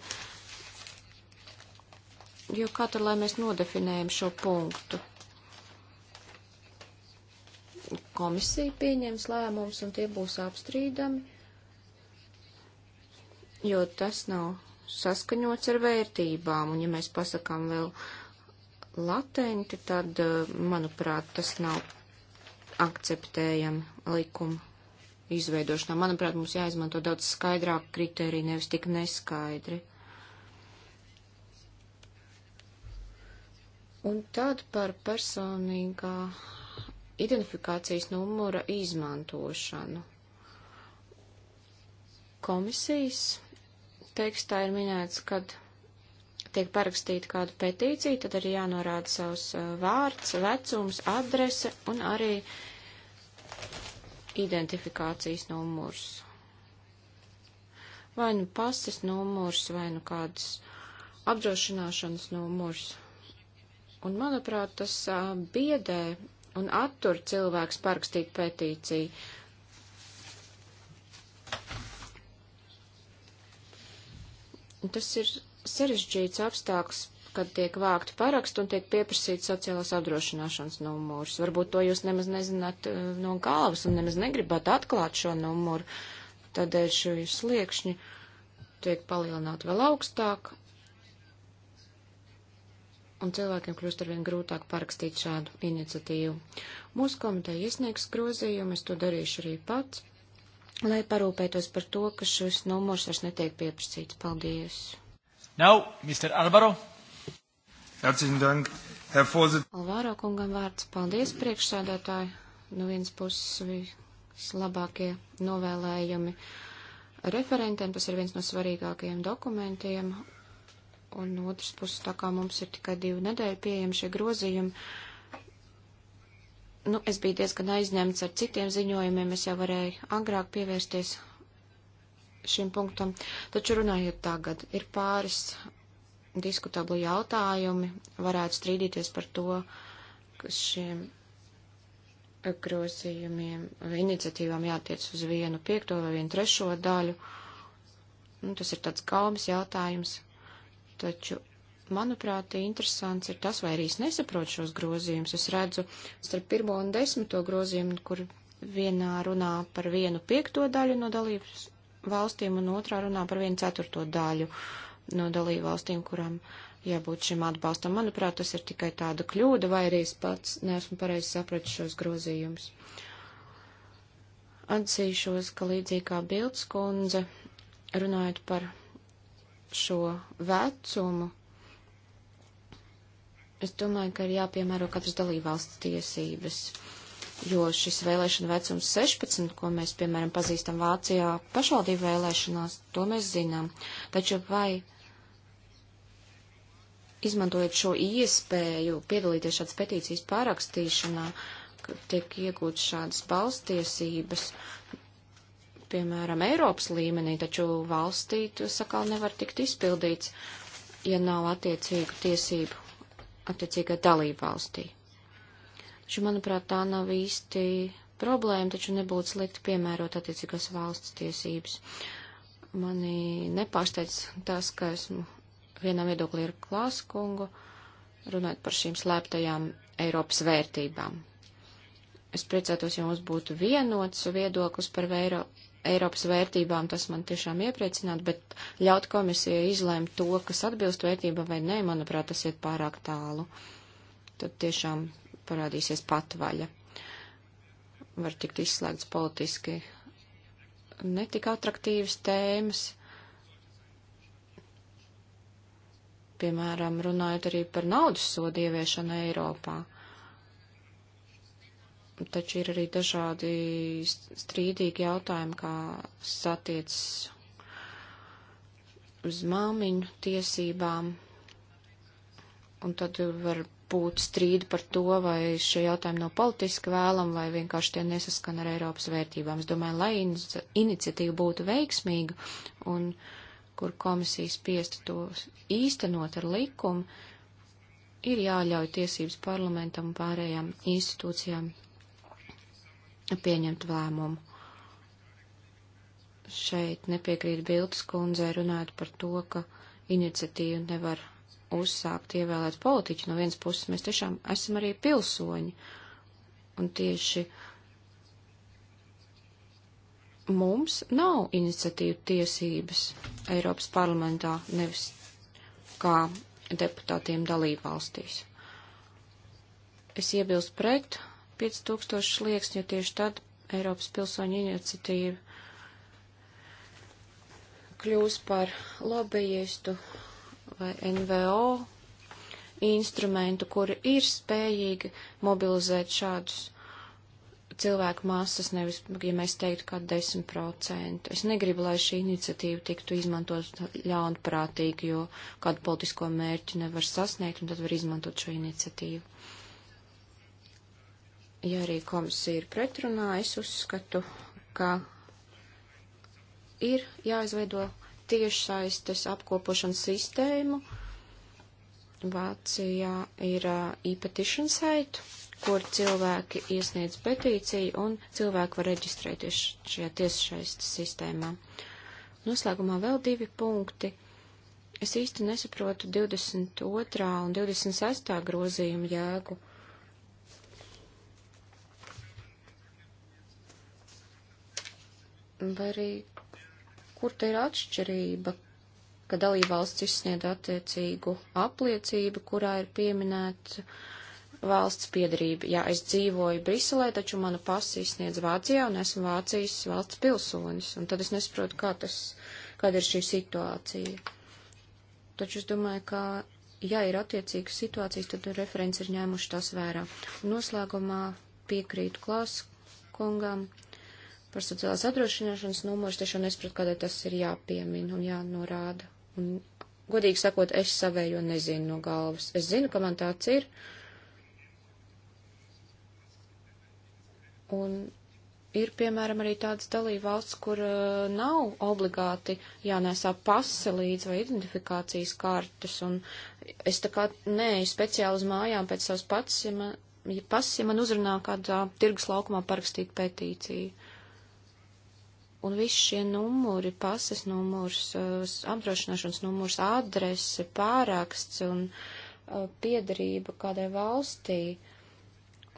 S2: Jo kā tad, lai mēs nodefinējam šo punktu? Komisija pieņems lēmumus, un tie būs apstrīdami, jo tas nav saskaņots ar vērtībām, un ja mēs pasakām vēl latenti, tad, eh, manuprāt, tas nav akceptējami likuma izveidošanā. Manuprāt, mums jāizmanto daudz skaidrāk kriteriju, nevis tik neskaidri. Un tad par personīgā identifikācijas numura izmantošanu. Komisijas tekstā ir minēts, kad tiek parakstīta kāda petīcija, tad arī jānorāda savs uh, vārds, vecums, adrese un arī identifikācijas numurs. Vai nu pases numurs, vai nu kādas apdrošināšanas numurs. Un, manuprāt, tas uh, biedē un attur cilvēks parakstīt petīciju, Tas ir sarežģīts apstākļs, kad tiek vākti parakstu un tiek pieprasīts sociālās apdrošināšanas numurs. Varbūt to jūs nemaz nezināt eh, no galvas un nemaz negribat atklāt šo numuru. Tādēļ šo sliekšņi tiek palielināti vēl augstāk, un cilvēkiem kļūst arvien grūtāk parakstīt šādu iniciatīvu. Mūsu komiteja iesniegs grozījumu, es to darīšu arī pats lai parūpētos par to, ka šis numurs vairs netiek pieprasīts. Paldies! Now, Mr. Alvaro. Herzlichen Dank, Herr Vorsitz. Alvaro kungam vārds. Paldies, priekšsēdētāji. No nu, vienas puses vislabākie novēlējumi referentiem, tas ir viens no svarīgākajiem dokumentiem. Un no otras puses, tā kā mums ir tikai divi nedēļi pieejami šie grozījumi, nu, es biju diezgan aizņemts ar citiem ziņojumiem, es jau varēju agrāk pievērsties šim punktam, taču runājot tagad, ir pāris diskutablu jautājumi, varētu strīdīties par to, ka šiem grozījumiem, iniciatīvām jātiec uz vienu piekto vai vienu trešo daļu. Nu, tas ir tāds galvas jautājums, taču manuprāt, interesants ir tas, vai arī es nesaprotu šos grozījumus. Es redzu starp pirmo un desmito grozījumu, kur vienā runā par vienu piekto daļu no dalības valstīm un otrā runā par vienu ceturto daļu no dalību valstīm, kurām jābūt šim atbalstam. Manuprāt, tas ir tikai tāda kļūda, vai arī es pats neesmu pareizi sapratis šos grozījumus. Atzīšos, ka līdzīgi kā Bilds kundze, runājot par šo vecumu, Es domāju, ka ir jāpiemēro katras dalībvalsts tiesības, jo šis vēlēšana vecums 16, ko mēs, piemēram, pazīstam Vācijā pašvaldību vēlēšanās, to mēs zinām. Taču vai izmantojot šo iespēju piedalīties šādas petīcijas pārakstīšanā, ka tiek iegūtas šādas balstiesības, piemēram, Eiropas līmenī, taču valstī tas sakal nevar tikt izpildīts, ja nav attiecīgu tiesību attiecīgā dalība valstī. Taču, manuprāt, tā nav īsti problēma, taču nebūtu slikti piemērot attiecīgās valsts tiesības. Mani nepārsteidz tas, ka esmu vienā viedoklī ar klāskungu runāt par šīm slēptajām Eiropas vērtībām. Es priecētos, ja mums būtu vienots viedoklis par vēro, Eiropas vērtībām, tas man tiešām iepriecinātu, bet ļaut komisijai izlēmt to, kas atbilst vērtībām vai nē, manuprāt, tas iet pārāk tālu. Tad tiešām parādīsies patvaļa. Var tikt izslēgts politiski netik atraktīvas tēmas. Piemēram, runājot arī par naudas sodu ieviešanu Eiropā. Uh, taču ir arī dažādi strīdīgi jautājumi, kā satiec uz māmiņu tiesībām, un tad var būt strīdi par to, vai šie jautājumi nav politiski vēlam, vai vienkārši tie nesaskan ar Eiropas vērtībām. Es domāju, lai iniciatīva būtu veiksmīga, un kur komisijas piesta to īstenot ar likumu, ir jāļauj tiesības parlamentam un pārējām institūcijām pieņemt lēmumu. Šeit nepiekrīt Bildes kundzei runāt par to, ka iniciatīvu nevar uzsākt ievēlēt politiķi. No vienas puses mēs tiešām esam arī pilsoņi. Un tieši mums nav iniciatīvu tiesības Eiropas parlamentā, nevis kā deputātiem dalībvalstīs. Es iebilstu pret 5000 slieks, jo tieši tad Eiropas pilsoņu iniciatīva kļūs par lobbyistu vai NVO instrumentu, kuri ir spējīgi mobilizēt šādus cilvēku masas, nevis, ja mēs teiktu, kā 10%. Es negribu, lai šī iniciatīva tiktu izmantot ļaunprātīgi, jo kādu politisko mērķi nevar sasniegt, un tad var izmantot šo iniciatīvu. Ja arī komisija ir pretrunā, es uzskatu, ka ir jāizveido tiešsaistes apkopošanas sistēmu. Vācijā ir uh, e-petition site, kur cilvēki iesniedz petīciju un cilvēki var reģistrēties šajā tiešsaistes sistēmā. Noslēgumā vēl divi punkti. Es īsti nesaprotu 22. un 26. grozījuma jēgu. Uh, Vai arī kur te ir atšķirība, ka dalībvalsts izsniedz attiecīgu apliecību, kurā ir pieminēta valsts piedarība. Jā, es dzīvoju Briselē, taču mana pasa izsniedz Vācijā un esmu Vācijas valsts pilsonis, un tad es nesaprotu, kā tas, kāda ir šī situācija. Taču es domāju, ka, ja ir attiecīgas situācijas, tad referents ir ņēmuši tās vērā. Noslēgumā piekrītu klāskungam. kungam par sociālās apdrošināšanas numurs, tiešām nespratu, kādēļ tas ir jāpiemina un jānorāda. Un, godīgi sakot, es savējo nezinu no galvas. Es zinu, ka man tāds ir. Un ir, piemēram, arī tādas dalība valsts, kur uh, nav obligāti jānēsā pase līdz vai identifikācijas kartes. Un es tā kā neeju speciāli uz mājām pēc savas pats, ja man, ja pas, ja man uzrunā kādā tirgus laukumā parakstīt petīciju. Un visi šie numuri, pases numurs, apdrošināšanas numurs, adrese, pāraksts un uh, piedarība kādai valstī.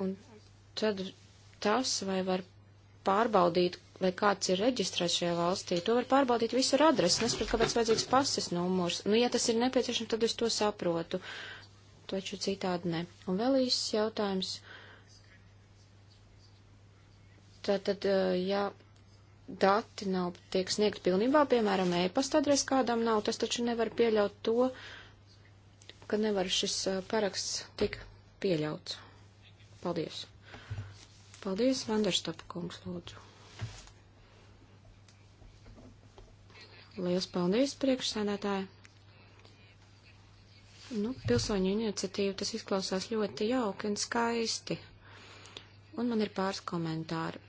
S2: Un tad tas, vai var pārbaudīt, vai kāds ir reģistrēts šajā valstī, to var pārbaudīt visur adresi. Nesprat, kāpēc vajadzīgs pases numurs. Nu, ja tas ir nepieciešams, tad es to saprotu. Taču citādi ne. Un vēl īsts jautājums. Tātad, ja dati nav tiek sniegt pilnībā, piemēram, e-pasta adres kādam nav, tas taču nevar pieļaut to, ka nevar šis paraksts tik pieļauts. Paldies. Paldies, Vanderstapa kungs, lūdzu. Liels paldies, priekšsēdētāji. Nu, pilsoņu iniciatīva, tas izklausās ļoti jauki un skaisti. Un man ir pāris komentāri.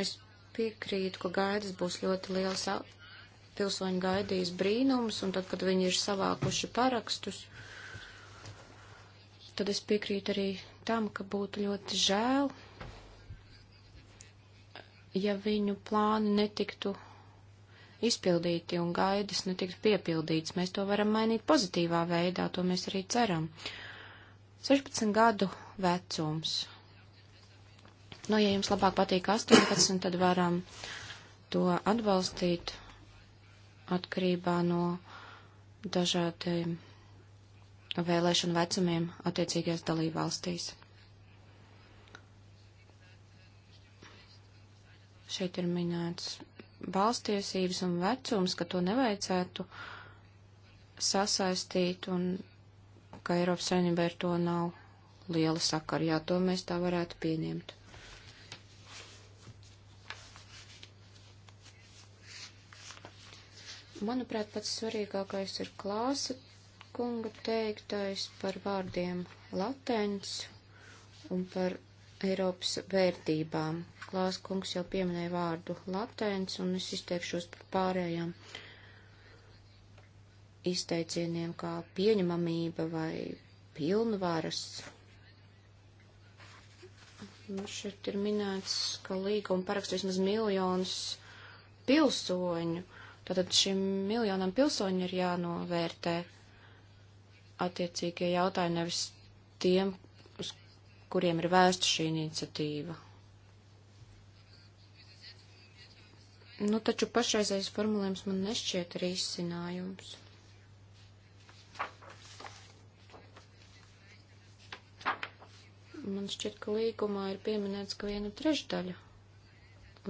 S2: Es piekrītu, ka gaidas būs ļoti liels. Pilsoņi gaidīs brīnums, un tad, kad viņi ir savākuši parakstus, tad es piekrītu arī tam, ka būtu ļoti žēl, ja viņu plāni netiktu izpildīti un gaidas netiks piepildīts. Mēs to varam mainīt pozitīvā veidā, to mēs arī ceram. 16 gadu vecums. Nu, ja jums labāk patīk 18, tad varam to atbalstīt atkarībā no dažādiem vēlēšanu vecumiem attiecīgajās dalībvalstīs. Šeit ir minēts balstiesības un vecums, ka to nevajadzētu sasaistīt un ka Eiropas Savienībai ar to nav liela sakara. Jā, to mēs tā varētu pieņemt. Manuprāt, pats svarīgākais ir klāsa kunga teiktais par vārdiem latens un par Eiropas vērtībām. Klāsa kungs jau pieminēja vārdu latens, un es izteikšos par pārējām izteicieniem kā pieņemamība vai pilnvaras. Nu, šeit ir minēts, ka līguma parakstīs maz miljonus pilsoņu. Uh, Tātad šim miljonam pilsoņu ir jānovērtē attiecīgie jautājumi nevis tiem, uz kuriem ir vērsta šī iniciatīva. Nu, taču pašreizējais formulējums man nešķiet arī izcinājums. Man šķiet, ka līgumā ir pieminēts, ka viena trešdaļa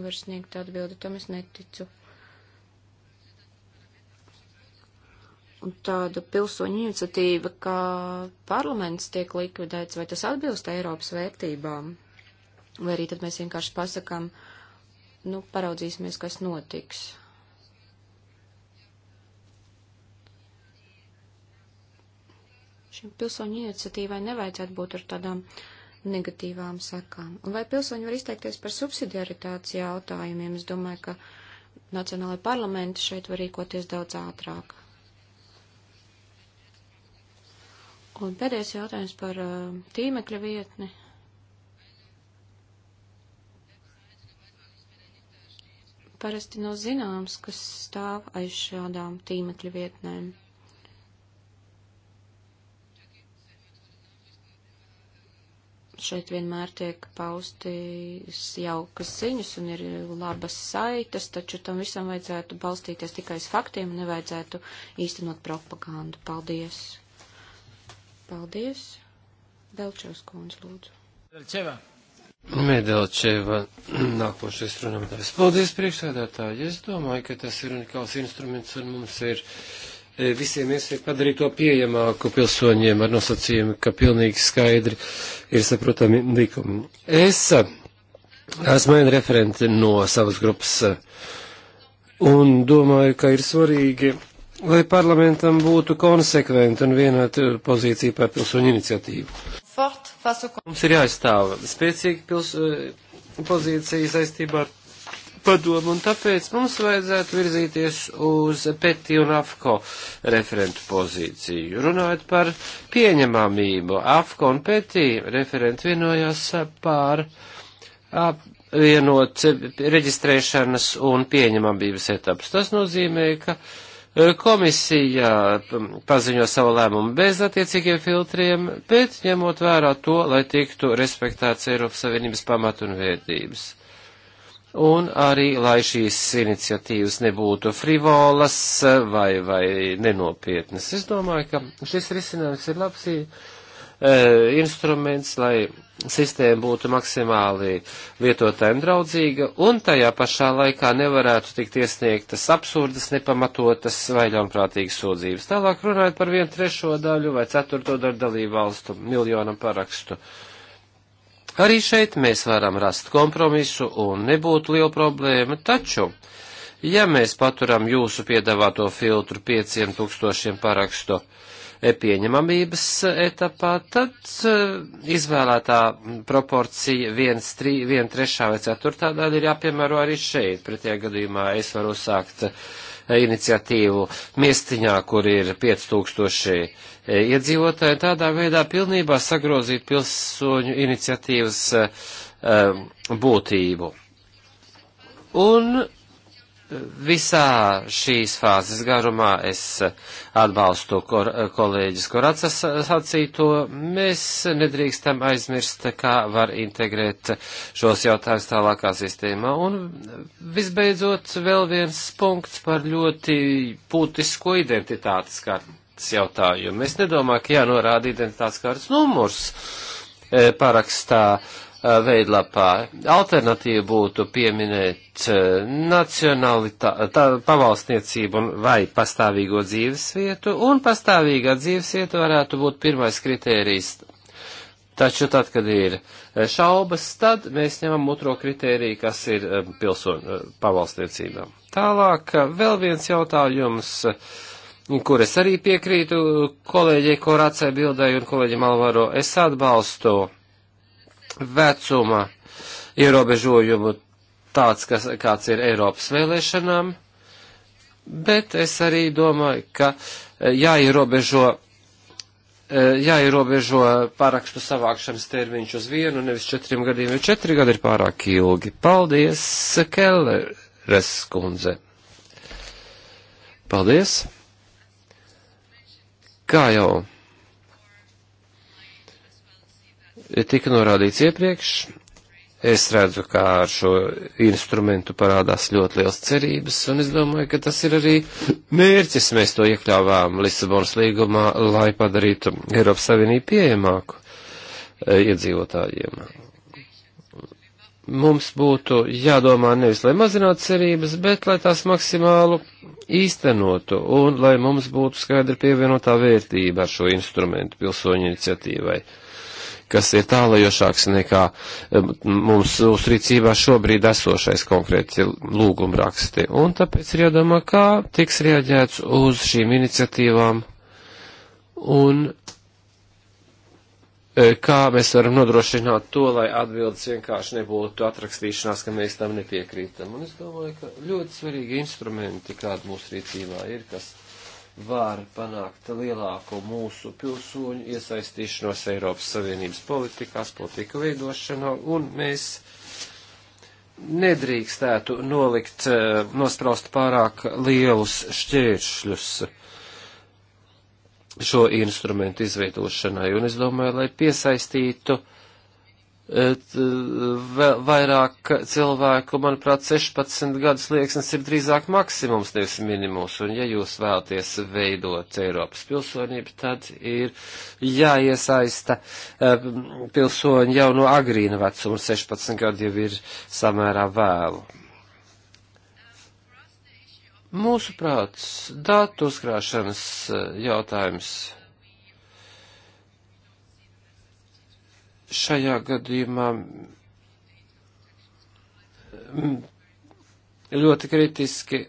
S2: var sniegt atbildi, tam es neticu. tāda pilsoņu iniciatīva, ka parlaments tiek likvidēts, vai tas atbilst Eiropas vērtībām? Vai arī tad mēs vienkārši pasakām, nu, paraudzīsimies, kas notiks. Šim pilsoņu iniciatīvai nevajadzētu būt ar tādām negatīvām sekām. Un vai pilsoņi var izteikties par subsidiaritātes jautājumiem? Es domāju, ka nacionālai parlamenti šeit var rīkoties daudz ātrāk. Un pēdējais jautājums par uh, tīmekļa vietni. Parasti nav no zināms, kas stāv aiz šādām tīmekļa vietnēm. Šeit vienmēr tiek paustis jaukas ziņas un ir labas saitas, taču tam visam vajadzētu balstīties tikai uz faktiem un nevajadzētu īstenot propagandu. Paldies! Paldies. Belčevs kundze, lūdzu.
S1: Belčeva. Medelčeva nākošais runātājs. Paldies, priekšsēdētāji. Es domāju, ka tas ir unikāls instruments un mums ir e, visiem iespēja padarīt to pieejamāku pilsoņiem ar nosacījumu, ka pilnīgi skaidri ir saprotami likumi. Es e, esmu viena referente no savas grupas e, un domāju, ka ir svarīgi lai parlamentam būtu konsekventi un vienota pozīcija par pilsoņu iniciatīvu. Fort, Mums ir jāizstāv spēcīga pils, eh, pozīcija saistībā ar padomu, un tāpēc mums vajadzētu virzīties uz Peti un Afko referentu pozīciju. Runājot par pieņemamību, Afko un Peti referenti vienojās pār ap, vienot reģistrēšanas un pieņemamības etapus. Tas nozīmē, ka uh, Komisija mm, paziņo savu lēmumu bez attiecīgiem filtriem, bet ņemot vērā to, lai tiktu respektēts Eiropas Savienības pamat un vērtības. Un arī, lai šīs iniciatīvas nebūtu frivolas vai, vai nenopietnas. Es domāju, ka šis risinājums ir labs e, instruments, lai sistēma būtu maksimāli lietotājiem draudzīga un tajā pašā laikā nevarētu tikt iesniegtas absurdas, nepamatotas vai ļaunprātīgas sodzības. Tālāk runājot par vienu trešo daļu vai ceturto daļu dalību valstu miljonam parakstu. Arī šeit mēs varam rast kompromisu un nebūtu liela problēma, taču, ja mēs paturam jūsu piedāvāto filtru pieciem tūkstošiem parakstu, pieņemamības etapā, tad eh, izvēlētā proporcija 1 trešā vai 4 daļa ir jāpiemēro arī šeit. Pretējā gadījumā es varu sākt eh, iniciatīvu miestiņā, kur ir 5000 eh, iedzīvotāji, tādā veidā pilnībā sagrozīt pilsoņu iniciatīvas būtību. Un Visā šīs fāzes garumā es atbalstu kor, kolēģis Koracas sacīto. Mēs nedrīkstam aizmirst, kā var integrēt šos jautājumus tālākā sistēmā. Un visbeidzot, vēl viens punkts par ļoti būtisko identitātes kartas jautājumu. Es nedomāju, ka jānorāda identitātes kartas numurs e, parakstā Uh, veidlapā. Alternatīva būtu pieminēt uh, nacionālitāti, pavalstniecību vai pastāvīgo dzīvesvietu, un pastāvīgā dzīvesvieta varētu būt pirmais kritērijs. Taču tad, kad ir uh, šaubas, tad mēs ņemam otro kritēriju, kas ir um, pilsoņu pavalstniecībā. Tālāk vēl viens jautājums, kur es arī piekrītu kolēģei Korācai Bildai un kolēģim Alvaro. Es atbalstu vecuma ierobežojumu tāds, kas, kāds ir Eiropas vēlēšanām, bet es arī domāju, ka eh, jāierobežo, eh, jāierobežo parakstu savākšanas termiņš uz vienu, nevis četriem gadiem, jo četri gadi ir pārāk ilgi. Paldies, Kelleres kundze. Paldies. Kā jau tika norādīts iepriekš. Es redzu, kā ar šo instrumentu parādās ļoti liels cerības, un es domāju, ka tas ir arī mērķis. Mēs to iekļāvām Lisabonas līgumā, lai padarītu Eiropas Savienību pieejamāku eh, iedzīvotājiem. Mums būtu jādomā nevis, lai mazinātu cerības, bet lai tās maksimālu īstenotu un lai mums būtu skaidri pievienotā vērtība ar šo instrumentu pilsoņu iniciatīvai. Uh, kas ir tālajošāks nekā eh, mums uz rīcībā šobrīd esošais konkrēti lūgumraksti. Un tāpēc ir jādomā, kā tiks rieģēts uz šīm iniciatīvām un eh, kā mēs varam nodrošināt to, lai atbildes vienkārši nebūtu atrakstīšanās, ka mēs tam nepiekrītam. Un es domāju, ka ļoti svarīgi instrumenti, kādi mūsu rīcībā ir, kas var panākt lielāku mūsu pilsoņu iesaistīšanos Eiropas Savienības politikās, politika veidošanā, un mēs nedrīkstētu nolikt, eh, nospraust pārāk lielus šķēršļus šo instrumentu izveidošanai, un es domāju, lai piesaistītu uh, E, vairāk cilvēku, manuprāt, 16 gadus liekas ir drīzāk maksimums, nevis minimums. Un ja jūs vēlaties veidot Eiropas pilsonību, tad ir jāiesaista e, pilsoņi jau no agrīna vecuma, 16 gadu jau ir samērā vēlu. Mūsuprāt, datu uzkrāšanas e, jautājums šajā gadījumā mm, ļoti kritiski,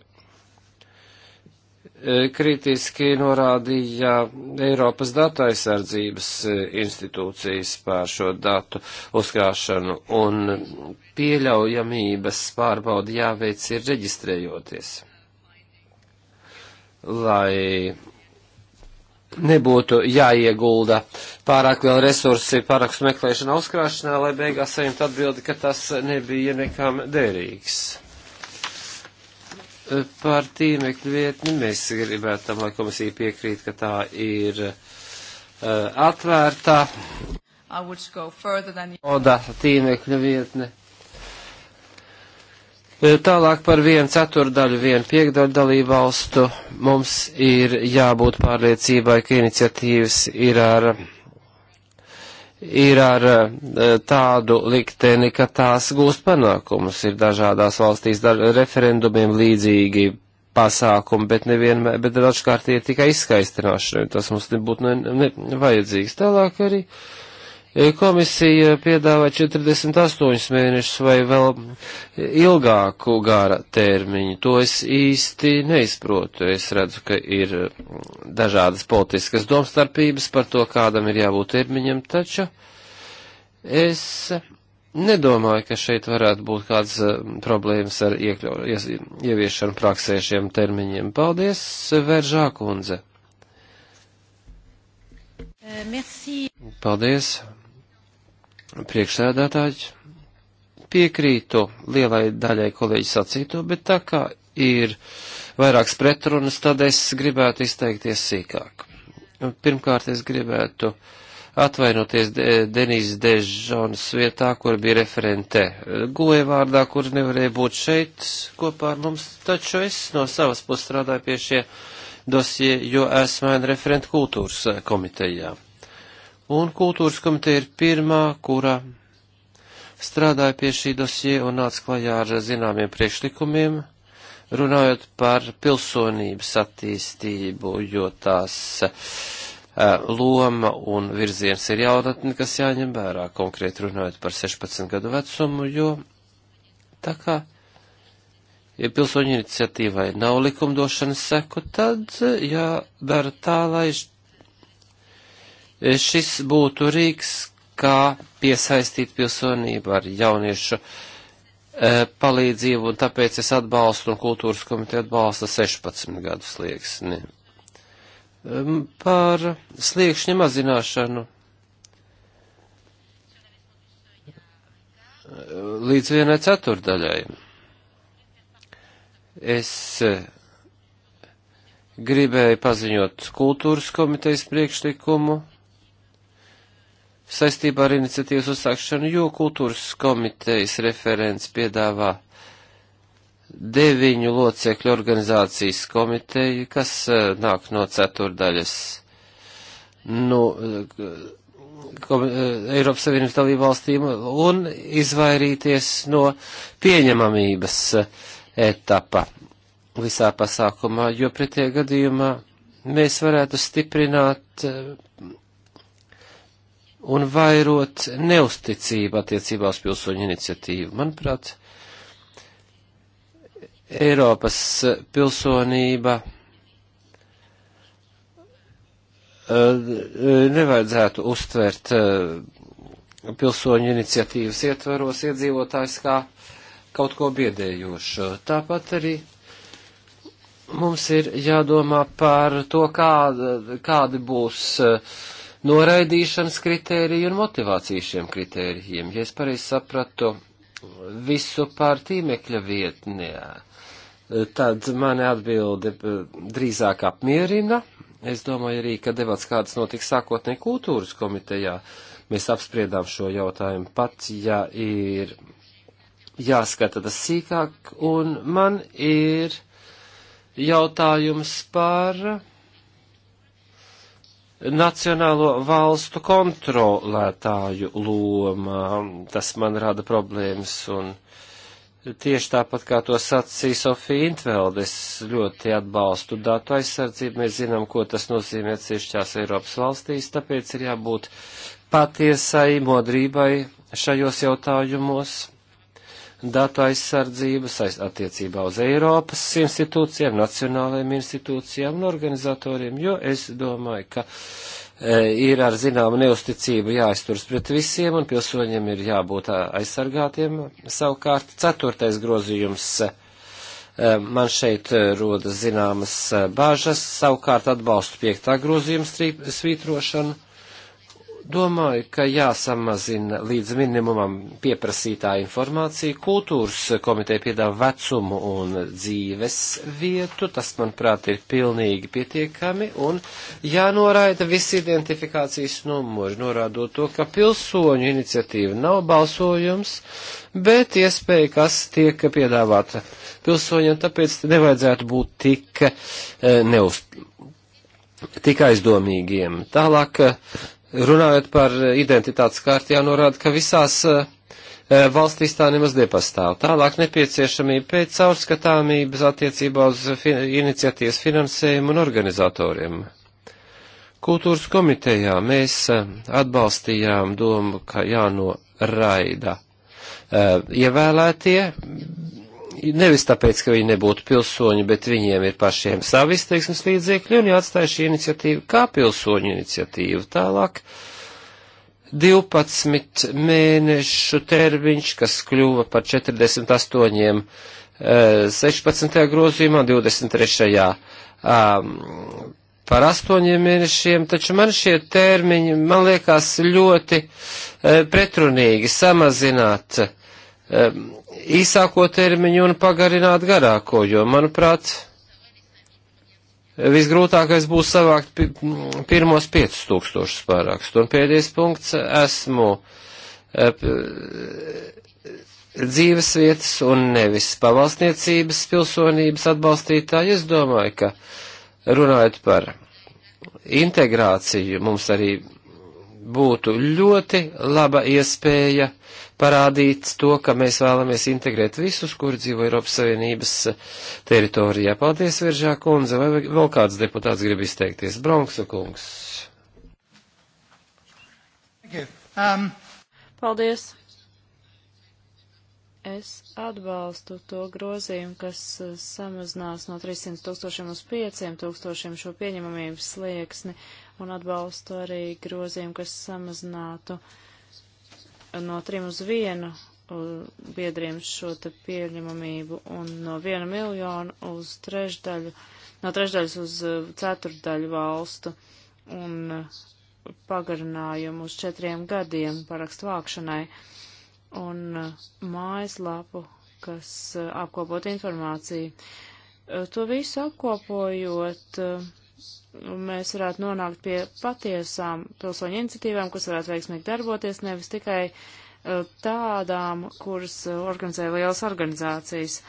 S1: e, kritiski norādīja Eiropas datu aizsardzības e, institūcijas pār šo datu uzkrāšanu un pieļaujamības pārbaudi jāveic ir reģistrējoties, lai nebūtu jāiegulda pārāk liela resursi parakstu meklēšanā, uzkrāšanā, lai beigās saņemtu atbildi, ka tas nebija nekam derīgs. Par tīmekļu vietni mēs gribētam, lai komisija piekrīt, ka tā ir uh, atvērta.
S2: Than...
S1: Oda tīmekļa vietne E, tālāk par vienu ceturdaļu, vienu piekdaļu dalību valstu mums ir jābūt pārliecībai, ka iniciatīvas ir ar, ir ar e, tādu likteni, ka tās gūst panākumus. Ir dažādās valstīs dar, referendumiem līdzīgi pasākumi, bet nevienmēr, bet dažkārt ir tikai izskaistināšana, tas mums nebūtu ne, ne, vajadzīgs. Tālāk arī. Uh, E, komisija piedāvā 48 mēnešus vai vēl ilgāku gara termiņu. To es īsti neizprotu. Es redzu, ka ir dažādas politiskas domstarpības par to, kādam ir jābūt termiņam, taču es nedomāju, ka šeit varētu būt kādas e, problēmas ar iekļau, ieviešanu praksē šiem termiņiem. Paldies, Veržā kundze!
S2: Eh, merci.
S1: Paldies! priekšsēdētāji, piekrītu lielai daļai kolēģi sacīto, bet tā kā ir vairākas pretrunas, tad es gribētu izteikties sīkāk. Pirmkārt, es gribētu atvainoties De Denīs Dežonas vietā, kur bija referente goja vārdā, kur nevarēja būt šeit kopā ar mums, taču es no savas puses strādāju pie šie dosie, jo esmu referente kultūras eh, komitejā un kultūras komiteja ir pirmā, kura strādāja pie šī dosie un nāca klajā ar zināmiem priekšlikumiem, runājot par pilsonības attīstību, jo tās uh, loma un virziens ir jaunatni, kas jāņem vērā, konkrēti runājot par 16 gadu vecumu, jo tā kā ja pilsoņu iniciatīvai nav likumdošanas seku, tad eh, jādara tā, lai Šis būtu rīks, kā piesaistīt pilsonību ar jauniešu e, palīdzību, un tāpēc es atbalstu un kultūras komiteja atbalsta 16 gadu slieksni. Par sliekšņa mazināšanu līdz vienai ceturdaļai. Es e, gribēju paziņot kultūras komitejas priekšlikumu saistībā ar iniciatīvas uzsākšanu, jo kultūras komitejas referents piedāvā deviņu locekļu organizācijas komiteju, kas eh, nāk no ceturdaļas nu, eh, kom, eh, Eiropas Savienības dalību valstīm un izvairīties no pieņemamības etapa visā pasākumā, jo pretie gadījumā mēs varētu stiprināt un vairot neusticību attiecībā uz pilsoņu iniciatīvu. Manuprāt, Eiropas pilsonība eh, nevajadzētu uztvert eh, pilsoņu iniciatīvas ietvaros iedzīvotājs kā kaut ko biedējošu. Tāpat arī mums ir jādomā par to, kāda, kādi būs uh, noraidīšanas kritēriju un motivāciju šiem kritērijiem. Ja es pareizi sapratu visu pār tīmekļa vietnē, tad mani atbildi eh, drīzāk apmierina. Es domāju arī, ka debats kādas notiks sākotnē kultūras komitejā. Mēs apspriedām šo jautājumu pats, ja ir jāskata tas sīkāk, un man ir jautājums par nacionālo valstu kontrolētāju loma. Tas man rada problēmas un tieši tāpat kā to sacīja Sofija Intvelde, es ļoti atbalstu datu aizsardzību. Mēs zinām, ko tas nozīmē ciešķās Eiropas valstīs, tāpēc ir jābūt patiesai modrībai šajos jautājumos datu aizsardzības aiz attiecībā uz Eiropas institūcijām, nacionālajiem institūcijām un organizatoriem, jo es domāju, ka e, ir ar zināmu neusticību jāizturas pret visiem un pilsoņiem ir jābūt aizsargātiem. Savukārt, ceturtais grozījums e, man šeit e, rodas zināmas e, bāžas, savukārt atbalstu piektā grozījuma svītrošanu Domāju, ka jāsamazina līdz minimumam pieprasītā informācija. Kultūras komiteja piedāvā vecumu un dzīves vietu. Tas, manuprāt, ir pilnīgi pietiekami un jānoraida visi identifikācijas numuri, norādot to, ka pilsoņu iniciatīva nav balsojums, bet iespēja, kas tiek piedāvāta pilsoņiem, tāpēc nevajadzētu būt tik, eh, neuz, tik aizdomīgiem. Tālāk Runājot par identitātes kārtu, jānorāda, ka visās e, e, valstīs tā nemaz nepastāv. Tālāk nepieciešamība pēc caurskatāmības attiecībā uz fin iniciatīvas finansējumu un organizatoriem. Kultūras komitejā mēs e, atbalstījām domu, ka jānoraida ievēlētie, nevis tāpēc, ka viņi nebūtu pilsoņi, bet viņiem ir pašiem savi izteiksmes līdzekļi un jāatstāja šī iniciatīva kā pilsoņu iniciatīva. Tālāk 12 mēnešu termiņš, kas kļuva par 48. 16. Eh, grozījumā, 23. Ehm, par 8 mēnešiem, taču man šie termiņi, man liekas, ļoti eh, pretrunīgi samazināt īsāko termiņu un pagarināt garāko, jo, manuprāt, visgrūtākais būs savākt pi pirmos 5000 pārākstu. Un pēdējais punkts - esmu dzīves vietas un nevis pavalstniecības pilsonības atbalstītāji. Es domāju, ka runājot par integrāciju, mums arī būtu ļoti laba iespēja parādīt to, ka mēs vēlamies integrēt visus, kuri dzīvo Eiropas Savienības eh, teritorijā. Paldies, Viržā kundze, vai vēl kāds deputāts grib izteikties? Bronksa kungs.
S3: Um. Paldies. Es atbalstu to grozījumu, kas eh, samazinās no 300 tūkstošiem uz 5 tūkstošiem šo pieņemamības slieksni, un atbalstu arī grozījumu, kas samazinātu uh, no trim uz vienu biedriem šo te pieņemamību un no viena miljonu uz trešdaļu, no trešdaļas uz e, ceturdaļu valstu un e, pagarinājumu uz četriem gadiem parakstu vākšanai un e, mājaslapu, kas apkopot informāciju. To visu apkopojot, uh, mēs varētu nonākt pie patiesām pilsoņu iniciatīvām, kas varētu veiksmīgi darboties, nevis tikai uh, tādām, kuras uh, organizē lielas organizācijas.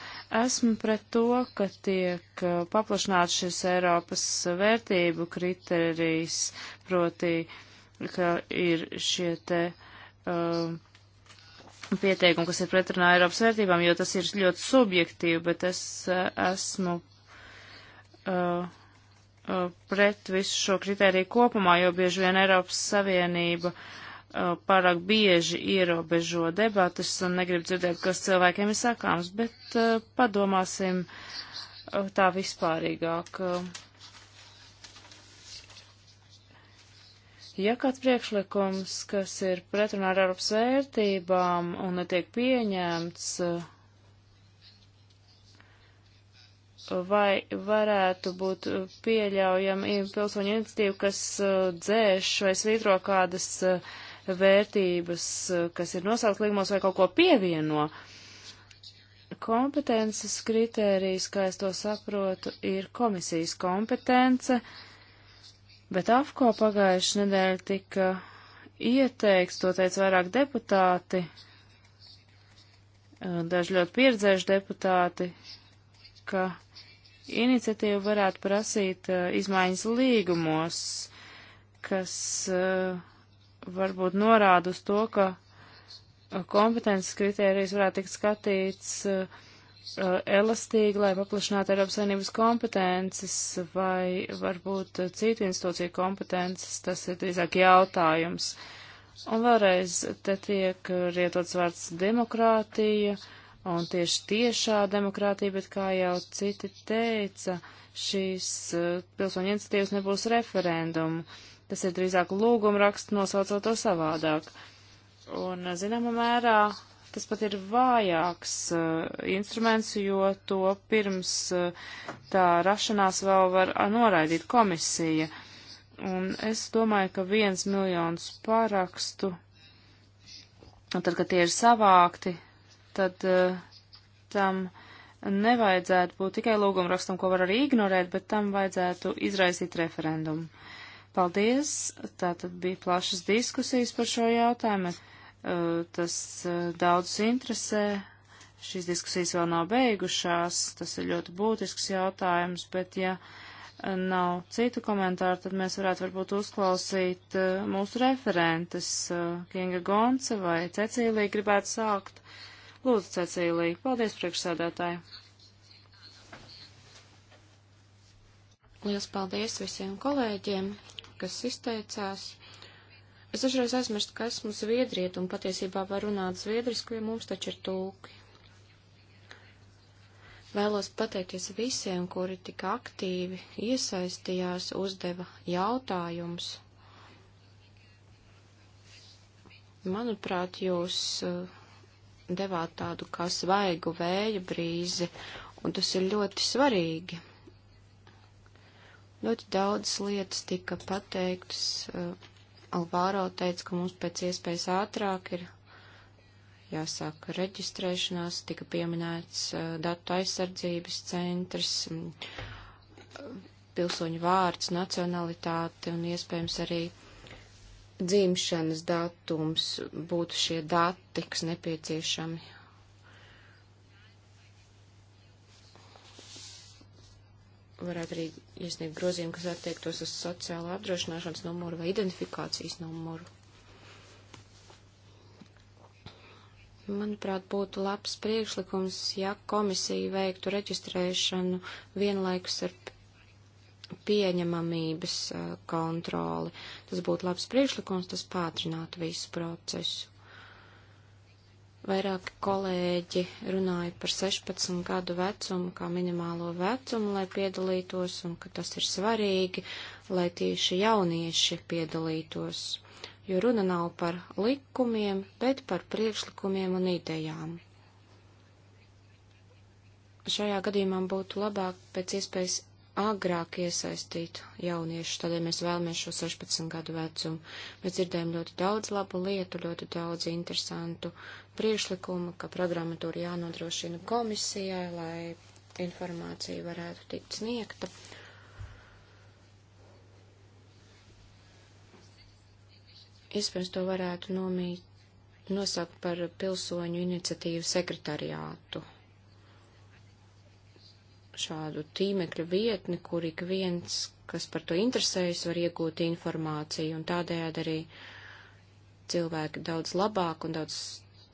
S3: Esmu pret to, ka tiek uh, paplašināts šis Eiropas vērtību kriterijs, proti, ka ir šie te. Uh, pieteikumu, kas ir pretrunā Eiropas vērtībām, jo tas ir ļoti subjektīvi, bet es esmu uh, Uh, pret visu šo kritēriju kopumā, jo bieži vien Eiropas Savienība uh, pārāk bieži ierobežo debatas un negrib dzirdēt, kas cilvēkiem ir sakāms, bet uh, padomāsim tā vispārīgāk. Ja kāds priekšlikums, kas ir pretrunā ar Eiropas vērtībām un netiek pieņemts, uh, vai varētu būt pieļaujama pilsoņu iniciatīva, kas uh, dzēš vai svītro kādas uh, vērtības, uh, kas ir nosaukt līgumos vai kaut ko pievieno. Kompetences kritērijas, kā es to saprotu, ir komisijas kompetence, bet AFCO pagājuši nedēļa tika ieteikts, to teica vairāk deputāti, daži ļoti pieredzējuši deputāti, ka uh, iniciatīva varētu prasīt uh, izmaiņas līgumos, kas uh, varbūt norāda uz to, ka uh, kompetences kritērijas varētu tikt skatīts uh, uh, elastīgi, lai paplašinātu Eiropas Savienības kompetences vai varbūt uh, citu institūciju kompetences. Tas ir drīzāk jautājums. Un vēlreiz te tiek rietots vārds demokrātija. Uh, un tieši tiešā demokrātija, bet kā jau citi teica, šīs uh, pilsoņu iniciatīvas nebūs referendumu. Tas ir drīzāk lūguma raksts nosaucot to savādāk. Un, eh, zināmā mērā, tas pat ir vājāks uh, instruments, jo to pirms uh, tā rašanās vēl var noraidīt komisija. Un es domāju, ka viens miljons parakstu, tad, kad tie ir savākti, tad eh, tam nevajadzētu būt tikai lūgumrakstam, ko var arī ignorēt, bet tam vajadzētu izraisīt referendumu. Paldies! Tā tad bija plašas diskusijas par šo jautājumu. Eh, tas eh, daudzus interesē. Šīs diskusijas vēl nav beigušās. Tas ir ļoti būtisks jautājums, bet ja nav citu komentāru, tad mēs varētu varbūt uzklausīt mūsu referentes Kinga Gonca vai Cecīlija gribētu sākt. Uh, Lūdzu, Cecīlija. Paldies, priekšsēdētāji.
S2: Liels paldies visiem kolēģiem, kas izteicās. Es dažreiz aizmirstu, ka esmu zviedriet un patiesībā var runāt zviedriski, jo mums taču ir tūki. Vēlos pateikties visiem, kuri tik aktīvi iesaistījās, uzdeva jautājumus. Manuprāt, jūs uh, devāt tādu kā svaigu vēja brīzi, un tas ir ļoti svarīgi. Ļoti daudz lietas tika pateiktas. Eh, Alvāro teica, ka mums pēc iespējas ātrāk ir jāsāk reģistrēšanās, tika pieminēts eh, datu aizsardzības centrs, pilsoņu vārds, nacionalitāte un iespējams arī dzimšanas datums būtu šie dati, kas nepieciešami. Varētu arī iesniegt grozījumu, kas attiektos uz sociālo apdrošināšanas numuru vai identifikācijas numuru. Manuprāt, būtu labs priekšlikums, ja komisija veiktu reģistrēšanu vienlaikus ar pieņemamības kontroli. Tas būtu labs priekšlikums, tas pātrinātu visu procesu. Vairāki kolēģi runāja par 16 gadu vecumu kā minimālo vecumu, lai piedalītos, un ka tas ir svarīgi, lai tieši jaunieši piedalītos, jo runa nav par likumiem, bet par priekšlikumiem un idejām šajā gadījumā būtu labāk pēc iespējas agrāk iesaistītu jauniešus, tādēļ mēs vēlamies šo 16 gadu vecumu. Mēs dzirdējam ļoti daudz labu lietu, ļoti daudz interesantu priešlikumu, ka programmatūra jānodrošina komisijai, lai informācija varētu tikt sniegta. Iespējams, to varētu nomīt, nosaukt par pilsoņu iniciatīvu sekretariātu šādu tīmekļa vietni, kur ik viens, kas par to interesējas, var iegūt informāciju, un tādējādi arī cilvēki daudz labāk un daudz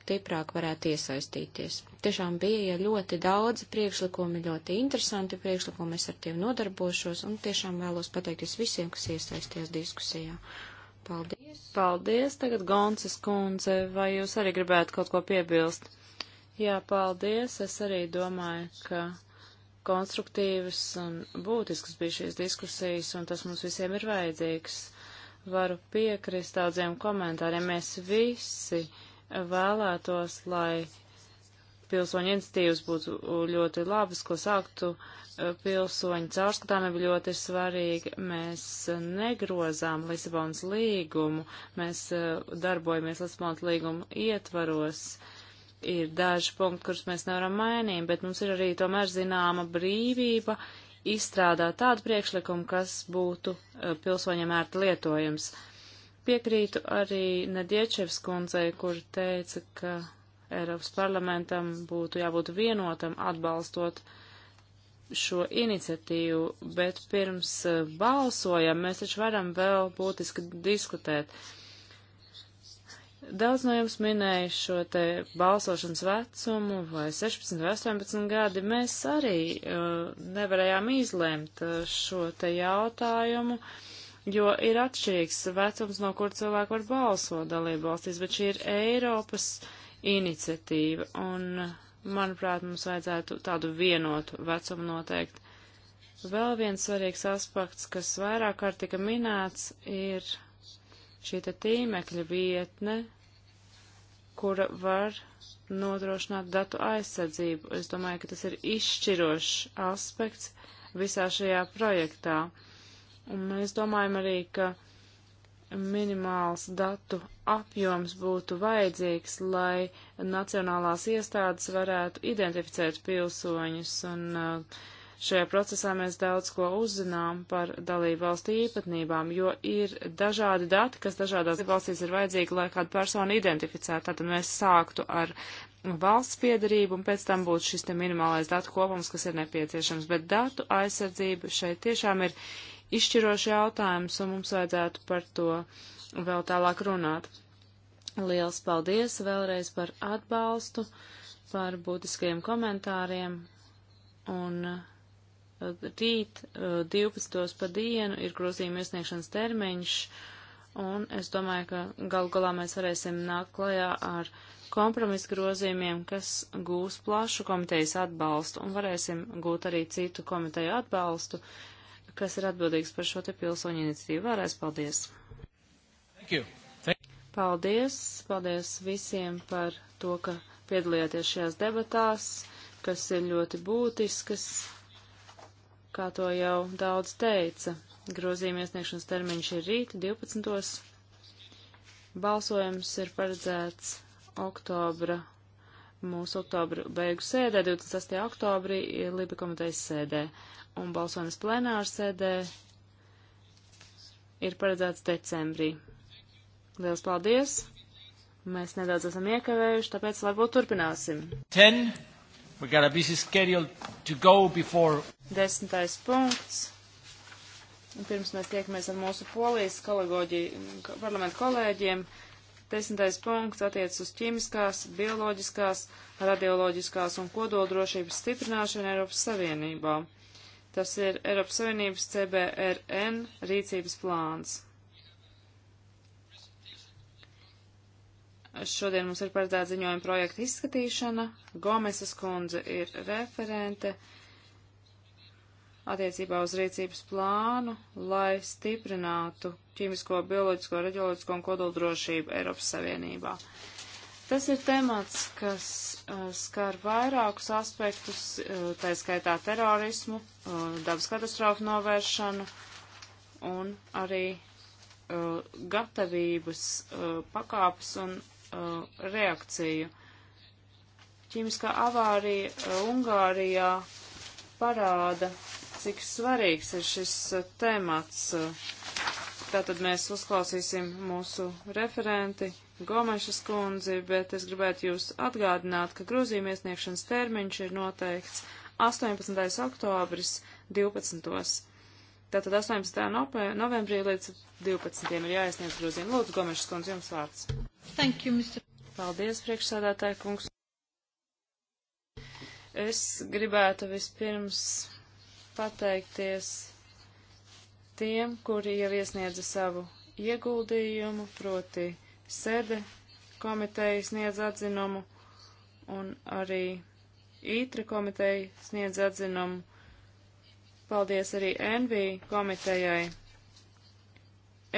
S2: stiprāk varētu iesaistīties. Tiešām bija ļoti daudzi priekšlikumi, ļoti interesanti priekšlikumi, es ar tiem nodarbošos, un tiešām vēlos pateikties visiem, kas iesaisties diskusijā. Paldies! Paldies! Tagad Gonces kundze, vai jūs arī gribētu kaut ko
S3: piebilst? Jā, paldies! Es arī domāju, ka konstruktīvas un būtiskas bija šīs diskusijas, un tas mums visiem ir vajadzīgs. Varu piekrist daudziem komentāriem. Mēs visi vēlētos, lai pilsoņu iniciatīvas būtu ļoti labas, ko sāktu eh, pilsoņu caurskatāmība ļoti svarīga. Mēs eh, negrozām Lisabonas līgumu, mēs eh, darbojamies Lisabonas līguma ietvaros. Uh, ir daži punkti, kurus mēs nevaram mainīt, bet mums ir arī tomēr zināma brīvība izstrādāt tādu priekšlikumu, kas būtu uh, pilsoņiem ērti lietojams. Piekrītu arī Nediečevs kundzei, kur teica, ka Eiropas parlamentam būtu jābūt vienotam atbalstot šo iniciatīvu, bet pirms uh, balsojam mēs taču varam vēl būtiski diskutēt. Uh, Daudz no jums minēja šo te balsošanas vecumu, vai 16 vai 18 gadi. Mēs arī uh, nevarējām izlēmt uh, šo te jautājumu, jo ir atšķirīgs vecums, no kur cilvēki var balsot dalību valstīs, bet šī ir Eiropas iniciatīva, un, uh, manuprāt, mums vajadzētu tādu vienotu vecumu noteikt. Vēl viens svarīgs aspekts, kas vairāk kārt tika minēts, ir šī tīmekļa vietne, kura var nodrošināt datu aizsardzību. Es domāju, ka tas ir izšķirošs aspekts visā šajā projektā. Un mēs domājam arī, ka minimāls datu apjoms būtu vajadzīgs, lai nacionālās iestādes varētu identificēt pilsoņus un uh, Šajā procesā mēs daudz ko uzzinām par dalību valstu īpatnībām, jo ir dažādi dati, kas dažādās valstīs ir vajadzīgi, lai kādu personu identificētu. Tātad mēs sāktu ar valsts piedarību un pēc tam būtu šis te minimālais datu kopums, kas ir nepieciešams. Bet datu aizsardzība šeit tiešām ir izšķiroši jautājums un mums vajadzētu par to vēl tālāk runāt. Liels paldies vēlreiz par atbalstu, par būtiskajiem komentāriem un rīt 12. Eh, pa dienu ir grozījuma iesniegšanas termiņš, un es domāju, ka galu galā mēs varēsim nākt klajā ar kompromisu grozījumiem, kas gūs plašu komitejas atbalstu, un varēsim gūt arī citu komiteju atbalstu, kas ir atbildīgs par šo te pilsoņu iniciatīvu. Vēlreiz paldies!
S1: Thank you. Thank you.
S3: Paldies! Paldies visiem par to, ka piedalījāties šajās debatās, kas ir ļoti būtiskas kā to jau daudz teica. Grozījuma iesniegšanas termiņš ir rīt 12. Balsojums ir paredzēts oktobra, mūsu oktobra beigu sēdē, 28. oktobrī Libi komitejas sēdē, un balsojums plenāra sēdē ir paredzēts decembrī. Liels paldies! Mēs nedaudz esam iekavējuši, tāpēc varbūt turpināsim.
S1: Ten. We got a busy schedule to go before
S3: Desmitais punkts. Un pirms mēs tiekamies ar mūsu polijas parlamentu kolēģiem, desmitais punkts attiec uz ķīmiskās, bioloģiskās, radioloģiskās un kodoldrošības stiprināšanu Eiropas Savienībā. Tas ir Eiropas Savienības CBRN rīcības plāns. Šodien mums ir paredzēta ziņojuma projekta izskatīšana. Gomesas kundze ir referente. Uh, attiecībā uz rīcības plānu, lai stiprinātu ķīmisko, bioloģisko, reģioloģisko un kodoldrošību Eiropas Savienībā. Tas ir temats, kas uh, skar vairākus aspektus, uh, tā skaitā terorismu, uh, dabas katastrofu novēršanu un arī uh, gatavības uh, pakāpes un uh, reakciju. Ķīmiskā avārija uh, Ungārijā parāda, cik svarīgs ir šis eh, temats. Tātad mēs uzklausīsim mūsu referenti Gomešas kundzi, bet es gribētu jūs atgādināt, ka grozījuma iesniegšanas termiņš ir noteikts 18. oktobris 12. Tātad 18. novembrī līdz 12. ir jāiesniedz grozījumi. Lūdzu, Gomešas kundze, jums vārds. Thank you, Mr. Paldies, priekšsēdētāja kungs. Es gribētu vispirms pateikties tiem, kuri jau iesniedza savu ieguldījumu, proti sede komiteja sniedz atzinumu un arī ītra komiteja sniedz atzinumu. Paldies arī NV komitejai.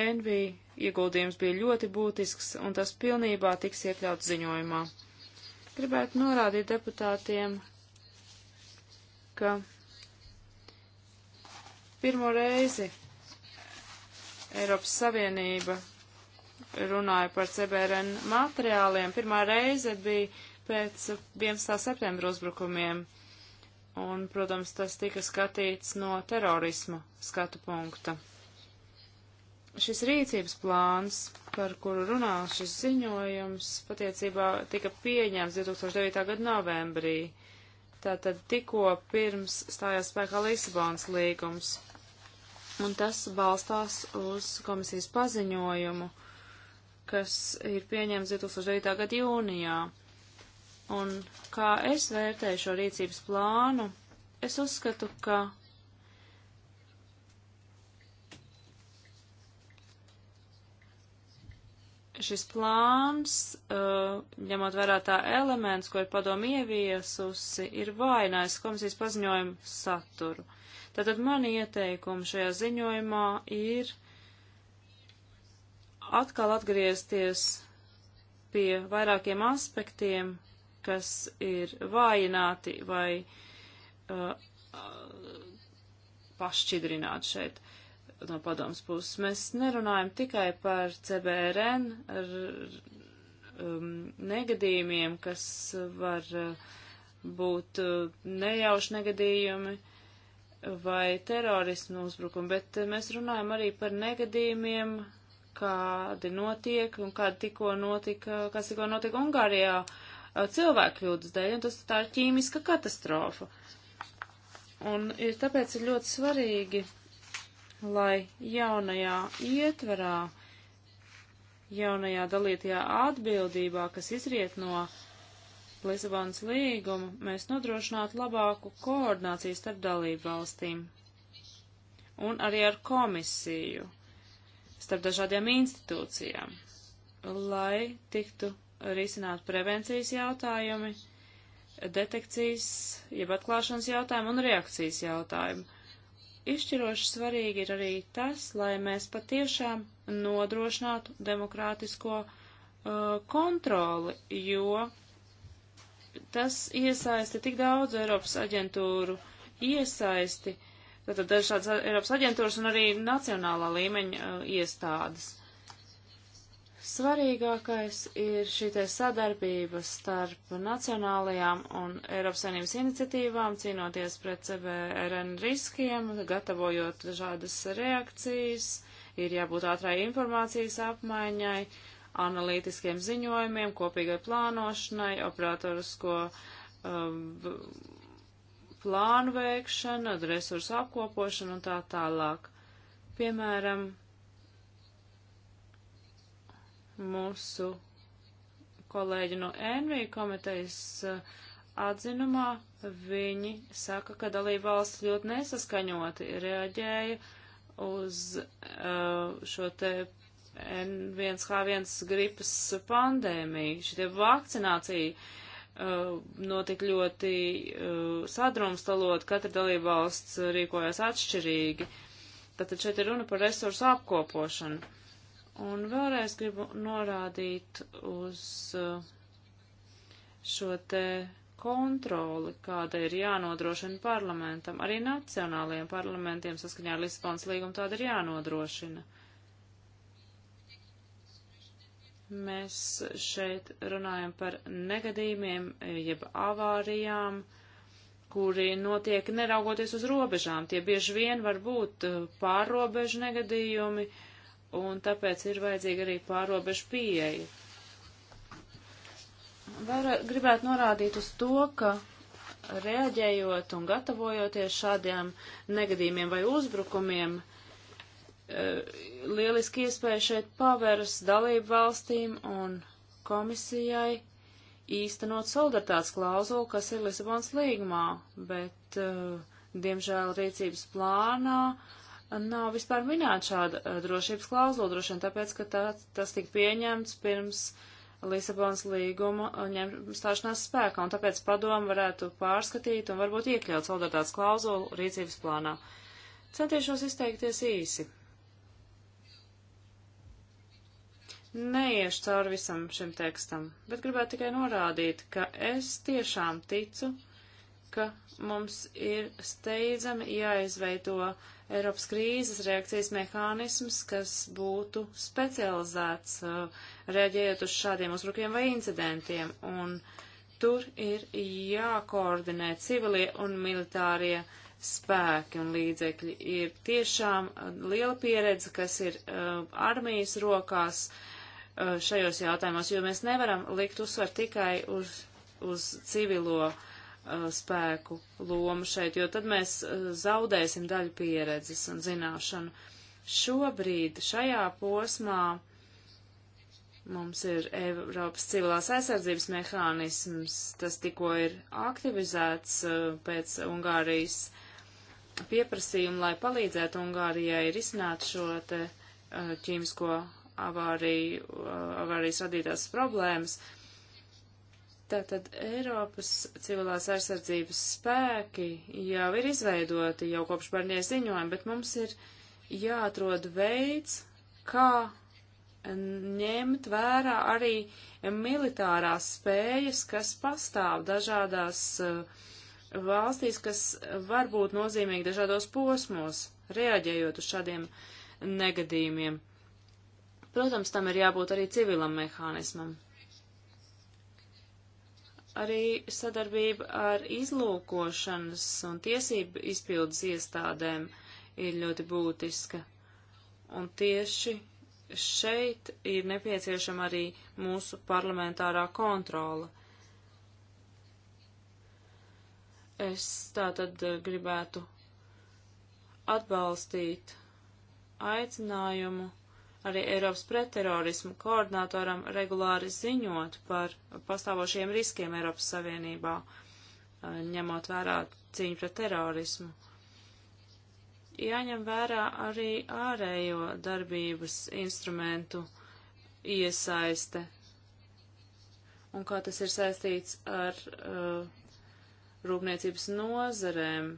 S3: NV ieguldījums bija ļoti būtisks, un tas pilnībā tiks iekļauts ziņojumā. Gribētu norādīt deputātiem, ka Pirmo reizi Eiropas Savienība runāja par CBRN materiāliem. Pirmā reize bija pēc 11. septembra uzbrukumiem. Un, protams, tas tika skatīts no terorisma skatu punkta. Šis rīcības plāns, par kuru runā šis ziņojums, patiecībā tika pieņemts 2009. gada novembrī. Tātad tikko pirms stājās spēkā Lisabonas līgums un tas balstās uz komisijas paziņojumu, kas ir pieņemts 2009. gada jūnijā. Un kā es vērtēju šo rīcības plānu, es uzskatu, ka šis plāns, uh, ņemot vērā tā elements, ko ir padomu ieviesusi, ir vainājis komisijas paziņojumu saturu. Uh, Tātad mani ieteikumi šajā ziņojumā ir atkal atgriezties pie vairākiem aspektiem, kas ir vājināti vai uh, pašķidrināti šeit no padomas puses. Mēs nerunājam tikai par CBRN ar, um, negadījumiem, kas var uh, būt uh, nejauši negadījumi, uh, vai terorismu uzbrukumu, bet eh, mēs runājam arī par negadījumiem, kādi notiek un kādi tikko notika, kas tikko notika Ungārijā eh, cilvēku kļūdas dēļ, un tas tā ir ķīmiska katastrofa. Un ir tāpēc ir ļoti svarīgi, lai jaunajā ietverā, jaunajā dalītajā atbildībā, kas izriet no uh, Lisabonas līgumu mēs nodrošinātu labāku koordināciju starp dalību valstīm un arī ar komisiju starp dažādiem institūcijām, lai tiktu risināt prevencijas jautājumi, detekcijas, jeb atklāšanas jautājumi un reakcijas jautājumi. Izšķiroši svarīgi ir arī tas, lai mēs patiešām nodrošinātu demokrātisko uh, kontroli, jo tas iesaista tik daudz Eiropas aģentūru iesaisti, tātad dažādas Eiropas aģentūras un arī nacionālā līmeņa uh, iestādes. Svarīgākais ir šī te sadarbība starp nacionālajām un Eiropas saimnības iniciatīvām, cīnoties pret CBRN riskiem, gatavojot dažādas reakcijas, ir jābūt ātrai informācijas apmaiņai, uh, analītiskiem ziņojumiem, kopīgai plānošanai, operatorisko um, plānu veikšana, resursu apkopošana un tā tālāk. Piemēram, mūsu kolēģi no NV komitejas uh, atzinumā viņi saka, ka dalība valsts ļoti nesaskaņoti reaģēja uz uh, šo te N1H1 gripas pandēmija. Šitie vakcinācija uh, notika ļoti uh, sadrumstalot, katra dalībvalsts rīkojās atšķirīgi. Tātad šeit ir runa par resursu apkopošanu. Un vēlreiz gribu norādīt uz uh, šo te kontroli, kāda ir jānodrošina parlamentam, arī nacionālajiem parlamentiem saskaņā ar Lisabonas līgumu tāda ir jānodrošina. Uh, Mēs šeit runājam par negadījumiem, jeb avārijām, kuri notiek neraugoties uz robežām. Tie bieži vien var būt uh, pārrobežu negadījumi, un tāpēc ir vajadzīga arī pārrobežu pieeja. Var, gribētu norādīt uz to, ka reaģējot un gatavojoties šādiem negadījumiem vai uzbrukumiem, Eh, lieliski iespēja šeit paveras dalību valstīm un komisijai īstenot soldatāts klauzulu, kas ir Lisabons līgumā, bet, eh, diemžēl, rīcības plānā nav vispār minēta šāda eh, drošības klauzula, droši vien tāpēc, ka tā, tas tika pieņemts pirms Lisabonas līguma ņem stāšanās spēkā, un tāpēc padomu varētu pārskatīt un varbūt iekļaut soldatāts klauzulu rīcības plānā. Centīšos izteikties īsi. neiešu cauri visam šim tekstam, bet gribētu tikai norādīt, ka es tiešām ticu, ka mums ir steidzami jāizveido Eiropas krīzes reakcijas mehānisms, kas būtu specializēts uh, reaģējot uz šādiem uzbrukiem vai incidentiem. Un tur ir jākoordinē civilie un militārie spēki un līdzekļi. Ir tiešām uh, liela pieredze, kas ir uh, armijas rokās. Uh, Eh, šajos jautājumos, jo mēs nevaram likt uzsvar tikai uz, uz civilo uh, spēku lomu šeit, jo tad mēs uh, zaudēsim daļu pieredzes un zināšanu. Šobrīd, šajā posmā, mums ir Eiropas civilās aizsardzības mehānisms, tas tikko ir aktivizēts uh, pēc Ungārijas pieprasījuma, lai palīdzētu Ungārijai risināt šo te ķīmisko avāriju, avārijas radītās problēmas. Tātad Eiropas civilās aizsardzības spēki jau ir izveidoti jau kopš barnie ziņojuma, bet mums ir jāatrod veids, kā ņemt vērā arī militārās spējas, kas pastāv dažādās uh, valstīs, kas var būt nozīmīgi dažādos posmos, reaģējot uz šādiem negadījumiem. Protams, tam ir jābūt arī civilam mehānismam. Arī sadarbība ar izlūkošanas un tiesību izpildes iestādēm ir ļoti būtiska. Un tieši šeit ir nepieciešama arī mūsu parlamentārā kontrola. Es tātad eh, gribētu atbalstīt aicinājumu arī Eiropas pretterorismu koordinatoram regulāri ziņot par pastāvošiem riskiem Eiropas Savienībā, ņemot vērā cīņu pret terorismu. Jāņem vērā arī ārējo darbības instrumentu iesaiste un kā tas ir saistīts ar uh, rūpniecības nozarēm,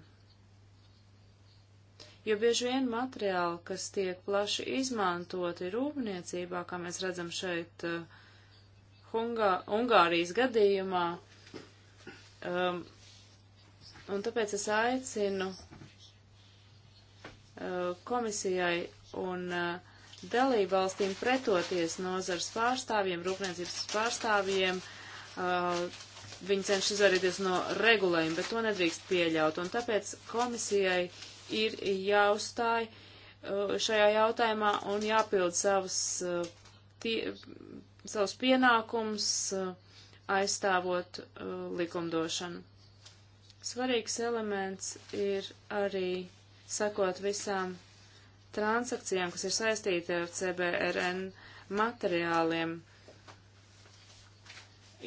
S3: jo bieži vien materiāli, kas tiek plaši izmantoti rūpniecībā, kā mēs redzam šeit uh, eh, Hungā, Ungārijas gadījumā, um, un tāpēc es aicinu uh, komisijai un uh, dalībvalstīm pretoties nozars pārstāvjiem, rūpniecības pārstāvjiem, uh, viņi cenšas izvairīties no regulējuma, bet to nedrīkst pieļaut, un tāpēc komisijai uh, ir jāuzstāj uh, šajā jautājumā un jāpild savus, tie, uh, savus pienākums uh, aizstāvot likumdošanu. Svarīgs elements ir arī sakot visām transakcijām, kas ir saistīti ar CBRN materiāliem.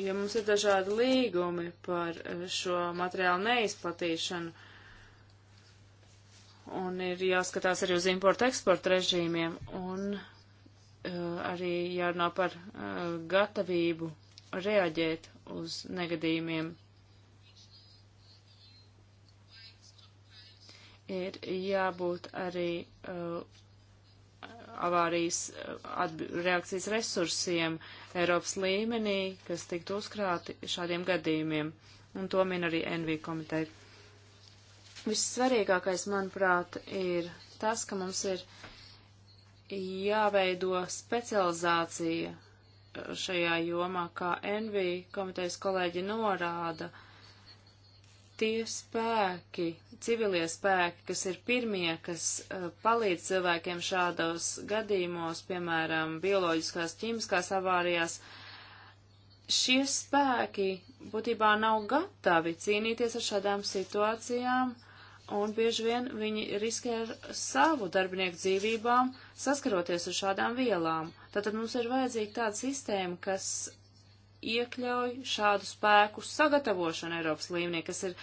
S3: Ja mums ir dažādi līgumi par šo materiālu neizplatīšanu, un ir jāskatās arī uz importu-eksportu režīmiem, un uh, arī jārunā par uh, gatavību reaģēt uz negadījumiem. Ir jābūt arī uh, avārijas reakcijas resursiem Eiropas līmenī, kas tiktu uzkrāti šādiem gadījumiem, un to min arī NV komiteja. Vissvarīgākais, manuprāt, ir tas, ka mums ir jāveido specializācija uh, šajā jomā, kā NV komitejas kolēģi norāda, tie spēki, civilie spēki, kas ir pirmie, kas uh, palīdz cilvēkiem šādos gadījumos, piemēram, bioloģiskās, ķīmiskās avārijās, šie spēki būtībā nav gatavi cīnīties ar šādām situācijām, uh, un bieži vien viņi riskē ar savu darbinieku dzīvībām, saskaroties ar šādām vielām. Tātad mums ir vajadzīga tāda sistēma, kas iekļauj šādu spēku sagatavošanu Eiropas līmenī, kas ir,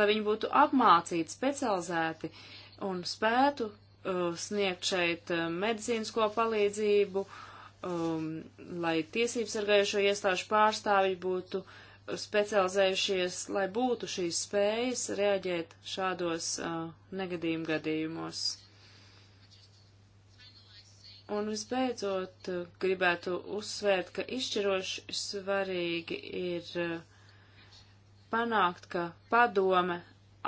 S3: lai viņi būtu apmācīti, specializēti un spētu uh, sniegt šeit uh, medicīnisko palīdzību, um, lai tiesības sargājušo iestāžu pārstāvji būtu uh, specializējušies, lai būtu šīs spējas reaģēt šādos uh, negadījumu gadījumos. Un visbeidzot, gribētu uzsvērt, ka izšķiroši svarīgi ir panākt, ka padome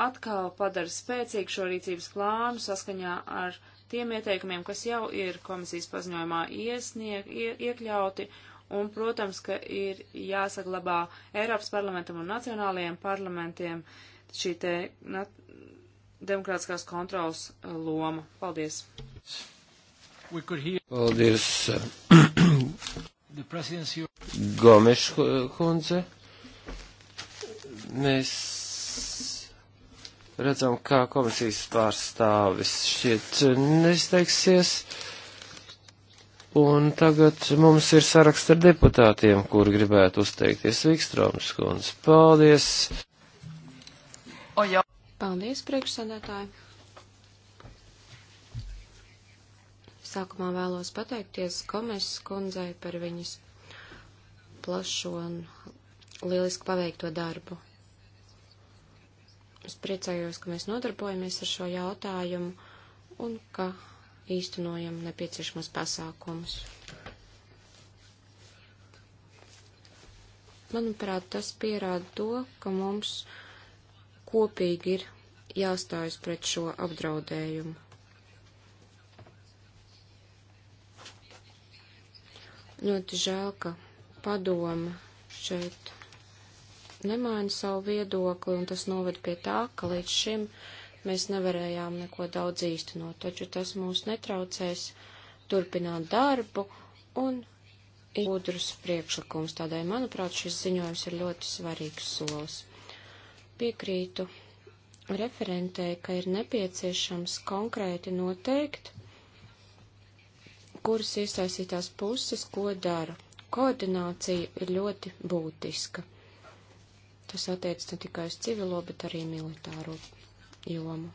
S3: atkal padara spēcīgu šo rīcības plānu saskaņā ar tiem ieteikumiem, kas jau ir komisijas paziņojumā iesnieg, ie, iekļauti, uh, Un, protams, ka ir jāsaglabā Eiropas parlamentam un nacionālajiem parlamentiem šī te demokrātiskās kontrolas eh, loma. Paldies!
S1: Paldies! Gomeša kundze, mēs redzam, kā komisijas pārstāvis šķiet neizteiksies. Un tagad mums ir saraksts ar deputātiem, kuri gribētu uzteikties Vikstroms kundze. Paldies!
S2: O, jā. Paldies, priekšsādātāji! Sākumā vēlos pateikties komisas kundzei par viņas plašo un lieliski paveikto darbu. Es priecājos, ka mēs nodarbojamies ar šo jautājumu un ka īstenojam nepieciešamos pasākumus. Manuprāt, tas pierāda to, ka mums kopīgi ir jāstājas pret šo apdraudējumu. Ļoti žēl, ka padoma šeit nemaina savu viedokli, un tas noved pie tā, ka līdz šim uh, mēs nevarējām neko daudz īstenot, taču tas mūs netraucēs turpināt darbu un gudrus priekšlikums. Tādēļ, manuprāt, šis ziņojums ir ļoti svarīgs solis. Piekrītu referentei, ka ir nepieciešams konkrēti noteikt, kuras iesaistītās puses ko dara. Koordinācija ir ļoti būtiska. Tas attiec ne tikai uz civilo, bet arī militāro jomu.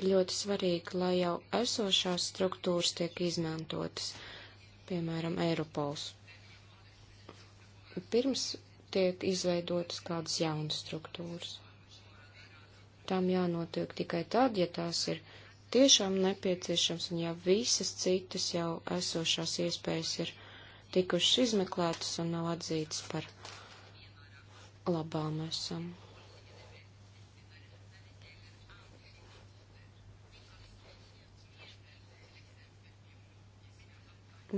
S2: Ir ļoti svarīgi, lai jau esošās struktūras tiek izmantotas, piemēram, Eiropols. Pirms tiek izveidotas kādas jaunas struktūras. Tām jānotiek tikai tad, ja tās ir tiešām nepieciešams, un ja visas citas jau esošās iespējas ir tikušas izmeklētas un nav atzītas par labā mēs esam.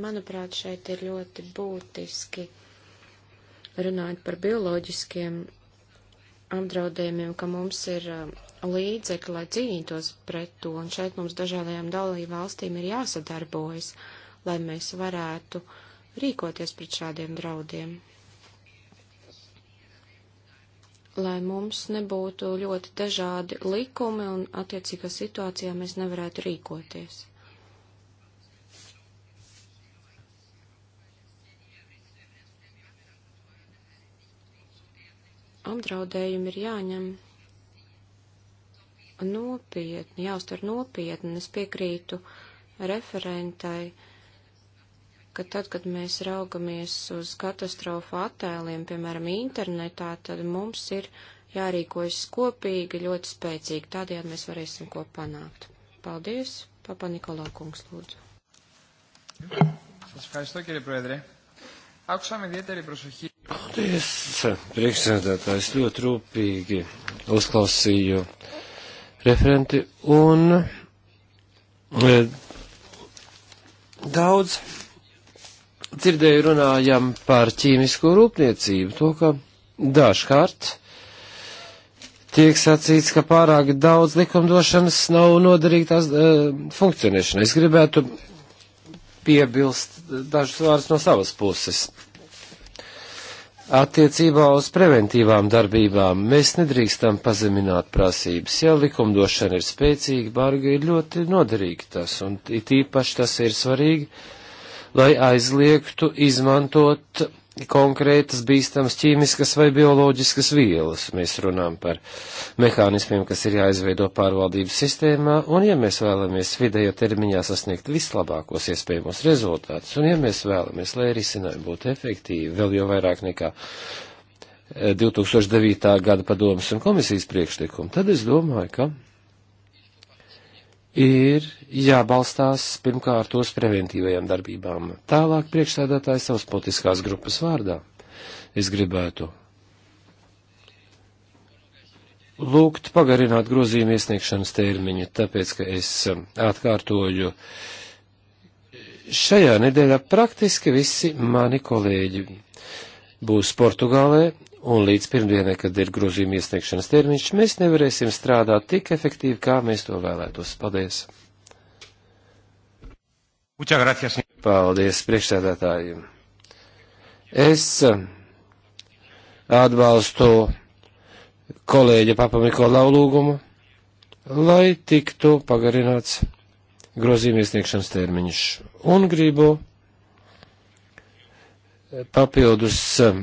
S2: Manuprāt, šeit ir ļoti būtiski runājot par bioloģiskiem apdraudējumiem, ka mums ir uh, līdzekļi, lai cīnītos pret to, un šeit mums dažādajām dalību valstīm ir jāsadarbojas, lai mēs varētu rīkoties pret šādiem draudiem lai mums nebūtu ļoti dažādi likumi un attiecīgā situācijā mēs nevarētu rīkoties. Apdraudējumi ir jāņem nopietni, jāuztver nopietni, un es piekrītu referentai ka tad, kad mēs raugamies uz katastrofu attēliem, piemēram, internetā, tad mums ir jārīkojas kopīgi, ļoti spēcīgi. Tādējādi mēs varēsim ko panākt. Paldies, Papa Nikolā
S1: kungs, lūdzu. Paldies, priekšsēdētājs, ļoti rūpīgi uzklausīju referenti un. E, daudz dzirdēju runājam par ķīmisko rūpniecību, to, ka dažkārt tiek sacīts, ka pārāk daudz likumdošanas nav noderīgi tās uh, eh, funkcionēšanai. Es gribētu piebilst dažus vārdus no savas puses. Attiecībā uz preventīvām darbībām mēs nedrīkstam pazemināt prasības. Ja likumdošana ir spēcīga, barga ir ļoti noderīga tas, un it īpaši tas ir svarīgi lai aizliegtu izmantot konkrētas bīstamas ķīmiskas vai bioloģiskas vielas. Mēs runām par mehānismiem, kas ir jāizveido pārvaldības sistēmā, un ja mēs vēlamies vidējo termiņā sasniegt vislabākos iespējamos rezultātus, un ja mēs vēlamies, lai risinājumi būtu efektīvi, vēl jau vairāk nekā 2009. Eh, gada padomas un komisijas priekšlikumu, tad es domāju, ka ir jābalstās pirmkārt uz preventīvajām darbībām. Tālāk priekšsēdētāji savas politiskās grupas vārdā. Es gribētu lūgt pagarināt grozījuma iesniegšanas termiņu, tāpēc, ka es um, atkārtoju, šajā nedēļā praktiski visi mani kolēģi būs Portugālē, un līdz pirmdienai, kad ir grozījuma iesniegšanas termiņš, mēs nevarēsim strādāt tik efektīvi, kā mēs to vēlētos. Paldies! Paldies priekšsēdētājiem! Es eh, atbalstu kolēģa Papamiko laulūgumu, lai tiktu pagarināts grozījuma iesniegšanas termiņš. Un gribu papildus eh,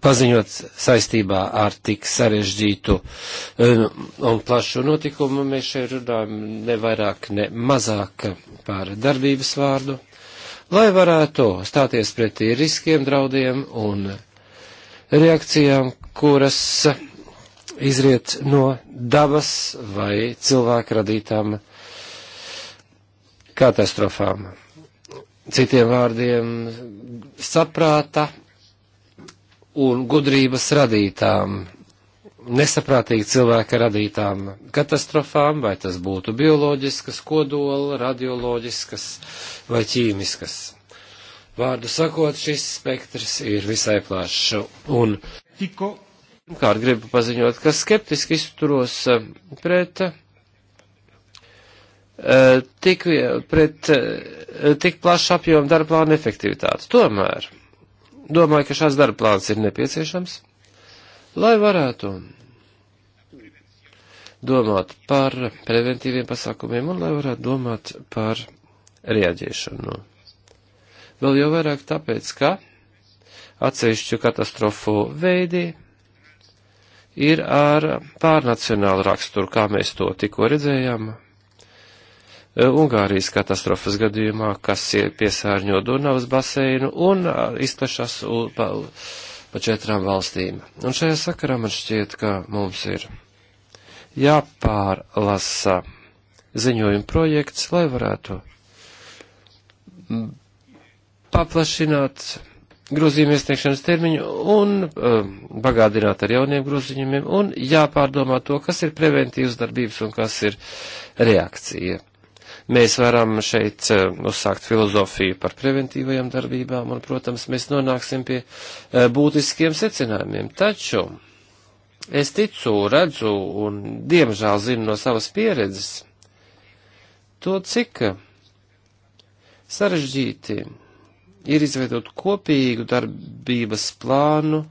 S1: paziņot saistībā ar tik sarežģītu eh, un plašu notikumu. Mēs šeit runājam ne vairāk, ne mazāk par darbības vārdu, lai varētu stāties pretī riskiem, draudiem un reakcijām, kuras izriet no dabas vai cilvēku radītām katastrofām. Citiem vārdiem, saprāta un gudrības radītām, nesaprātīgi cilvēka radītām katastrofām, vai tas būtu bioloģiskas, kodola, radioloģiskas vai ķīmiskas. Vārdu sakot, šis spektrs ir visai plašs. Un pirmkārt gribu paziņot, ka skeptiski izturos eh, pret, eh, tik, pret eh, tik plašu apjomu darba plānu efektivitāti. Tomēr domāju, ka šāds darba plāns ir nepieciešams, lai varētu domāt par preventīviem pasākumiem un lai varētu domāt par rieģēšanu. Vēl jau vairāk tāpēc, ka atsevišķu katastrofu veidi ir ar pārnacionālu raksturu, kā mēs to tikko redzējām Eh, Ungārijas katastrofas gadījumā, kas piesārņo Dunavas baseinu un izplešas pa, pa četrām valstīm. Un šajā sakarā man šķiet, ka mums ir jāpārlasa ziņojuma projekts, lai varētu paplašināt grozījuma iesniegšanas termiņu un um, bagādināt ar jauniem grozījumiem un jāpārdomā to, kas ir preventīvas darbības un kas ir reakcija mēs varam šeit eh, uzsākt filozofiju par preventīvajām darbībām, un, protams, mēs nonāksim pie eh, būtiskiem secinājumiem. Taču es ticu, redzu un, diemžēl, zinu no savas pieredzes to, cik sarežģīti ir izveidot kopīgu darbības plānu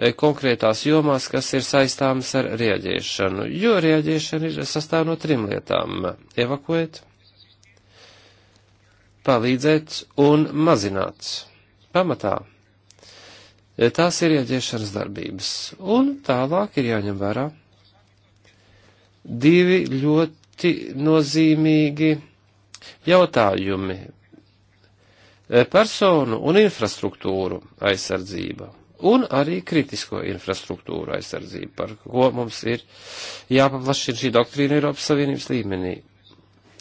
S1: E, konkrētās jomās, kas ir saistāmas ar rieģēšanu, jo rieģēšana ir sastāv no trim lietām - evakuēt, palīdzēt un mazināt. Pamatā. E, tās ir rieģēšanas darbības. Un tālāk ir jāņem vērā divi ļoti nozīmīgi jautājumi e, - personu un infrastruktūru aizsardzība un arī kritisko infrastruktūru aizsardzību, par ko mums ir jāpaplašina šī doktrīna Eiropas Savienības līmenī.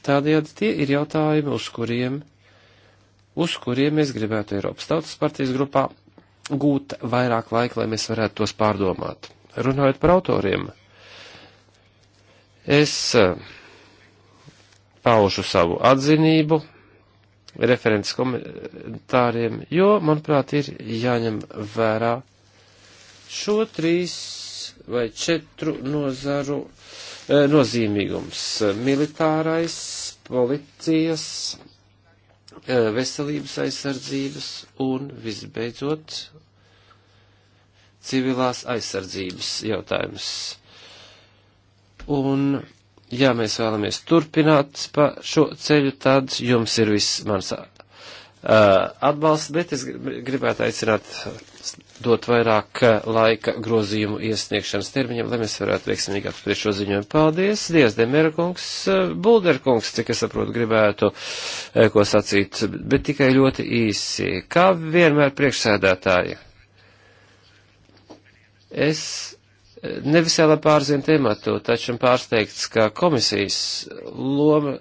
S1: Tādējādi tie ir jautājumi, uz kuriem, uz kuriem mēs gribētu Eiropas Tautas partijas grupā gūt vairāk laika, lai mēs varētu tos pārdomāt. Runājot par autoriem, es eh, paušu savu atzinību referents komentāriem, jo, manuprāt, ir jāņem vērā šo trīs vai četru nozaru e, nozīmīgums - militārais, policijas, e, veselības aizsardzības un, visbeidzot, civilās aizsardzības jautājums. Un ja mēs vēlamies turpināt pa šo ceļu, tad jums ir viss mans uh, atbalsts, bet es gribētu aicināt dot vairāk uh, laika grozījumu iesniegšanas termiņam, lai mēs varētu veiksmīgi apspriest šo ziņojumu. Paldies, Dievs, Demērkungs, uh, Bulderkungs, cik es saprotu, gribētu uh, ko sacīt, bet tikai ļoti īsi. Kā vienmēr priekšsēdētāji? Es Nevisai labi pārzina tematu, taču pārsteigts, ka komisijas loma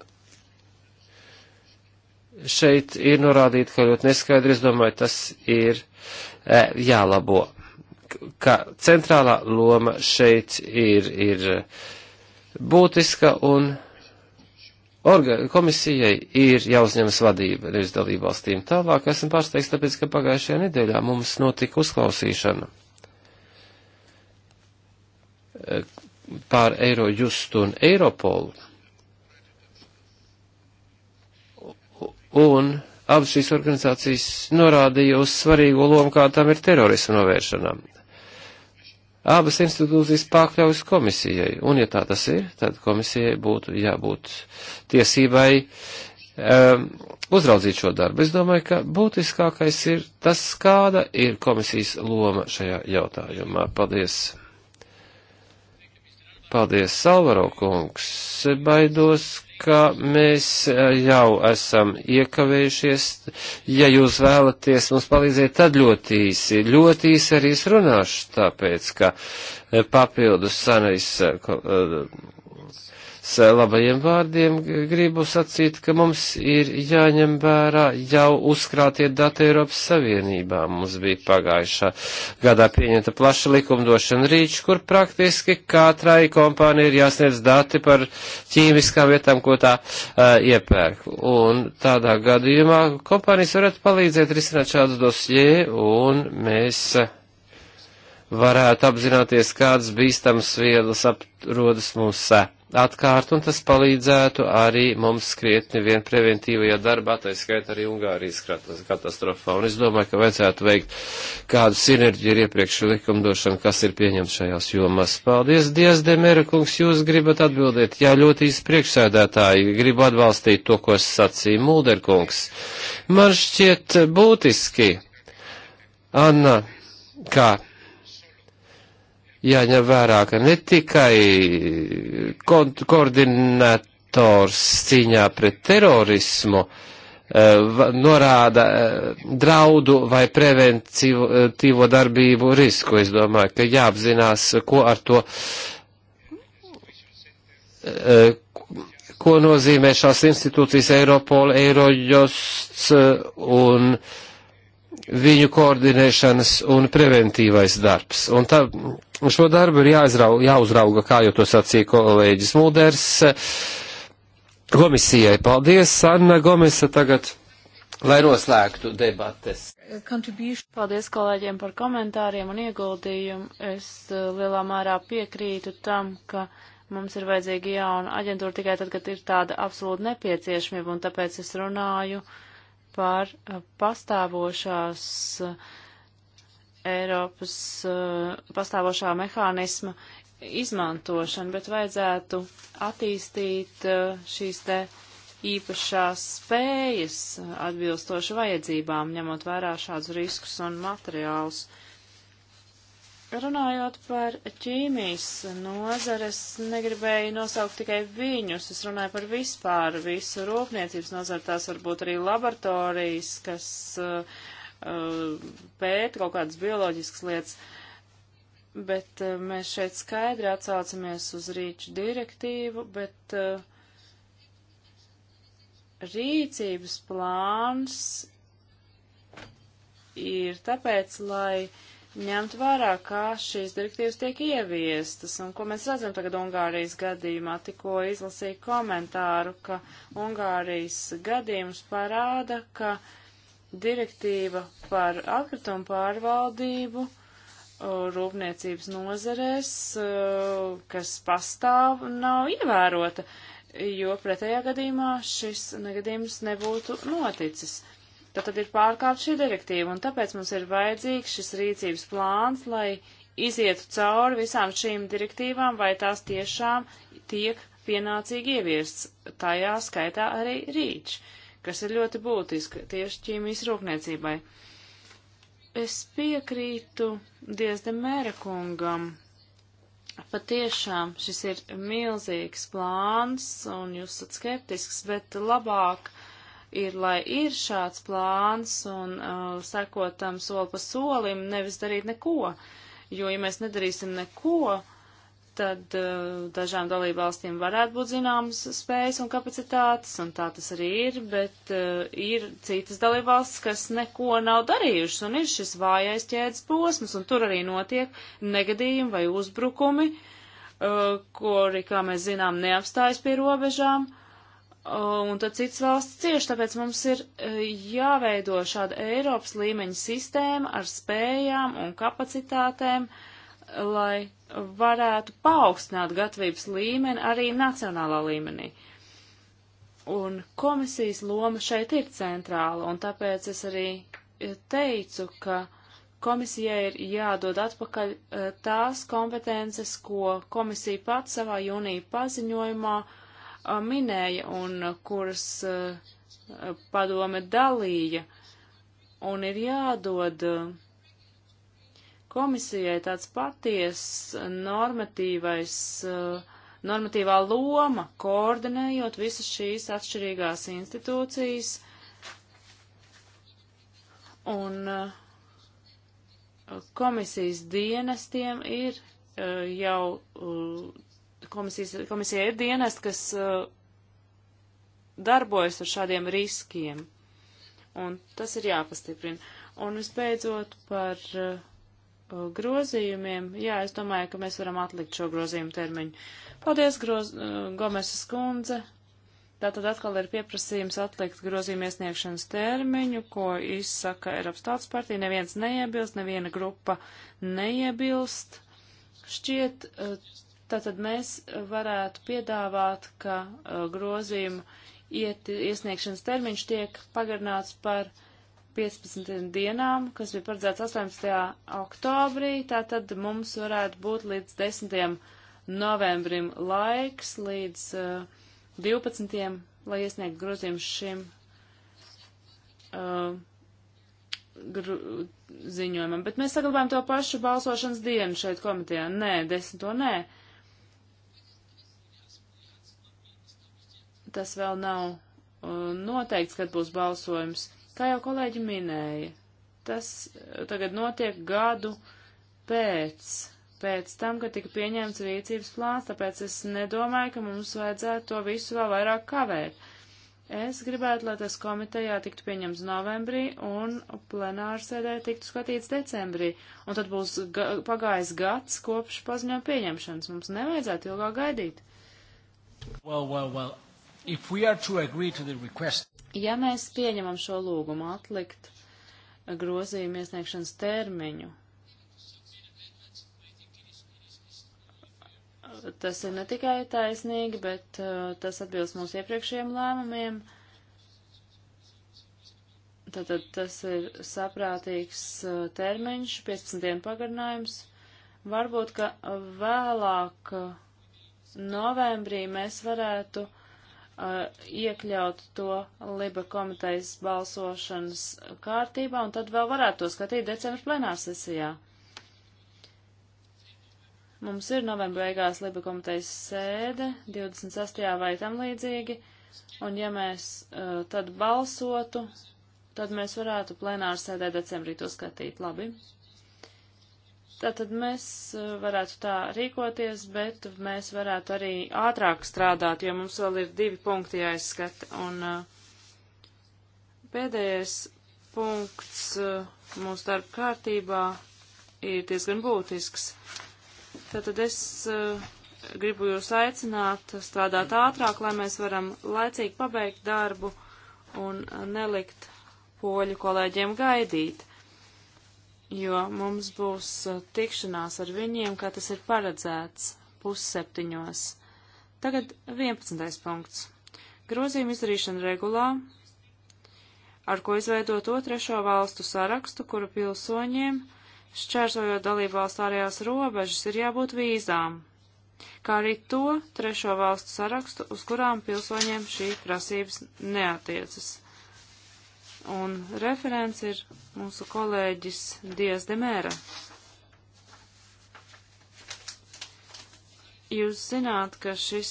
S1: šeit ir norādīta, ka ļoti neskaidri, es domāju, tas ir e, jālabo. Ka centrālā loma šeit ir, ir būtiska un orga, komisijai ir jāuzņemas vadība, nevis dalībvalstīm. Tālāk esmu pārsteigts, tāpēc, ka pagājušajā nedēļā mums notika uzklausīšana pār Eiro Justu un Eiropolu. Un abas šīs organizācijas norādīja uz svarīgo lomu, kā tam ir terorismu novēršanā. Abas institūcijas pakļaujas komisijai, un ja tā tas ir, tad komisijai būtu jābūt tiesībai um, uzraudzīt šo darbu. Es domāju, ka būtiskākais ir tas, kāda ir komisijas loma šajā jautājumā. Paldies! Paldies, Salvaro kungs. Baidos, ka mēs eh, jau esam iekavējušies. Ja jūs vēlaties mums palīdzēt, tad ļoti īsi, ļoti īsi arī es runāšu, tāpēc, ka eh, papildus sanais eh, pēc eh, labajiem vārdiem gribu sacīt, ka mums ir jāņem vērā jau uzkrātie dati Eiropas Savienībā. Mums bija pagājušā gadā pieņemta plaša likumdošana rīča, kur praktiski katrai kompānija ir jāsniedz dati par ķīmiskām vietām, ko tā uh, iepērk. Un tādā gadījumā kompānijas varētu palīdzēt risināt šādu dosjē, un mēs. Uh, varētu apzināties, kādas bīstamas vielas atrodas mūsu sēkā atkārt, un tas palīdzētu arī mums krietni vien preventīvajā darbā, tā skaita arī Ungārijas katastrofā. Un es domāju, ka vajadzētu veikt kādu sinerģiju ar iepriekšu likumdošanu, kas ir pieņemts šajās jomās. Paldies, Dievs, Demēra kungs, jūs gribat atbildēt? Jā, ļoti īsti priekšsēdētāji, gribu atbalstīt to, ko sacīja Mulder kungs. Man šķiet būtiski, Anna, kā jāņem vērā, ka ne tikai koordinators cīņā pret terorismu eh, norāda eh, draudu vai preventīvo darbību risku. Es domāju, ka jāapzinās, ko ar to, eh, ko nozīmē šās institūcijas Eiropola, Eirojosts un viņu koordinēšanas un preventīvais darbs. Un tā, šo darbu ir jāizrauga, jāuzrauga, kā jau to sacīja kolēģis Mulders. Komisijai paldies, Anna Gomesa, tagad, lai noslēgtu debates.
S3: Paldies kolēģiem par komentāriem un ieguldījumu. Es eh, lielā mērā piekrītu tam, ka mums ir vajadzīga jauna aģentūra tikai tad, kad ir tāda absolūta nepieciešamība, un tāpēc es runāju par eh, pastāvošās uh, Eiropas uh, pastāvošā mehānisma izmantošanu, bet vajadzētu attīstīt uh, šīs te īpašās spējas atbilstoši vajadzībām, ņemot vērā šādus riskus un materiālus. Runājot par ķīmijas nozares, negribēju nosaukt tikai viņus, es runāju par vispār visu rūpniecības nozaru, tās varbūt arī laboratorijas, kas uh, pēta uh, kaut kādas bioloģiskas lietas, bet uh, mēs šeit skaidri atsaucamies uz rīču direktīvu, bet uh, rīcības plāns ir tāpēc, lai ņemt vērā, kā šīs direktīvas tiek ieviestas, un ko mēs redzam tagad Ungārijas gadījumā, tikko izlasīju komentāru, ka Ungārijas gadījums parāda, ka uh, direktīva par atkritumu pārvaldību rūpniecības nozerēs, kas pastāv, nav ievērota, jo pretējā gadījumā šis negadījums nebūtu noticis. Tad, tad ir pārkāpta šī direktīva, un tāpēc mums ir vajadzīgs šis rīcības plāns, lai izietu cauri visām šīm direktīvām, vai tās tiešām tiek pienācīgi ieviests. Tajā skaitā arī rīčs kas ir ļoti būtiska tieši ķīmijas rūpniecībai. Es piekrītu Diezde Mērekungam. Patiešām šis ir milzīgs plāns, un jūs esat skeptisks, bet labāk ir, lai ir šāds plāns un uh, sekot tam soli pa solim, nevis darīt neko. Jo, ja mēs nedarīsim neko, uh, tad eh, dažām dalībvalstīm varētu būt zināmas spējas un kapacitātes, un tā tas arī ir, bet eh, ir citas dalībvalstis, kas neko nav darījušas, un ir šis vājais ķēdes posms, un tur arī notiek negadījumi vai uzbrukumi, eh, kuri, kā mēs zinām, neapstājas pie robežām un tad citas valsts cieši, tāpēc mums ir jāveido šāda Eiropas līmeņa sistēma ar spējām un kapacitātēm, lai varētu paaugstināt gatavības līmeni arī nacionālā līmenī. Un komisijas loma šeit ir centrāla, un tāpēc es arī teicu, ka komisijai ir jādod atpakaļ eh, tās kompetences, ko komisija pats savā jūnija paziņojumā eh, minēja un kuras eh, padome dalīja. Un ir jādod uh, komisijai tāds paties normatīvais, eh, normatīvā loma, koordinējot visas šīs atšķirīgās institūcijas un eh, komisijas dienestiem ir eh, jau, komisijas, komisija ir dienest, kas darbojas ar šādiem riskiem. Un tas ir jāpastiprina. Un visbeidzot par uh, Uh, grozījumiem. Jā, es domāju, ka mēs varam atlikt šo grozījumu termiņu. Paldies, groz, uh, Gomesa skundze. Tātad atkal ir pieprasījums atlikt grozījumu iesniegšanas termiņu, ko izsaka Eiropas tautas partija. Neviens neiebilst, neviena grupa neiebilst. Šķiet, uh, tātad mēs varētu piedāvāt, ka grozījumu iet, iesniegšanas termiņš tiek pagarināts par 15 dienām, kas bija paredzēts 18. oktobrī, tātad mums varētu būt līdz 10. novembrim laiks, līdz uh, eh, 12. lai iesniegtu grozījumus šim uh, gru, ziņojumam. Bet mēs saglabājam to pašu balsošanas dienu šeit komitejā. Nē, 10. nē. Tas vēl nav uh, noteikts, kad būs balsojums. Kā jau kolēģi minēja, tas eh, tagad notiek gadu pēc, pēc tam, kad tika pieņemts rīcības plāns, tāpēc es nedomāju, ka mums vajadzētu to visu vēl vairāk kavēt. Es gribētu, lai tas komitejā tiktu pieņemts novembrī un plenārsēdē tiktu skatīts decembrī. Un tad būs ga pagājis gads kopš paziņojuma pieņemšanas. Mums nevajadzētu ilgāk gaidīt.
S1: Well, well, well. Request...
S3: Ja mēs pieņemam šo lūgumu atlikt grozījumu iesniegšanas termiņu, tas ir ne tikai taisnīgi, bet uh, tas atbilst mūsu iepriekšējiem lēmumiem. Tātad tas ir saprātīgs uh, termiņš, 15 dienu pagarinājums. Varbūt, ka vēlāk novembrī mēs varētu uh, uh, iekļaut to Liba komitejas balsošanas kārtībā, un tad vēl varētu to skatīt decembra plenārsesijā. Mums ir novembra beigās Liba komitejas sēde, 28. vai tam līdzīgi, un ja mēs uh, tad balsotu, tad mēs varētu plenāru sēdē decembrī to skatīt. Labi. Tātad mēs eh, varētu tā rīkoties, bet mēs varētu arī ātrāk strādāt, jo mums vēl ir divi punkti jāizskata. Un eh, pēdējais punkts eh, mūsu darba kārtībā ir diezgan būtisks. Tātad es gribu jūs aicināt strādāt ātrāk, lai mēs varam laicīgi pabeigt darbu un nelikt poļu kolēģiem gaidīt jo mums būs uh, tikšanās ar viņiem, kā tas ir paredzēts, pusseptiņos. Tagad 11. punkts. Grozījuma izdarīšana regulā, ar ko izveidot to trešo valstu sarakstu, kuru pilsoņiem, šķērsojot dalību valstu ārējās robežas, ir jābūt vīzām, kā arī to trešo valstu sarakstu, uz kurām pilsoņiem šī prasības neatiecas. Un referents ir mūsu kolēģis Dievs Demēra. Jūs zināt, ka šis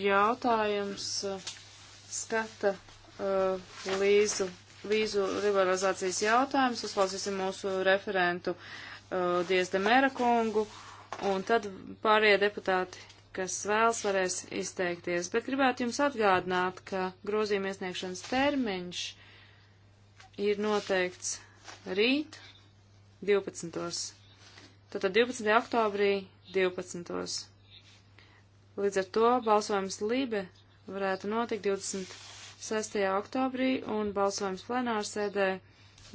S3: jautājums uh, skata uh, līzu, vīzu liberalizācijas jautājums. Uzklausīsim mūsu referentu uh, Dievs Demēra kungu. Un tad pārējie deputāti, kas vēlas, varēs izteikties. Bet gribētu jums atgādināt, ka grozījuma iesniegšanas termiņš ir noteikts rīt 12. Tātad 12. oktobrī 12. Līdz ar to balsojums Lībe varētu notikt 26. oktobrī un balsojums plenārsēdē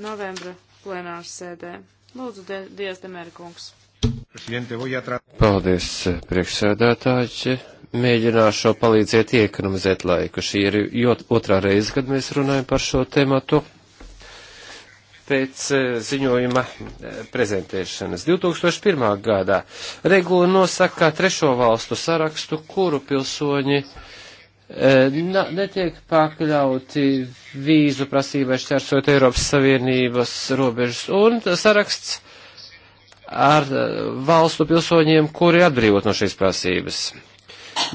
S3: novembra plenārsēdē. Lūdzu, de, Dievs, Demērkungs.
S1: Paldies, priekšsēdētāji. Mēģināšu palīdzēt iekonomizēt laiku. Šī ir otrā reize, kad mēs runājam par šo tematu pēc eh, ziņojuma eh, prezentēšanas. 2001. gadā regula nosaka trešo valstu sarakstu, kuru pilsoņi eh, na, netiek pakļauti vīzu prasībai šķērsot Eiropas Savienības robežas. Un saraksts ar valstu pilsoņiem, kuri atbrīvot no šīs prasības.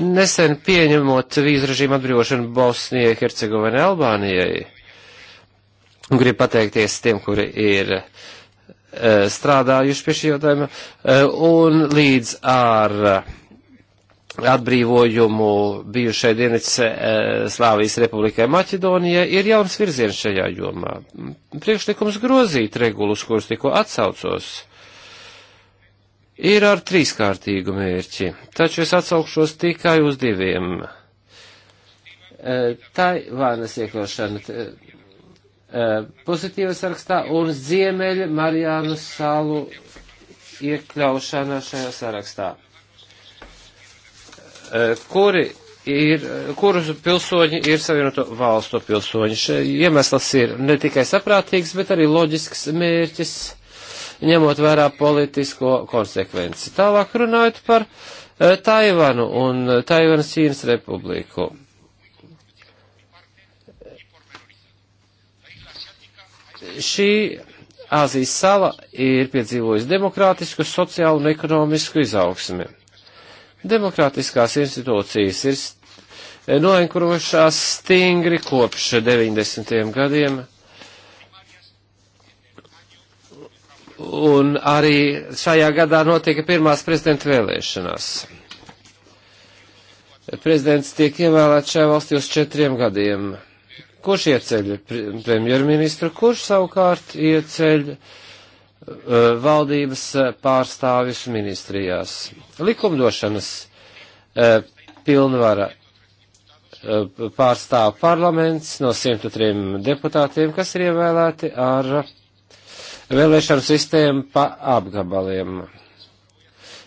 S1: Nesen pieņemot vīzu režīmu atbrīvošanu Bosnijai, Hercegovinai, Albānijai Un gribu pateikties tiem, kuri ir e, strādājuši pie šī jautājuma, e, un līdz ar atbrīvojumu bijušai dienas e, Slāvijas Republikai Maķedonijai ir jauns virziens šajā jomā. Priekšlikums grozīt regulus, kurus tikko atsaucos, ir ar trīskārtīgu mērķi, taču es atsaukšos tikai uz diviem. Taivānas iekļaušana Uh, pozitīvas sarakstā un Ziemeļa Marijānu salu iekļaušana šajā sarakstā. Uh, kuri ir, kurus pilsoņi ir savienoto valstu pilsoņi? Šai iemesls ir ne tikai saprātīgs, bet arī loģisks mērķis, ņemot vērā politisko konsekvenci. Tālāk runājot par uh, Taivanu un Taivanas Ķīnas republiku. šī Āzijas sala ir piedzīvojusi demokrātisku, sociālu un ekonomisku izaugsmi. Demokrātiskās institūcijas ir noenkurošās stingri kopš 90. gadiem. Un arī šajā gadā notika pirmās prezidenta vēlēšanās. Prezidents tiek ievēlēts šajā valstī uz četriem gadiem kurš ieceļ premjerministru, kurš savukārt ieceļ uh, valdības uh, pārstāvis ministrijās. Likumdošanas uh, pilnvara pārstāv parlaments no 103 deputātiem, kas ir ievēlēti ar vēlēšanu sistēmu pa apgabaliem.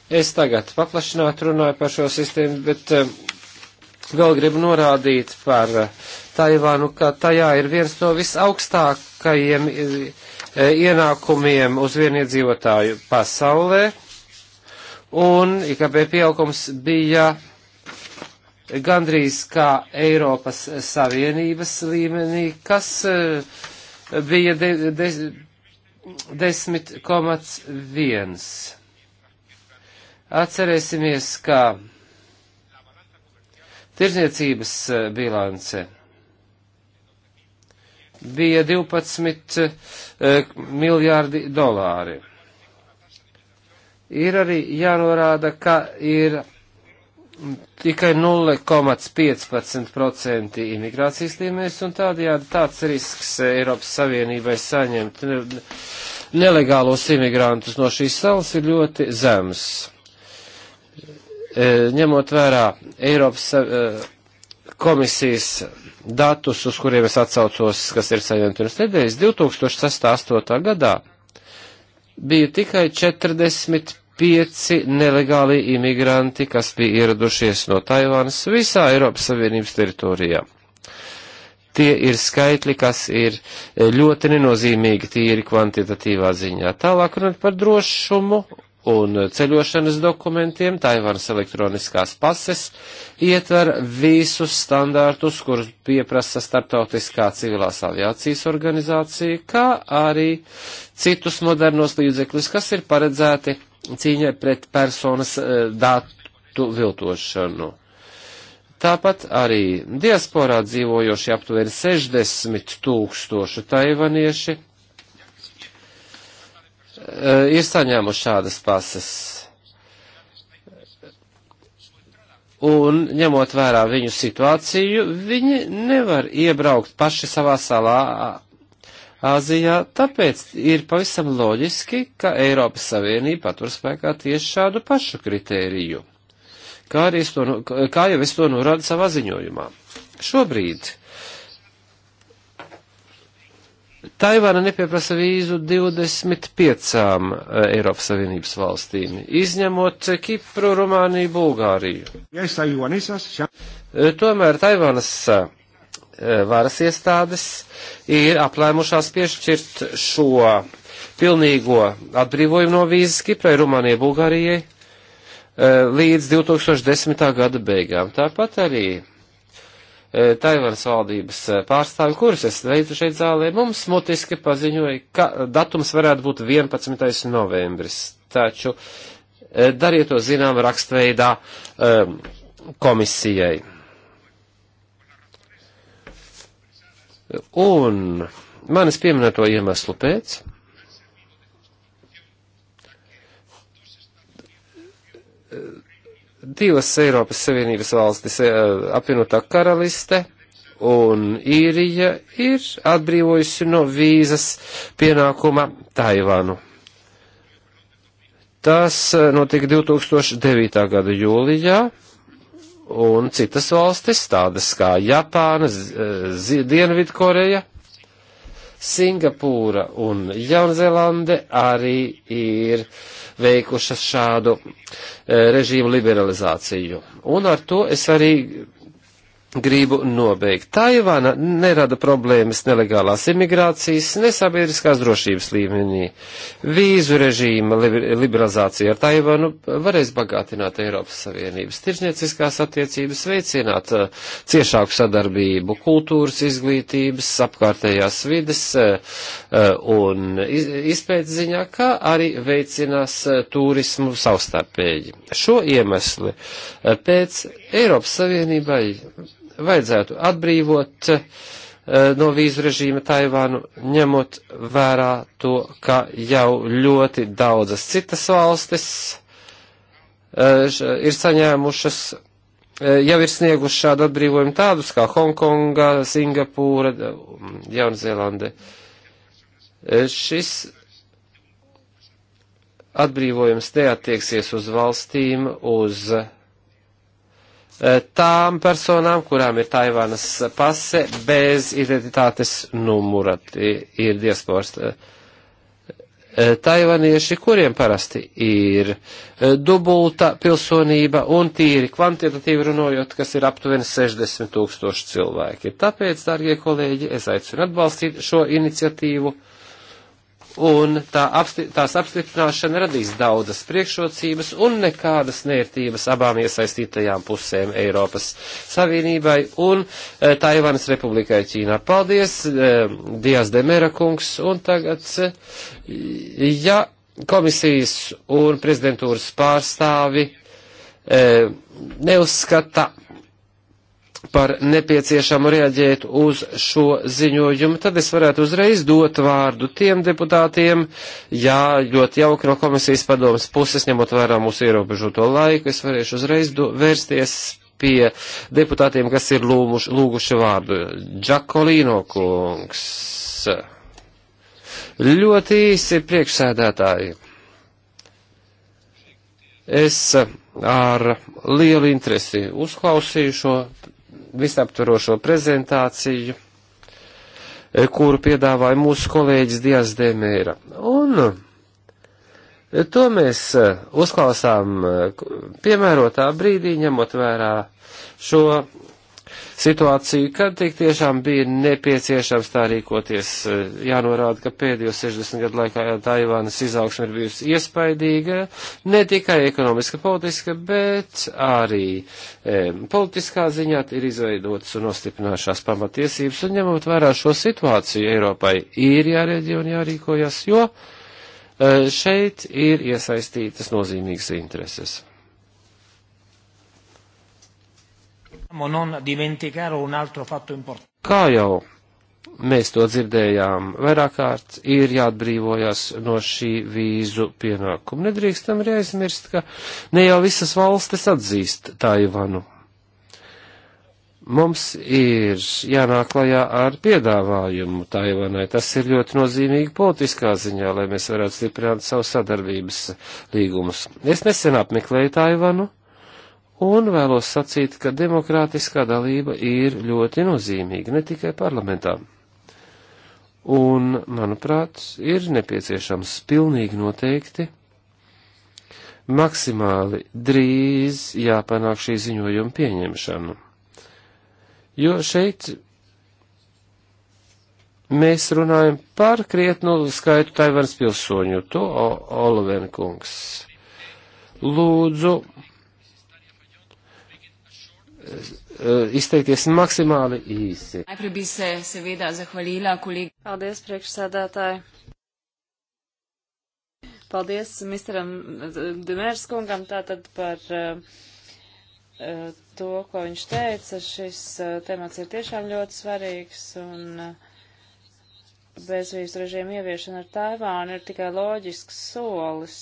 S1: Es tagad paplašināt runāju par šo sistēmu, bet vēl gribu norādīt par Taivānu, ka tajā ir viens no visaugstākajiem e, ienākumiem uz vieniedzīvotāju pasaulē, un IKP pieaugums bija gandrīz kā Eiropas Savienības līmenī, kas e, bija 10,1. Atcerēsimies, ka tirzniecības bilance bija 12 eh, miljārdi dolāri. Ir arī jānorāda, ka ir tikai 0,15% imigrācijas līmenis, un tādējādi tāds risks Eiropas Savienībai saņemt nelegālos imigrantus no šīs salas ir ļoti zems. Eh, ņemot vērā Eiropas eh, komisijas datus, uz kuriem es atsaucos, kas ir saņemti pirms nedēļas, 2008. gadā bija tikai 45 nelegāli imigranti, kas bija ieradušies no Taivānas visā Eiropas Savienības teritorijā. Tie ir skaitļi, kas ir ļoti nenozīmīgi tīri kvantitatīvā ziņā. Tālāk runāt par drošumu un ceļošanas dokumentiem, Taivānas elektroniskās pases, ietver visus standārtus, kurus pieprasa Startautiskā civilās aviācijas organizācija, kā arī citus modernos līdzekļus, kas ir paredzēti cīņai pret personas eh, datu viltošanu. Tāpat arī diasporā dzīvojoši aptuveni 60 tūkstoši taivanieši Eh, ir saņēmuši šādas pases. Un, ņemot vērā viņu situāciju, viņi nevar iebraukt paši savā salā Āzijā, tāpēc ir pavisam loģiski, ka Eiropas Savienība patur spēkā tieši šādu pašu kritēriju, kā, to, nu, kā jau es to norādu savā ziņojumā. Šobrīd Taivāna nepieprasa vīzu 25 eh, Eiropas Savienības valstīm, izņemot Kipru, Rumāniju, Bulgāriju. Yes, eh, Tomēr Taivānas eh, varas iestādes ir aplēmušās piešķirt šo pilnīgo atbrīvojumu no vīzes Kiprai, Rumānijai, Bulgārijai līdz 2010. gada beigām. Tāpat arī Eh, Taivānas valdības eh, pārstāvi, kurus es veicu šeit zālē, mums mutiski paziņoja, ka datums varētu būt 11. novembris. Taču eh, dariet to zinām rakstveidā um, komisijai. Un manis pieminēto iemeslu pēc divas Eiropas Savienības valstis, eh, apvienotā karaliste un īrija, ir atbrīvojusi no vīzas pienākuma Taivānu. Tas eh, notika 2009. gada jūlijā, un citas valstis, tādas kā Japāna, eh, Dienvidkoreja, Singapūra un Jaunzēlande arī ir veikušas šādu eh, režīmu liberalizāciju. Un ar to es arī gribu nobeigt. Taivāna nerada problēmas nelegālās imigrācijas, ne sabiedriskās drošības līmenī. Vīzu režīma liberalizācija ar Taivānu varēs bagātināt Eiropas Savienības tirzniecīskās attiecības, veicināt eh, ciešāku sadarbību kultūras, izglītības, apkārtējās vides eh, eh, un izpētes ziņā, kā arī veicinās turismu savstarpēji. Šo iemesli pēc Eiropas Savienībai vajadzētu atbrīvot eh, no vīzu režīma Taivānu, ņemot vērā to, ka jau ļoti daudzas citas valstis eh, ir saņēmušas, eh, jau ir sniegušas šādu atbrīvojumu tādus kā Hongkonga, Singapūra, Jaunzēlande. Šis atbrīvojums neattieksies uz valstīm, uz uh, Eh, tām personām, kurām ir Taivānas pase bez identitātes numura, ir diasporas eh, eh, taivanieši, kuriem parasti ir dubulta pilsonība un tīri kvantitatīvi runājot, kas ir aptuveni 60 tūkstoši cilvēki. Tāpēc, dārgie kolēģi, es aicinu atbalstīt šo iniciatīvu un tā apsti tās apstiprināšana radīs daudzas priekšrocības un nekādas nērtības abām iesaistītajām pusēm Eiropas Savienībai un e, Taivānas Republikai Ķīnā. Paldies, e, Dijas Demera kungs, un tagad, e, ja komisijas un prezidentūras pārstāvi e, neuzskata par nepieciešamu reaģēt uz šo ziņojumu, tad es varētu uzreiz dot vārdu tiem deputātiem, jā, ļoti jauki no komisijas padomas puses, ņemot vērā mūsu ierobežoto laiku, es varēšu uzreiz do, vērsties pie deputātiem, kas ir lūmuši, lūguši vārdu. Džakolīno kungs. Ļoti īsi priekšsēdētāji. Es ar lielu interesi uzklausīju šo visaptvarošo prezentāciju, e, kuru piedāvāja mūsu kolēģis Dijas Demēra. Un e, to mēs e, uzklausām piemērotā brīdī, ņemot vērā šo situāciju, kad tik tiešām bija nepieciešams tā rīkoties. Jānorāda, ka pēdējo 60 gadu laikā Taivānas izaugšana ir bijusi iespaidīga, ne tikai ekonomiska, politiska, bet arī e, politiskā ziņā ir izveidotas un nostiprināšās pamatiesības, un ņemot vērā šo situāciju Eiropai ir jārēģi un jārīkojas, jo eh, šeit ir iesaistītas nozīmīgas intereses. Kā jau mēs to dzirdējām vairāk kārt, ir jāatbrīvojas no šī vīzu pienākuma. Nedrīkstam arī aizmirst, ka ne jau visas valstis atzīst Taivanu. Mums ir jānāk klajā ar piedāvājumu Taivanai. Tas ir ļoti nozīmīgi politiskā ziņā, lai mēs varētu stiprināt savu sadarbības līgumus. Es nesen apmeklēju Taivanu un vēlos sacīt, ka demokrātiskā dalība ir ļoti nozīmīga ne tikai parlamentā. Un, manuprāt, ir nepieciešams pilnīgi noteikti maksimāli drīz jāpanāk šī ziņojuma pieņemšana. Jo šeit mēs runājam par krietnu skaitu Taivans pilsoņu, to Olvenkungs. Lūdzu, Eh, izteikties maksimāli īsi.
S3: Paldies, priekšsēdētāji. Paldies misteram eh, Demērs kungam tātad par uh, to, ko viņš teica. Šis uh, temats ir tiešām ļoti svarīgs un uh, bezvīzu režīmu ieviešana ar Taivānu ir tikai loģisks solis.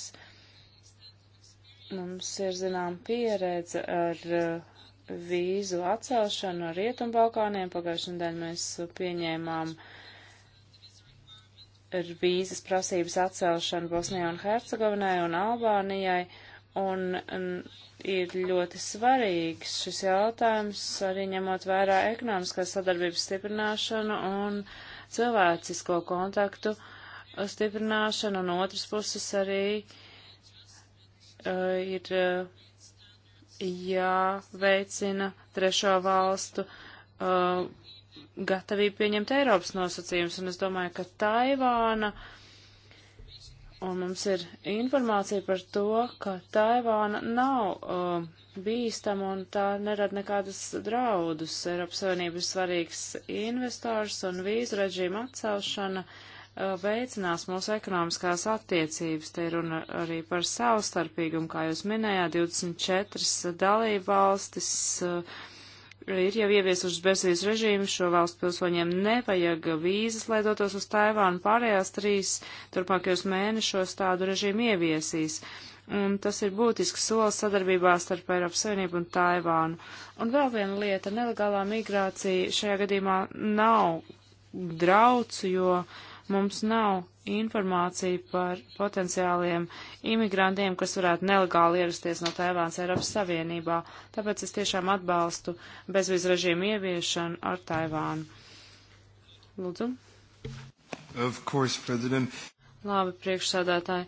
S3: Mums ir zinām pieredze ar uh, vīzu atcelšanu ar Rietumbalkāniem. Pagājušajā nedēļā mēs pieņēmām vīzas prasības atcelšanu Bosnijā un Hercegovinai un Albānijai. Un, un ir ļoti svarīgs šis jautājums, arī ņemot vērā ekonomiskās sadarbības stiprināšanu un cilvēcisko kontaktu stiprināšanu, un otras puses arī uh, ir uh, jāveicina trešo valstu uh, gatavība pieņemt Eiropas nosacījumus, un es domāju, ka Taivāna, un mums ir informācija par to, ka Taivāna nav uh, bīstama un tā nerada nekādas draudus. Eiropas Savienības svarīgs investors un vīzu režīma atcelšana uh, Uh, veicinās mūsu ekonomiskās attiecības. Te ir runa arī par savstarpīgumu, kā jūs minējāt, 24 dalība valstis uh, ir jau ieviesušas bezvīzes režīmu, šo valstu pilsoņiem nevajag vīzas, lai dotos uz Taivānu, pārējās trīs turpmākajos mēnešos tādu režīmu ieviesīs. Un tas ir būtisks solis sadarbībā starp Eiropas Savienību un Taivānu. Un vēl viena lieta - nelegālā migrācija šajā gadījumā nav drauds, jo uh, Mums nav informācija par potenciāliem imigrantiem, kas varētu nelegāli ierasties no Taivāns Eiropas Savienībā, tāpēc es tiešām atbalstu bezvīz režīmu ieviešanu ar Taivānu. Lūdzu.
S2: Of course, President.
S3: Labi, priekšsādātāji.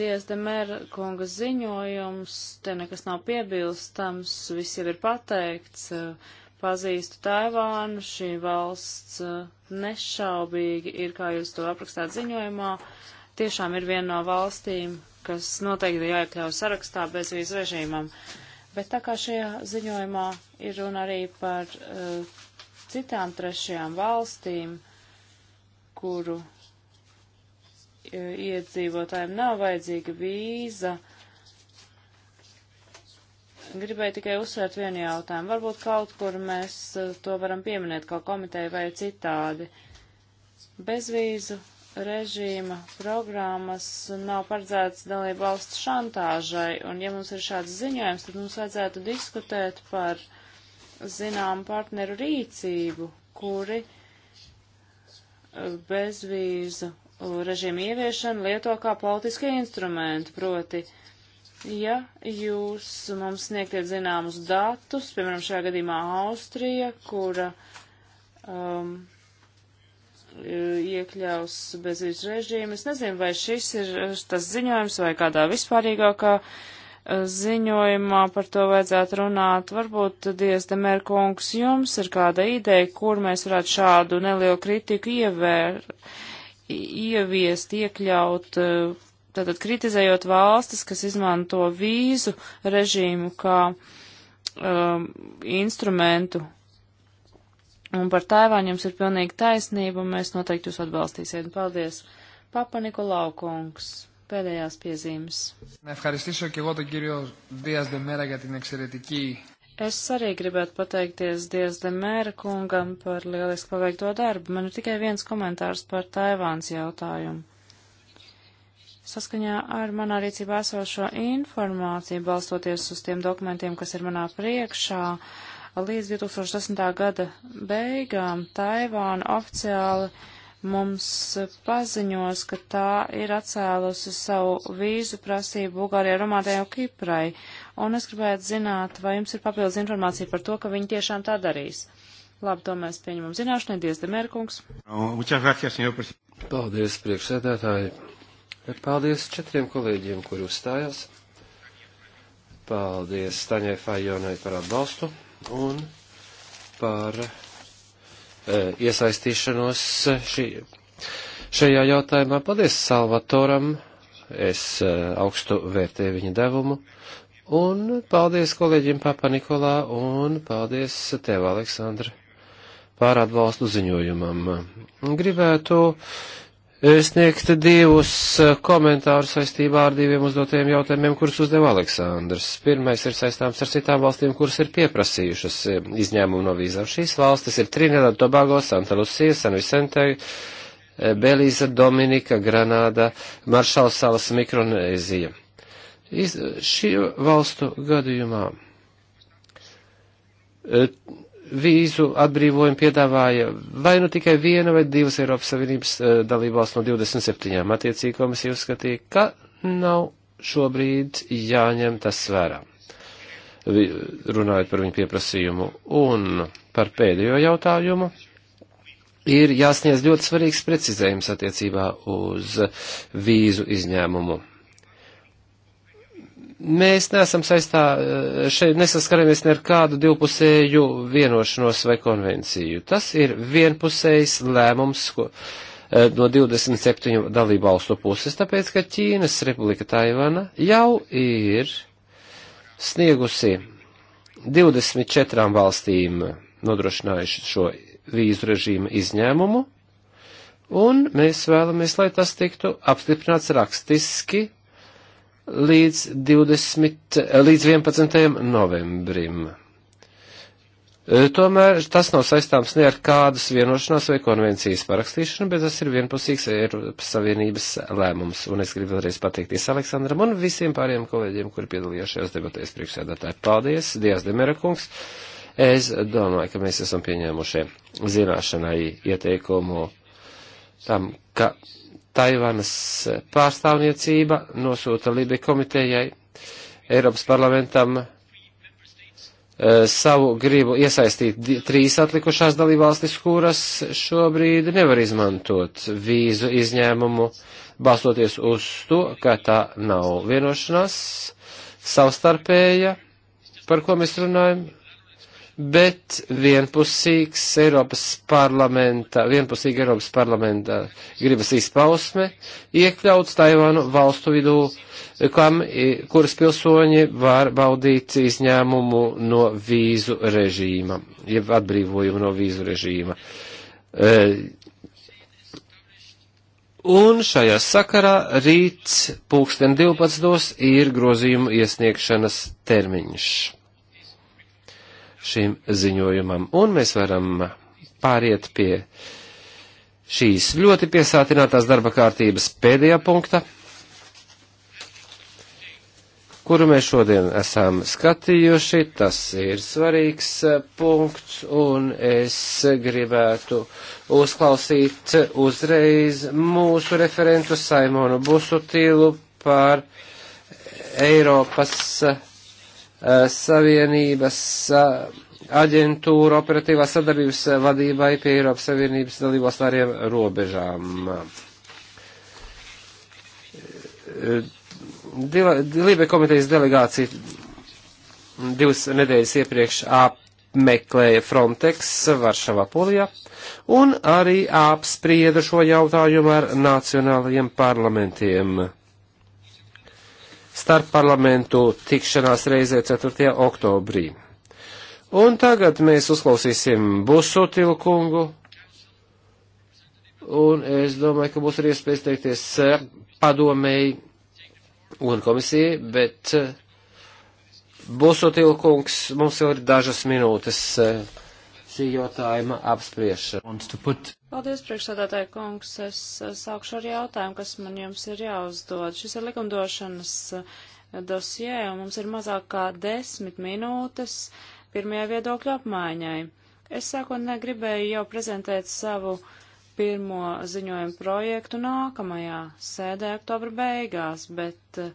S3: Dievs Demēra kungas ziņojums, te nekas nav piebilstams, viss jau ir pateikts. Uh, pazīstu Taivānu, šī valsts eh, nešaubīgi ir, kā jūs to aprakstāt ziņojumā, tiešām ir viena no valstīm, kas noteikti jāiekļauj sarakstā bez vīzu režīmam. Bet tā kā šajā ziņojumā ir runa arī par uh, citām trešajām valstīm, kuru uh, iedzīvotājiem nav vajadzīga vīza, Gribēju tikai uzsvērt vienu jautājumu. Varbūt kaut kur mēs e, to varam pieminēt, kā komiteja vai citādi. Bezvīzu režīma programmas nav paredzētas dalību valsts šantāžai, un ja mums ir šāds ziņojums, tad mums vajadzētu diskutēt par zinām partneru rīcību, kuri e, bezvīzu režīmu ieviešanu lieto kā politiskie instrumenti, proti uh, Ja jūs mums sniegtiet zināmus datus, piemēram, šajā gadījumā Austrija, kura um, iekļaus bezvīz režīmu, es nezinu, vai šis ir tas ziņojums vai kādā vispārīgākā uh, ziņojumā par to vajadzētu runāt. Varbūt, Dievs, Demērkungs, jums ir kāda ideja, kur mēs varētu šādu nelielu kritiku ievērt ieviest, iekļaut uh, tātad kritizējot valstis, kas izmanto vīzu režīmu kā um, instrumentu. Un par Taivānu jums ir pilnīgi taisnība, un mēs noteikti jūs atbalstīsiet. Paldies, Papa Nikolau kungs. Pēdējās piezīmes. Es arī gribētu pateikties Dievs Demēra kungam par lieliski paveikto darbu. Man ir tikai viens komentārs par Taivāns jautājumu. Saskaņā ar manā rīcībā esošo informāciju, balstoties uz tiem dokumentiem, kas ir manā priekšā, līdz 2010. gada beigām Taivāna oficiāli mums paziņos, ka tā ir atcēlusi savu vīzu prasību Bulgārijai, Rumānijai un Kiprai. Un es gribētu zināt, vai jums ir papildus informācija par to, ka viņi tiešām tā darīs. Labi, to mēs pieņemam zināšanai. Dievs, Demērkungs.
S1: Paldies, priekšsēdētāji. Paldies četriem kolēģiem, kuri uzstājās. Paldies Taņai Fajonai par atbalstu un par e, iesaistīšanos šī, šajā jautājumā. Paldies Salvatoram, es e, augstu vērtēju viņa devumu. Un paldies kolēģim Papa Nikolā un paldies tev, Aleksandra, par atbalstu ziņojumam. Gribētu sniegt divus eh, komentārus saistībā ar diviem uzdotajiem jautājumiem, kurus uzdeva Aleksandrs. Pirmais ir saistāms ar citām valstīm, kuras ir pieprasījušas eh, izņēmumu no vīzām. Šīs valstis ir Trinidad, Tobago, Santa Lucija, San Vicente, eh, Belīza, Dominika, Granāda, Maršalsalas, Mikronēzija. Iz, šī valstu gadījumā vīzu atbrīvojumu piedāvāja vai nu tikai viena vai divas Eiropas Savienības eh, dalībvalsts no 27. Attiecīgi komisija uzskatīja, ka nav šobrīd jāņem tas vērā. Runājot par viņu pieprasījumu un par pēdējo jautājumu, ir jāsniedz ļoti svarīgs precizējums attiecībā uz vīzu izņēmumu Mēs neesam saistā, eh, šeit nesaskaramies ne ar kādu divpusēju vienošanos vai konvenciju. Tas ir vienpusējs lēmums ko, eh, no 27 dalību valstu puses, tāpēc, ka Ķīnas Republika Taivana jau ir sniegusi 24 valstīm nodrošinājuši šo vīzu režīmu izņēmumu, un mēs vēlamies, lai tas tiktu apstiprināts rakstiski līdz, 20, līdz 11. novembrim. E, tomēr tas nav saistāms ne ar kādas vienošanās vai konvencijas parakstīšanu, bet tas ir vienpusīgs Eiropas Savienības lēmums. Un es gribu vēlreiz pateikties Aleksandram un visiem pārējiem kolēģiem, kuri piedalījās šajās debatēs priekšsēdētāji. Paldies, Dievs Demera kungs. Es domāju, ka mēs esam pieņēmuši zināšanai ieteikumu tam, ka Taivanas pārstāvniecība nosūta Libija komitejai Eiropas parlamentam eh, savu gribu iesaistīt trīs atlikušās dalībvalstis, kuras šobrīd nevar izmantot vīzu izņēmumu, balstoties uz to, ka tā nav vienošanās savstarpēja, par ko mēs runājam, bet vienpusīgs Eiropas parlamenta, vienpusīga Eiropas parlamenta gribas izpausme iekļauts Taivānu valstu vidū, kam, kuras pilsoņi var baudīt izņēmumu no vīzu režīma, jeb atbrīvojumu no vīzu režīma. E, un šajā sakarā rīts pulksten 12. ir grozījumu iesniegšanas termiņš šim ziņojumam. Un mēs varam pāriet pie šīs ļoti piesātinātās darba kārtības pēdējā punkta, kuru mēs šodien esam skatījuši. Tas ir svarīgs eh, punkts, un es gribētu uzklausīt uzreiz mūsu referentu Saimonu Busutīlu par Eiropas Eh, Savienības eh, aģentūra operatīvā sadarbības eh, vadībai pie Eiropas Savienības dalībās āriem robežām. Lībe komitejas delegācija divas nedēļas iepriekš apmeklēja Frontex Varšavā Polijā un arī apsprieda šo jautājumu ar nacionālajiem parlamentiem starp parlamentu tikšanās reizē 4. oktobrī. Un tagad mēs uzklausīsim Busotilu kungu, un es domāju, ka būs arī iespējas teikties eh, padomēji un komisijai, bet eh, Busotilu kungs mums jau ir dažas minūtes eh, šī jautājuma apspriešana.
S3: Paldies, priekšsādātāja kungs. Es sākšu ar jautājumu, kas man jums ir jāuzdod. Šis ir likumdošanas eh, dosie, un mums ir mazāk kā desmit minūtes pirmajai viedokļu apmaiņai. Es sākotnē gribēju jau prezentēt savu pirmo ziņojumu projektu nākamajā sēdē oktobra beigās, bet uh,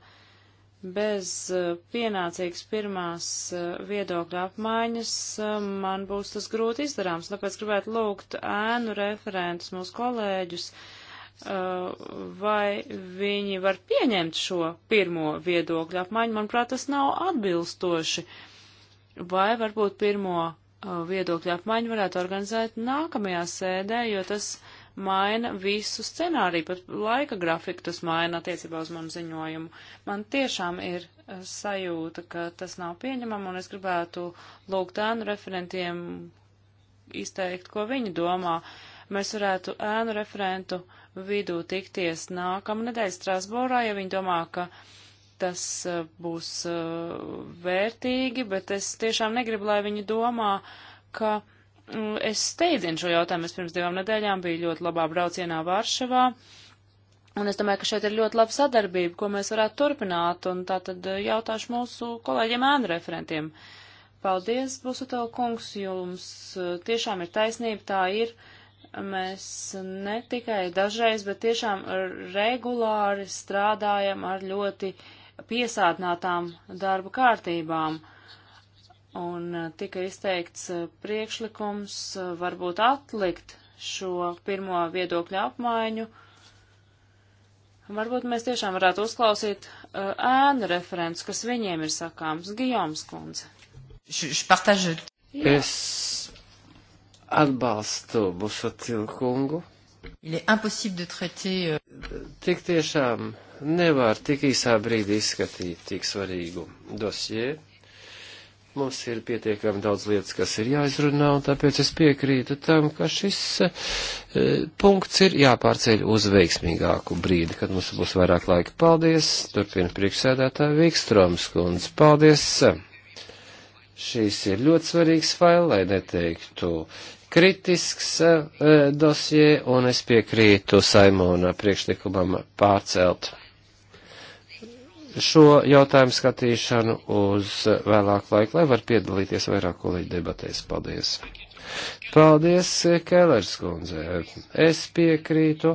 S3: Bez eh, pienācīgas pirmās eh, viedokļa apmaiņas eh, man būs tas grūti izdarāms, tāpēc gribētu lūgt ēnu referentus mūsu kolēģus, vai viņi var pieņemt šo pirmo viedokļu apmaiņu. Manuprāt, tas nav atbilstoši. Vai varbūt pirmo viedokļu apmaiņu varētu organizēt nākamajā sēdē, jo tas uh, maina visu scenāriju, pat laika grafiku tas maina attiecībā uz manu ziņojumu. Man tiešām ir eh, sajūta, ka tas nav pieņemama, un es gribētu lūgt ēnu referentiem izteikt, ko viņi domā. Mēs varētu ēnu referentu vidū tikties nākamnedēļ Strasbūrā, ja viņi domā, ka tas eh, būs eh, vērtīgi, bet es tiešām negribu, lai viņi domā, ka uh, Mm, es steidzinu šo jautājumu. Es pirms divām nedēļām biju ļoti labā braucienā Varšavā. Un es domāju, ka šeit ir ļoti laba sadarbība, ko mēs varētu turpināt, un tā tad eh, jautāšu mūsu kolēģiem ēnu referentiem. Paldies, Busutel kungs, jums eh, tiešām ir taisnība, tā ir. Mēs ne tikai dažreiz, bet tiešām regulāri strādājam ar ļoti piesātinātām darba kārtībām. Uh, un eh, tika izteikts eh, priekšlikums eh, varbūt atlikt šo pirmo viedokļu apmaiņu. Varbūt mēs tiešām varētu uzklausīt ēnu referents, kas viņiem ir sakāms, Gijoms kundze.
S1: Es atbalstu Busotilkungu.
S2: Euh,
S1: tik tiešām nevar tik īsā brīdī izskatīt tik svarīgu dosieru Mums ir pietiekami daudz lietas, kas ir jāizrunā, un tāpēc es piekrītu tam, ka šis e, punkts ir jāpārceļ uz veiksmīgāku brīdi, kad mums būs vairāk laika. Paldies! Turpina priekšsēdētāja Vikstroms kundze. Paldies! Šīs ir ļoti svarīgs fail, lai neteiktu kritisks e, dosie, un es piekrītu Saimona priekšlikumam pārcelt šo jautājumu skatīšanu uz vēlāku laiku, lai var piedalīties vairāk kolēģi debatēs. Paldies! Paldies, Kēlers kundze! Es piekrītu.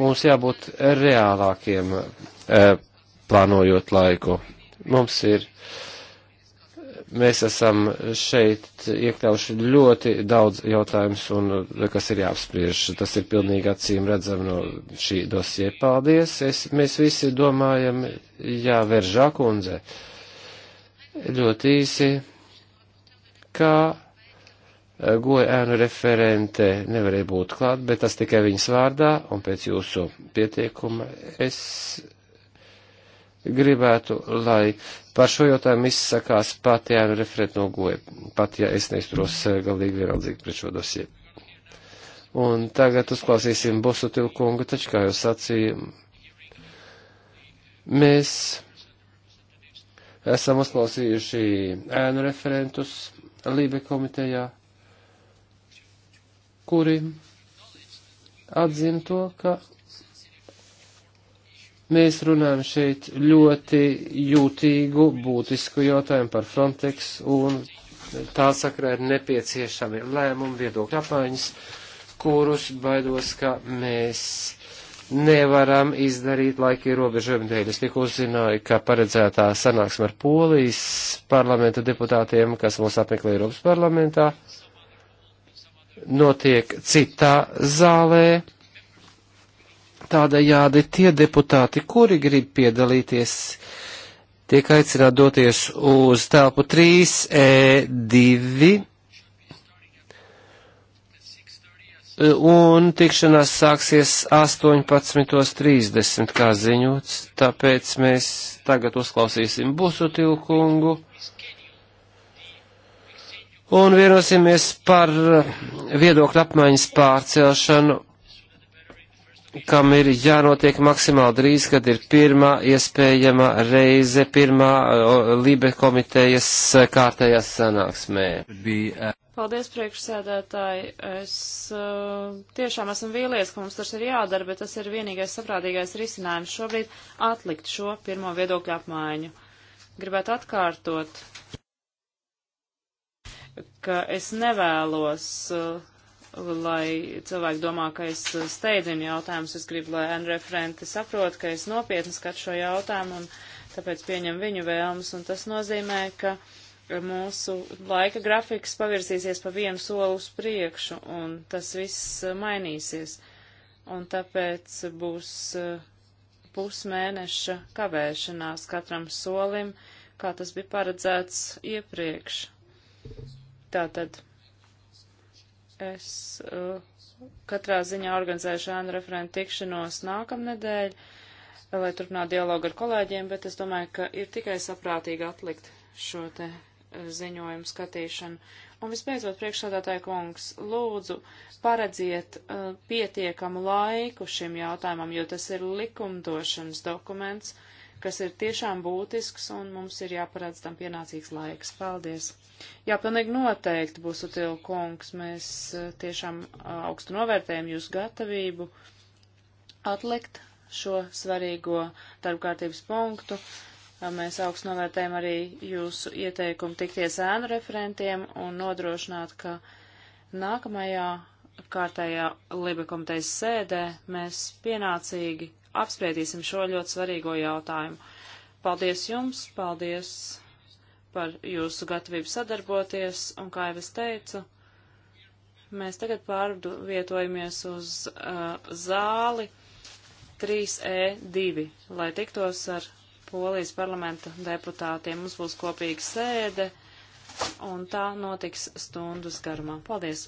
S1: Mums jābūt reālākiem, eh, plānojot laiku. Mums ir mēs esam šeit iekļauši ļoti daudz jautājumus, un kas ir jāapspriež. Tas ir pilnīgi acīm redzam no šī dosie. Paldies! Es, mēs visi domājam, jā, veržā kundze. Ļoti īsi, kā eh, goja ēnu referente nevarēja būt klāt, bet tas tikai viņas vārdā, un pēc jūsu pieteikuma es gribētu, lai par šo jautājumu izsakās pat, ja nu referēt no goja, pat, ja es neizturos eh, galīgi vienaldzīgi pret šo dosie. Un tagad uzklausīsim Bosu Tilkungu, taču, kā jau sacīju, mēs esam uzklausījuši ēnu referentus Lībe komitejā, kuri atzina to, ka Mēs runājam šeit ļoti jūtīgu, būtisku jautājumu par Frontex un tā sakrā ir nepieciešami lēmumi, viedokļu apmaiņas, kurus baidos, ka mēs nevaram izdarīt laika ierobežojumu dēļ. Es tikko uzzināju, ka paredzētā sanāksme ar polijas parlamenta deputātiem, kas mūs apmeklē Eiropas parlamentā, notiek citā zālē. Tādējādi tie deputāti, kuri grib piedalīties, tiek aicināti doties uz telpu 3E2. un tikšanās sāksies 18.30, kā ziņots, tāpēc mēs tagad uzklausīsim Busutilkungu un vienosimies par viedokļu apmaiņas pārcelšanu kam ir jānotiek maksimāli drīz, kad ir pirmā iespējama reize, pirmā Libe komitejas kārtējā sanāksmē. Eh,
S3: Paldies, priekšsēdētāji. Es eh, tiešām esmu vīlies, ka mums tas ir jādara, bet tas ir vienīgais saprātīgais risinājums šobrīd atlikt šo pirmo viedokļu apmaiņu. Gribētu atkārtot, ka es nevēlos uh, lai cilvēki domā, ka es uh, steidzinu jautājumus. Es gribu, lai N referenti saprot, ka es nopietni skatu šo jautājumu un tāpēc pieņem viņu vēlmes. Un tas nozīmē, ka mūsu laika grafiks pavirzīsies pa vienu soli uz priekšu un tas viss uh, mainīsies. Un tāpēc būs uh, pusmēneša kavēšanās katram solim, kā tas bija paredzēts iepriekš. Tātad Es uh, katrā ziņā organizēšu ēnu referentu tikšanos nākamnedēļ, lai turpinātu dialogu ar kolēģiem, bet es domāju, ka ir tikai saprātīgi atlikt šo te eh, ziņojumu skatīšanu. Un visbeidzot, priekšsādātāja kungs, lūdzu, paredziet uh, pietiekamu laiku šim jautājumam, jo tas ir likumdošanas dokuments, uh, kas ir tiešām būtisks, un mums ir jāparāds tam pienācīgs laiks. Paldies! Jā, pilnīgi noteikti būs util kungs. Mēs eh, tiešām eh, augstu novērtējam jūsu gatavību atlikt šo svarīgo darbkārtības punktu. Eh, mēs augstu novērtējam arī jūsu ieteikumu tikties ēnu referentiem un nodrošināt, ka nākamajā kārtējā Libekomitejas sēdē mēs pienācīgi apspriedīsim šo ļoti svarīgo jautājumu. Paldies jums, paldies par jūsu gatavību sadarboties, un kā jau es teicu, mēs tagad pārvietojamies uz uh, zāli 3E2, lai tiktos ar Polijas parlamenta deputātiem. Mums būs kopīga sēde, un tā notiks stundas garumā. Paldies!